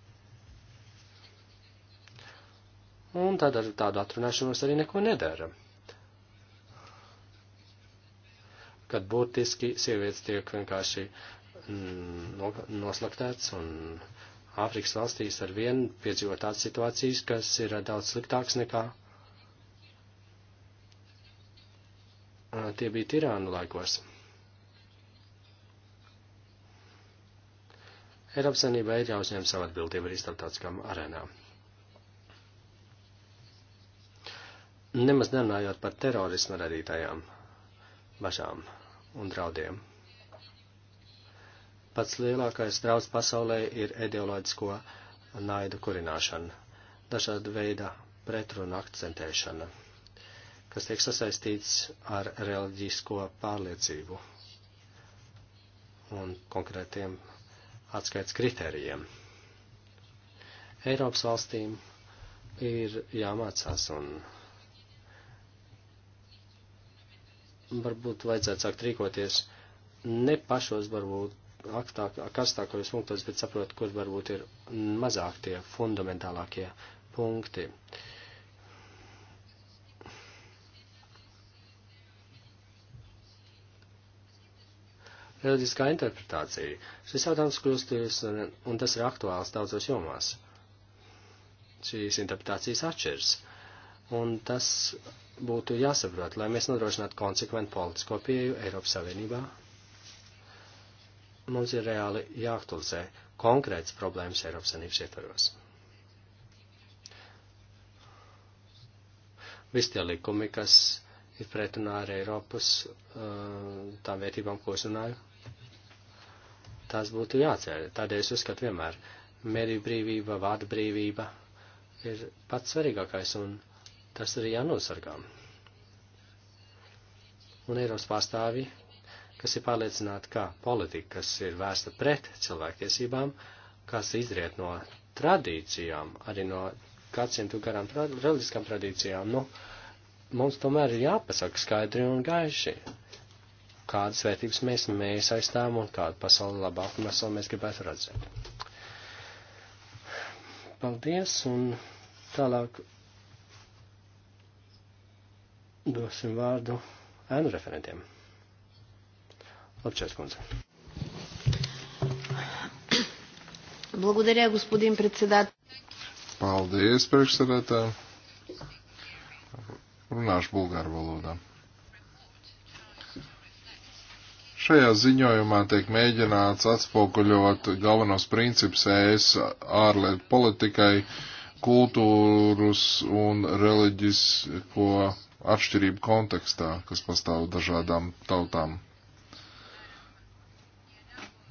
Un tad ar tādu atrunāšanos arī neko nedara. Kad būtiski sievietes tiek vienkārši mm, noslaktēts un Āfrikas valstīs ar vienu piedzīvot tādas situācijas, kas ir daudz sliktāks nekā Tie bija tirānu laikos. Eiropas Savienība ir jāuzņem savu atbildību arī starptautiskām arēnām. Nemaz nerunājot par terorismu radītajām bažām un draudiem. Pats lielākais draudz pasaulē ir ideoloģisko naidu kurināšana, dažāda veida pretrunu akcentēšana kas tiek sasaistīts ar reliģisko pārliecību un konkrētiem atskaits kritērijiem. Eiropas valstīm ir jāmācās un varbūt vajadzētu sākt rīkoties ne pašos varbūt aktāk, karstākajos punktos, bet saprot, kur varbūt ir mazāk tie fundamentālākie punkti. Uh, reliģiskā interpretācija. Šis jautājums kļūst, eh, un tas ir aktuāls daudzos jomās. Šīs interpretācijas atšķiras. Un tas būtu jāsaprot, lai mēs nodrošinātu konsekventu politisko pieju Eiropas Savienībā. Mums ir reāli jāaktualizē konkrēts problēmas Eiropas Savienības ietvaros. Visi tie likumi, kas ir pretrunā ar Eiropas eh, tām vērtībām, ko es runāju tās būtu jāceļ. Tādēļ es uzskatu vienmēr mediju brīvība, vārdu brīvība ir pats svarīgākais un tas arī jānosargā. Un Eiropas pārstāvji, kas ir pārliecināti, ka politika, kas ir vērsta pret cilvēktiesībām, kas izriet no tradīcijām, arī no gadsimtu garām tra reliģiskām tradīcijām, nu, mums tomēr ir jāpasaka skaidri un gaiši kādas vērtības mēs, mēs aizstāvam un kādu pasauli labāku pasauli mēs gribētu redzēt. Paldies un tālāk dosim vārdu ēnu referentiem. Labčēs kundze. Благодаря, господин председател. Paldies, priekšsēdētāji. Runāšu bulgāru valodā. Šajā ziņojumā tiek mēģināts atspoguļot galvenos principus ES ārlietu politikai, kultūras un reliģisko atšķirību kontekstā, kas pastāv dažādām tautām.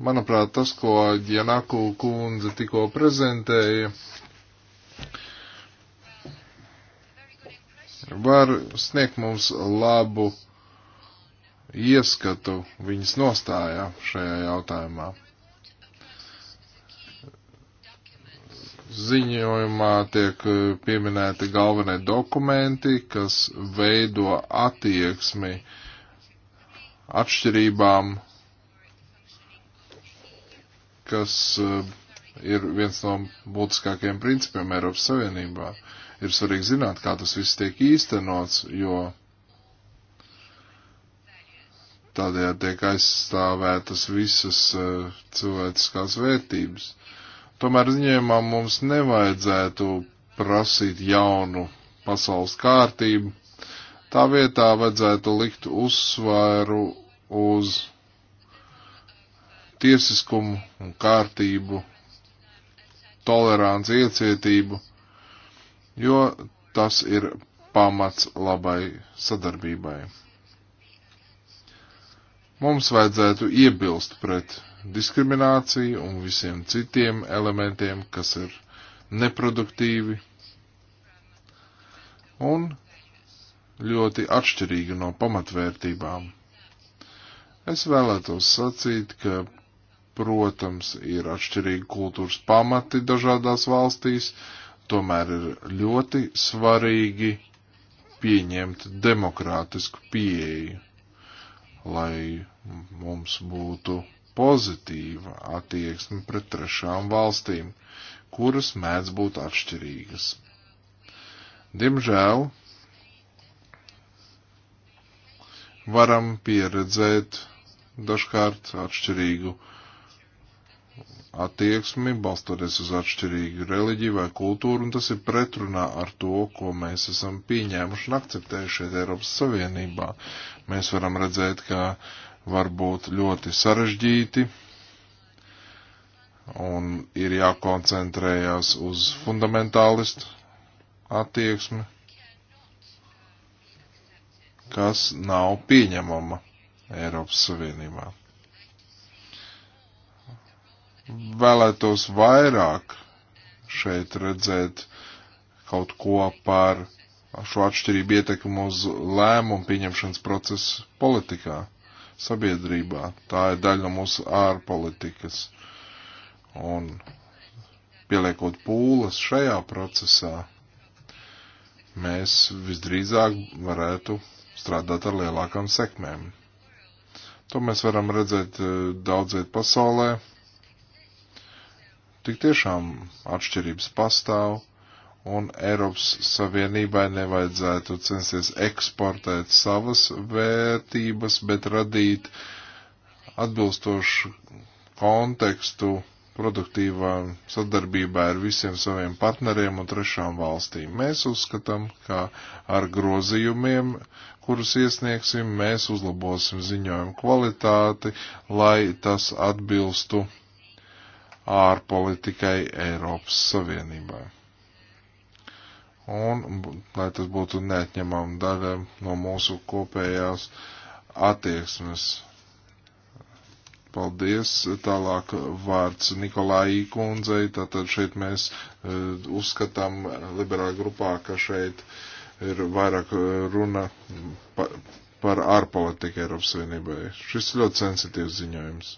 Manuprāt, tas, ko Janaku kundze tikko prezentēja, var sniegt mums labu ieskatu viņas nostājā šajā jautājumā. Ziņojumā tiek eh, pieminēti galvenie dokumenti, kas veido attieksmi atšķirībām, kas eh, ir viens no būtiskākajiem principiem Eiropas Savienībā. Ir svarīgi zināt, kā tas viss tiek īstenots, jo Tādējādi tiek aizstāvētas visas uh, cilvēciskās vērtības. Tomēr ziņojumā mums nevajadzētu prasīt jaunu pasaules kārtību. Tā vietā vajadzētu likt uzsvaru uz tiesiskumu un kārtību, toleranci, iecietību, jo tas ir pamats labai sadarbībai. Mums vajadzētu iebilst pret diskrimināciju un visiem citiem elementiem, kas ir neproduktīvi un ļoti atšķirīgi no pamatvērtībām. Es vēlētos sacīt, ka, protams, ir atšķirīgi kultūras pamati dažādās valstīs, tomēr ir ļoti svarīgi pieņemt demokrātisku pieeju lai mums būtu pozitīva attieksme pret trešām valstīm, kuras mēdz būt atšķirīgas. Diemžēl varam pieredzēt dažkārt atšķirīgu attieksmi, balstoties uz atšķirīgu reliģiju vai kultūru, un tas ir pretrunā ar to, ko mēs esam pieņēmuši un akceptējuši šeit Eiropas Savienībā. Mēs varam redzēt, ka var būt ļoti sarežģīti un ir jākoncentrējās uz fundamentālistu attieksmi, kas nav pieņemama Eiropas Savienībā vēlētos vairāk šeit redzēt kaut ko par šo atšķirību ietekmu uz lēmumu pieņemšanas procesu politikā, sabiedrībā. Tā ir daļa no mūsu ārpolitikas. Un pieliekot pūles šajā procesā, mēs visdrīzāk varētu strādāt ar lielākām sekmēm. To mēs varam redzēt eh, daudziet pasaulē, Tik tiešām atšķirības pastāv, un Eiropas Savienībai nevajadzētu censties eksportēt savas vērtības, bet radīt atbilstošu kontekstu produktīvā sadarbībā ar visiem saviem partneriem un trešām valstīm. Mēs uzskatām, ka ar grozījumiem, kurus iesniegsim, mēs uzlabosim ziņojumu kvalitāti, lai tas atbilstu ārpolitikai Eiropas Savienībā. Un, lai tas būtu neatņemama daļa no mūsu kopējās attieksmes. Paldies. Tālāk vārds Nikolai kundzei. Tātad šeit mēs uh, uzskatām liberāla grupā, ka šeit ir vairāk e, runa pa, par ārpolitiku Eiropas Savienībai. Šis ļoti sensitīvs ziņojums.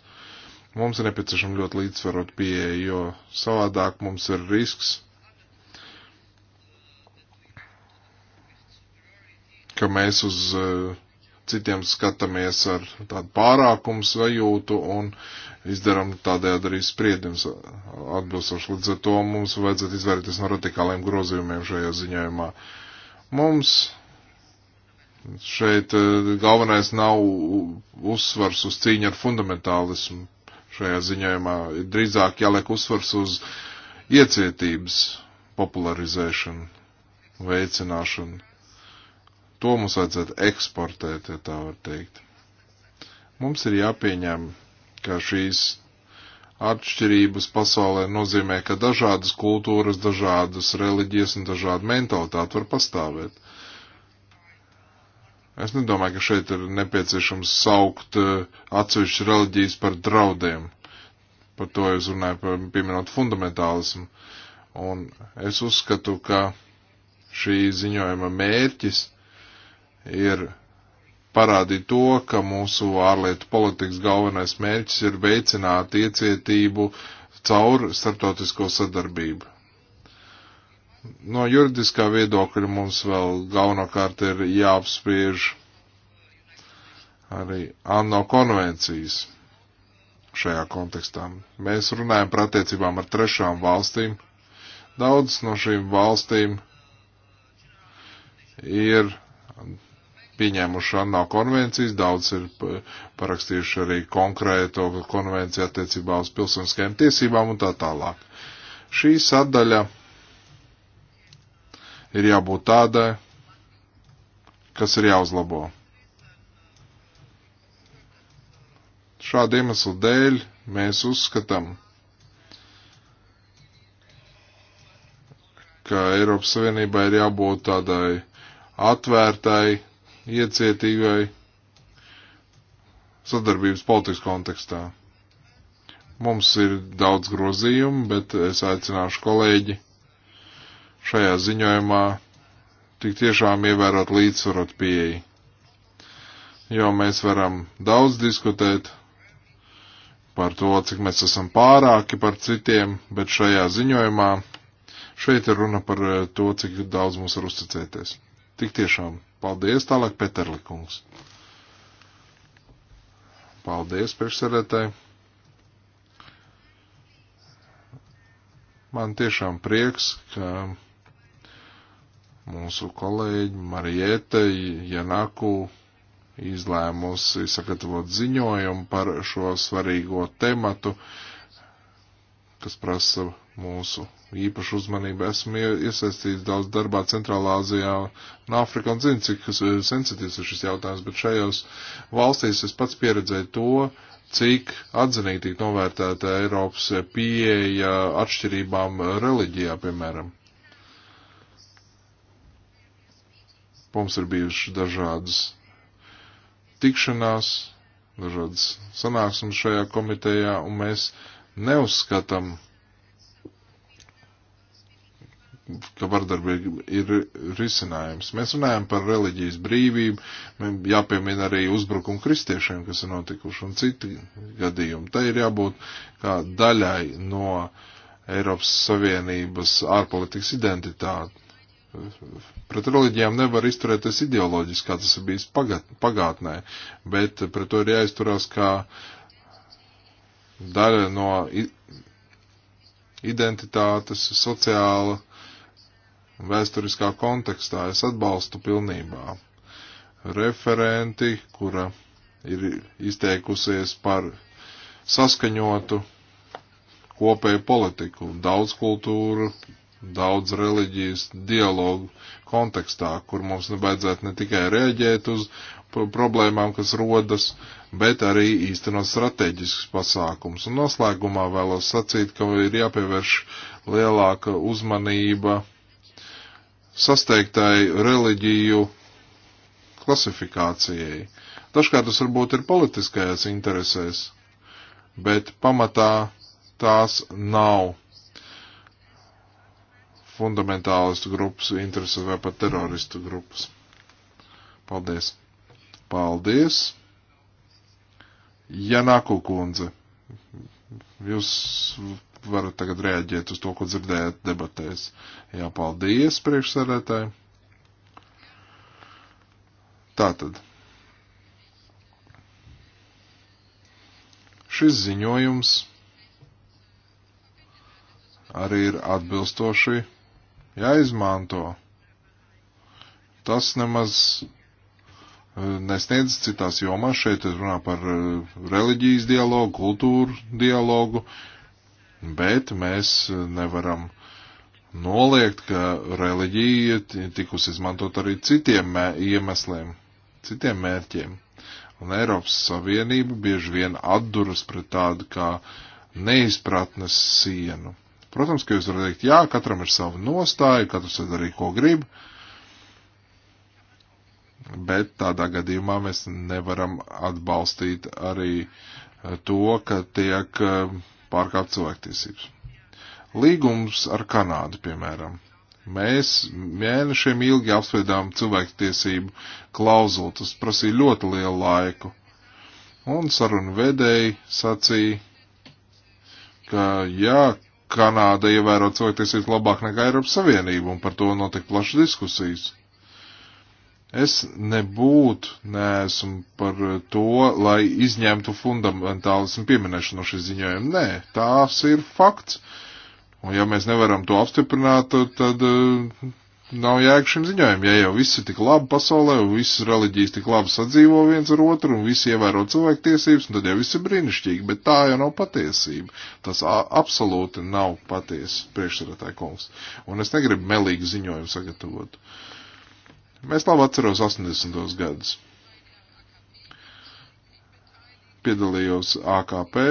Mums ir nepieciešama ļoti līdzsvarot pieeja, jo savādāk mums ir risks, ka mēs uz eh, citiem skatāmies ar tādu pārākumu sajūtu un izdarām tādējādi arī spriedumus atbilstoši. Līdz ar to mums vajadzētu izvairīties no radikāliem grozījumiem šajā ziņojumā. Mums šeit eh, galvenais nav uzsvars uz cīņu ar fundamentālismu šajā ziņojumā. Drīzāk jāliek uzsvars uz iecietības popularizēšanu, veicināšanu. To mums vajadzētu eksportēt, ja tā var teikt. Mums ir jāpieņem, ka šīs atšķirības pasaulē nozīmē, ka dažādas kultūras, dažādas reliģijas un dažāda mentalitāte var pastāvēt. Uh, Es nedomāju, ka šeit ir nepieciešams saukt eh, atsevišķu reliģijas par draudiem. Par to es runāju, pieminot fundamentālismu. Un es uzskatu, ka šī ziņojuma mērķis ir parādīt to, ka mūsu ārlietu politikas galvenais mērķis ir veicināt iecietību caur starptautisko sadarbību. No juridiskā viedokļa mums vēl galvenokārt ir jāapspriež arī ANO konvencijas šajā kontekstā. Mēs runājam par attiecībām ar trešām valstīm. Daudz no šīm valstīm ir pieņēmuši ANO konvencijas, daudz ir parakstījuši arī konkrēto konvenciju attiecībā uz pilsoniskajām tiesībām un tā tālāk. Šī sadaļa ir jābūt tādai, kas ir jāuzlabo. Šādu iemeslu dēļ mēs uzskatām, ka Eiropas Savienībai ir jābūt tādai atvērtai, iecietīgai sadarbības politikas kontekstā. Mums ir daudz grozījumu, bet es aicināšu kolēģi šajā ziņojumā tik tiešām ievērot līdzsvarot pieeju. Jo mēs varam daudz diskutēt par to, cik mēs esam pārāki par citiem, bet šajā ziņojumā šeit ir runa par eh, to, cik daudz mums var uzticēties. Tik tiešām. Paldies tālāk, Peterlikungs. Paldies, priekšsēdētāji. Man tiešām prieks, ka mūsu kolēģi Marieta Janaku izlēmusi sagatavot ziņojumu par šo svarīgo tematu, kas prasa mūsu īpašu uzmanību. Esmu iesaistīts daudz darbā Centrālā Azijā un Āfrikā un zinu, cik eh, sensitīvs ir šis jautājums, bet šajos valstīs es pats pieredzēju to, cik atzinīgi tika novērtēta Eiropas pieeja atšķirībām reliģijā, piemēram. Mums ir bijušas dažādas tikšanās, dažādas sanāksmes šajā komitejā, un mēs neuzskatām, ka vardarbība ir risinājums. Mēs runājam par reliģijas brīvību, jāpiemina arī uzbrukumu kristiešiem, kas ir notikuši, un citi gadījumi. Tai ir jābūt kā daļai no Eiropas Savienības ārpolitikas identitāte. Pret reliģijām nevar izturēties ideoloģiski, kā tas ir bijis pagātnē, bet pret to ir jāizturās kā daļa no identitātes, sociāla, vēsturiskā kontekstā. Es atbalstu pilnībā referenti, kura ir izteikusies par saskaņotu kopēju politiku, daudz kultūru, daudz reliģijas dialogu kontekstā, kur mums nebaidzētu ne tikai reaģēt uz problēmām, kas rodas, bet arī īstenot strateģiskus pasākums. Un noslēgumā vēlos sacīt, ka ir jāpievērš lielāka uzmanība sasteigtai reliģiju klasifikācijai. Dažkārt tas varbūt ir politiskajās interesēs, bet pamatā tās nav fundamentālistu grupas intereses vai pat teroristu grupas. Paldies. Paldies. Janāku kundze, jūs varat tagad reaģēt uz to, ko dzirdējāt debatēs. Jā, paldies priekšsēdētāji. Tātad. Šis ziņojums arī ir atbilstoši jāizmanto. Tas nemaz e, nesniedz citās jomās. Šeit runā par e, reliģijas dialogu, kultūru dialogu, bet mēs e, nevaram noliegt, ka reliģija tikus izmantot arī citiem iemesliem, citiem mērķiem. Un Eiropas Savienība bieži vien atduras pret tādu kā neizpratnes sienu. Protams, ka jūs varat teikt, jā, katram ir sava nostāja, katrs var darīt, ko grib, bet tādā gadījumā mēs nevaram atbalstīt arī eh, to, ka tiek eh, pārkāpt cilvēktiesības. Līgums ar Kanādu, piemēram. Mēs mēnešiem ilgi apspriedām cilvēktiesību klauzulu, tas prasīja ļoti lielu laiku. Un sarunu vedēji sacīja, ka jā, Kanāda ievēro cilvēktiesības labāk nekā Eiropas Savienība, un par to notika plašas diskusijas. Es nebūtu neesmu par to, lai izņemtu fundamentālismu pieminēšanu no šī ziņojuma. Nē, tās ir fakts. Un ja mēs nevaram to apstiprināt, tad, tad nav jēga šim ziņojumam. Ja jau viss ir tik labi pasaulē, un visas reliģijas tik labi sadzīvo viens ar otru, un visi ievēro cilvēktiesības, nu tad jau viss ir brīnišķīgi, bet tā jau nav patiesība. Tas absolūti nav patiesa priekšsaratāja kungs. Un es negribu melīgu ziņojumu sagatavot. Mēs labi atceros 80. gadus. Piedalījos AKP,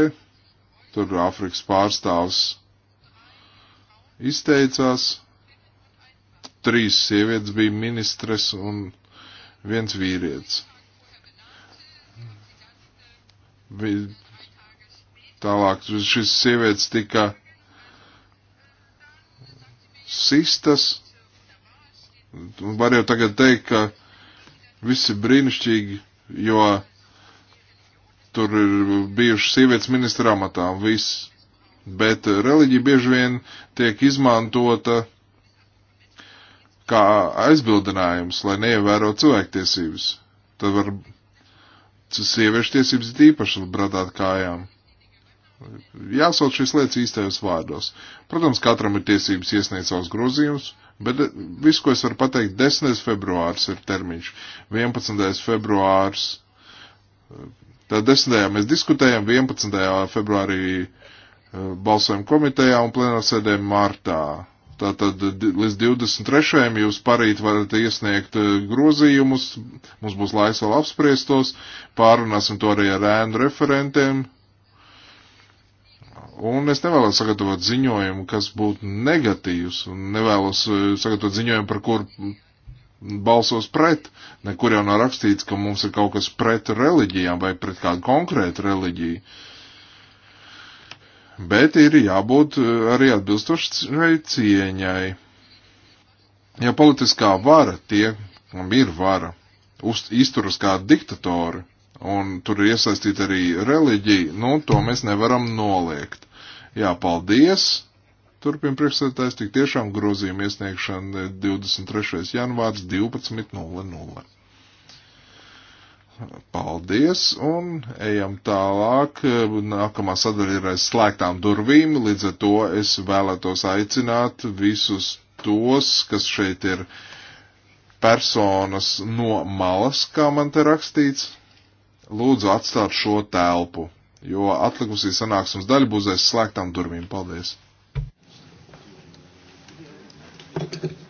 tur Āfrikas pārstāvs izteicās, trīs sievietes bija ministres un viens vīrietis. Tālāk šis sievietes tika sistas. Var jau tagad teikt, ka viss ir brīnišķīgi, jo tur ir bijušas sievietes ministra amatā un viss. Bet reliģija bieži vien tiek izmantota kā aizbildinājums, lai neievēro cilvēktiesības. Tad var sieviešu tiesības īpaši bradāt kājām. Jāsauc šīs lietas īstajos vārdos. Protams, katram ir tiesības iesniegt savus grozījumus, bet viss, ko es varu pateikt, 10. februārs ir termiņš, 11. februārs. Tā 10. mēs diskutējam, 11. februārī eh, balsojam komitejā un plenārsēdē martā Tātad līdz 23. jūs parīt varat iesniegt eh, grozījumus, mums būs laiks vēl apspriestos, pārunāsim to arī ar ēnu referentiem. Un es nevēlos sagatavot ziņojumu, kas būtu negatīvs, un nevēlos eh, sagatavot ziņojumu, par kur balsos pret. Nekur jau nav rakstīts, ka mums ir kaut kas pret reliģijām vai pret kādu konkrētu reliģiju. Uh, bet ir jābūt eh, arī atbilstošai cieņai. Ja politiskā vara, tie, kam ir vara, uz, izturas kā diktatori, un tur ir iesaistīta arī reliģija, nu, to mēs nevaram noliegt. Jā, paldies! Turpin priekšsētājs tik tiešām grozījuma iesniegšana 23. janvārds 12.00. Paldies, un ejam tālāk. Nākamā sadaļa ir aiz slēgtām durvīm, līdz ar to es vēlētos aicināt visus tos, kas šeit ir personas no malas, kā man te rakstīts, lūdzu atstāt šo telpu, jo atlikusī sanāksmes daļa būs aiz slēgtām durvīm. Paldies! Thank you.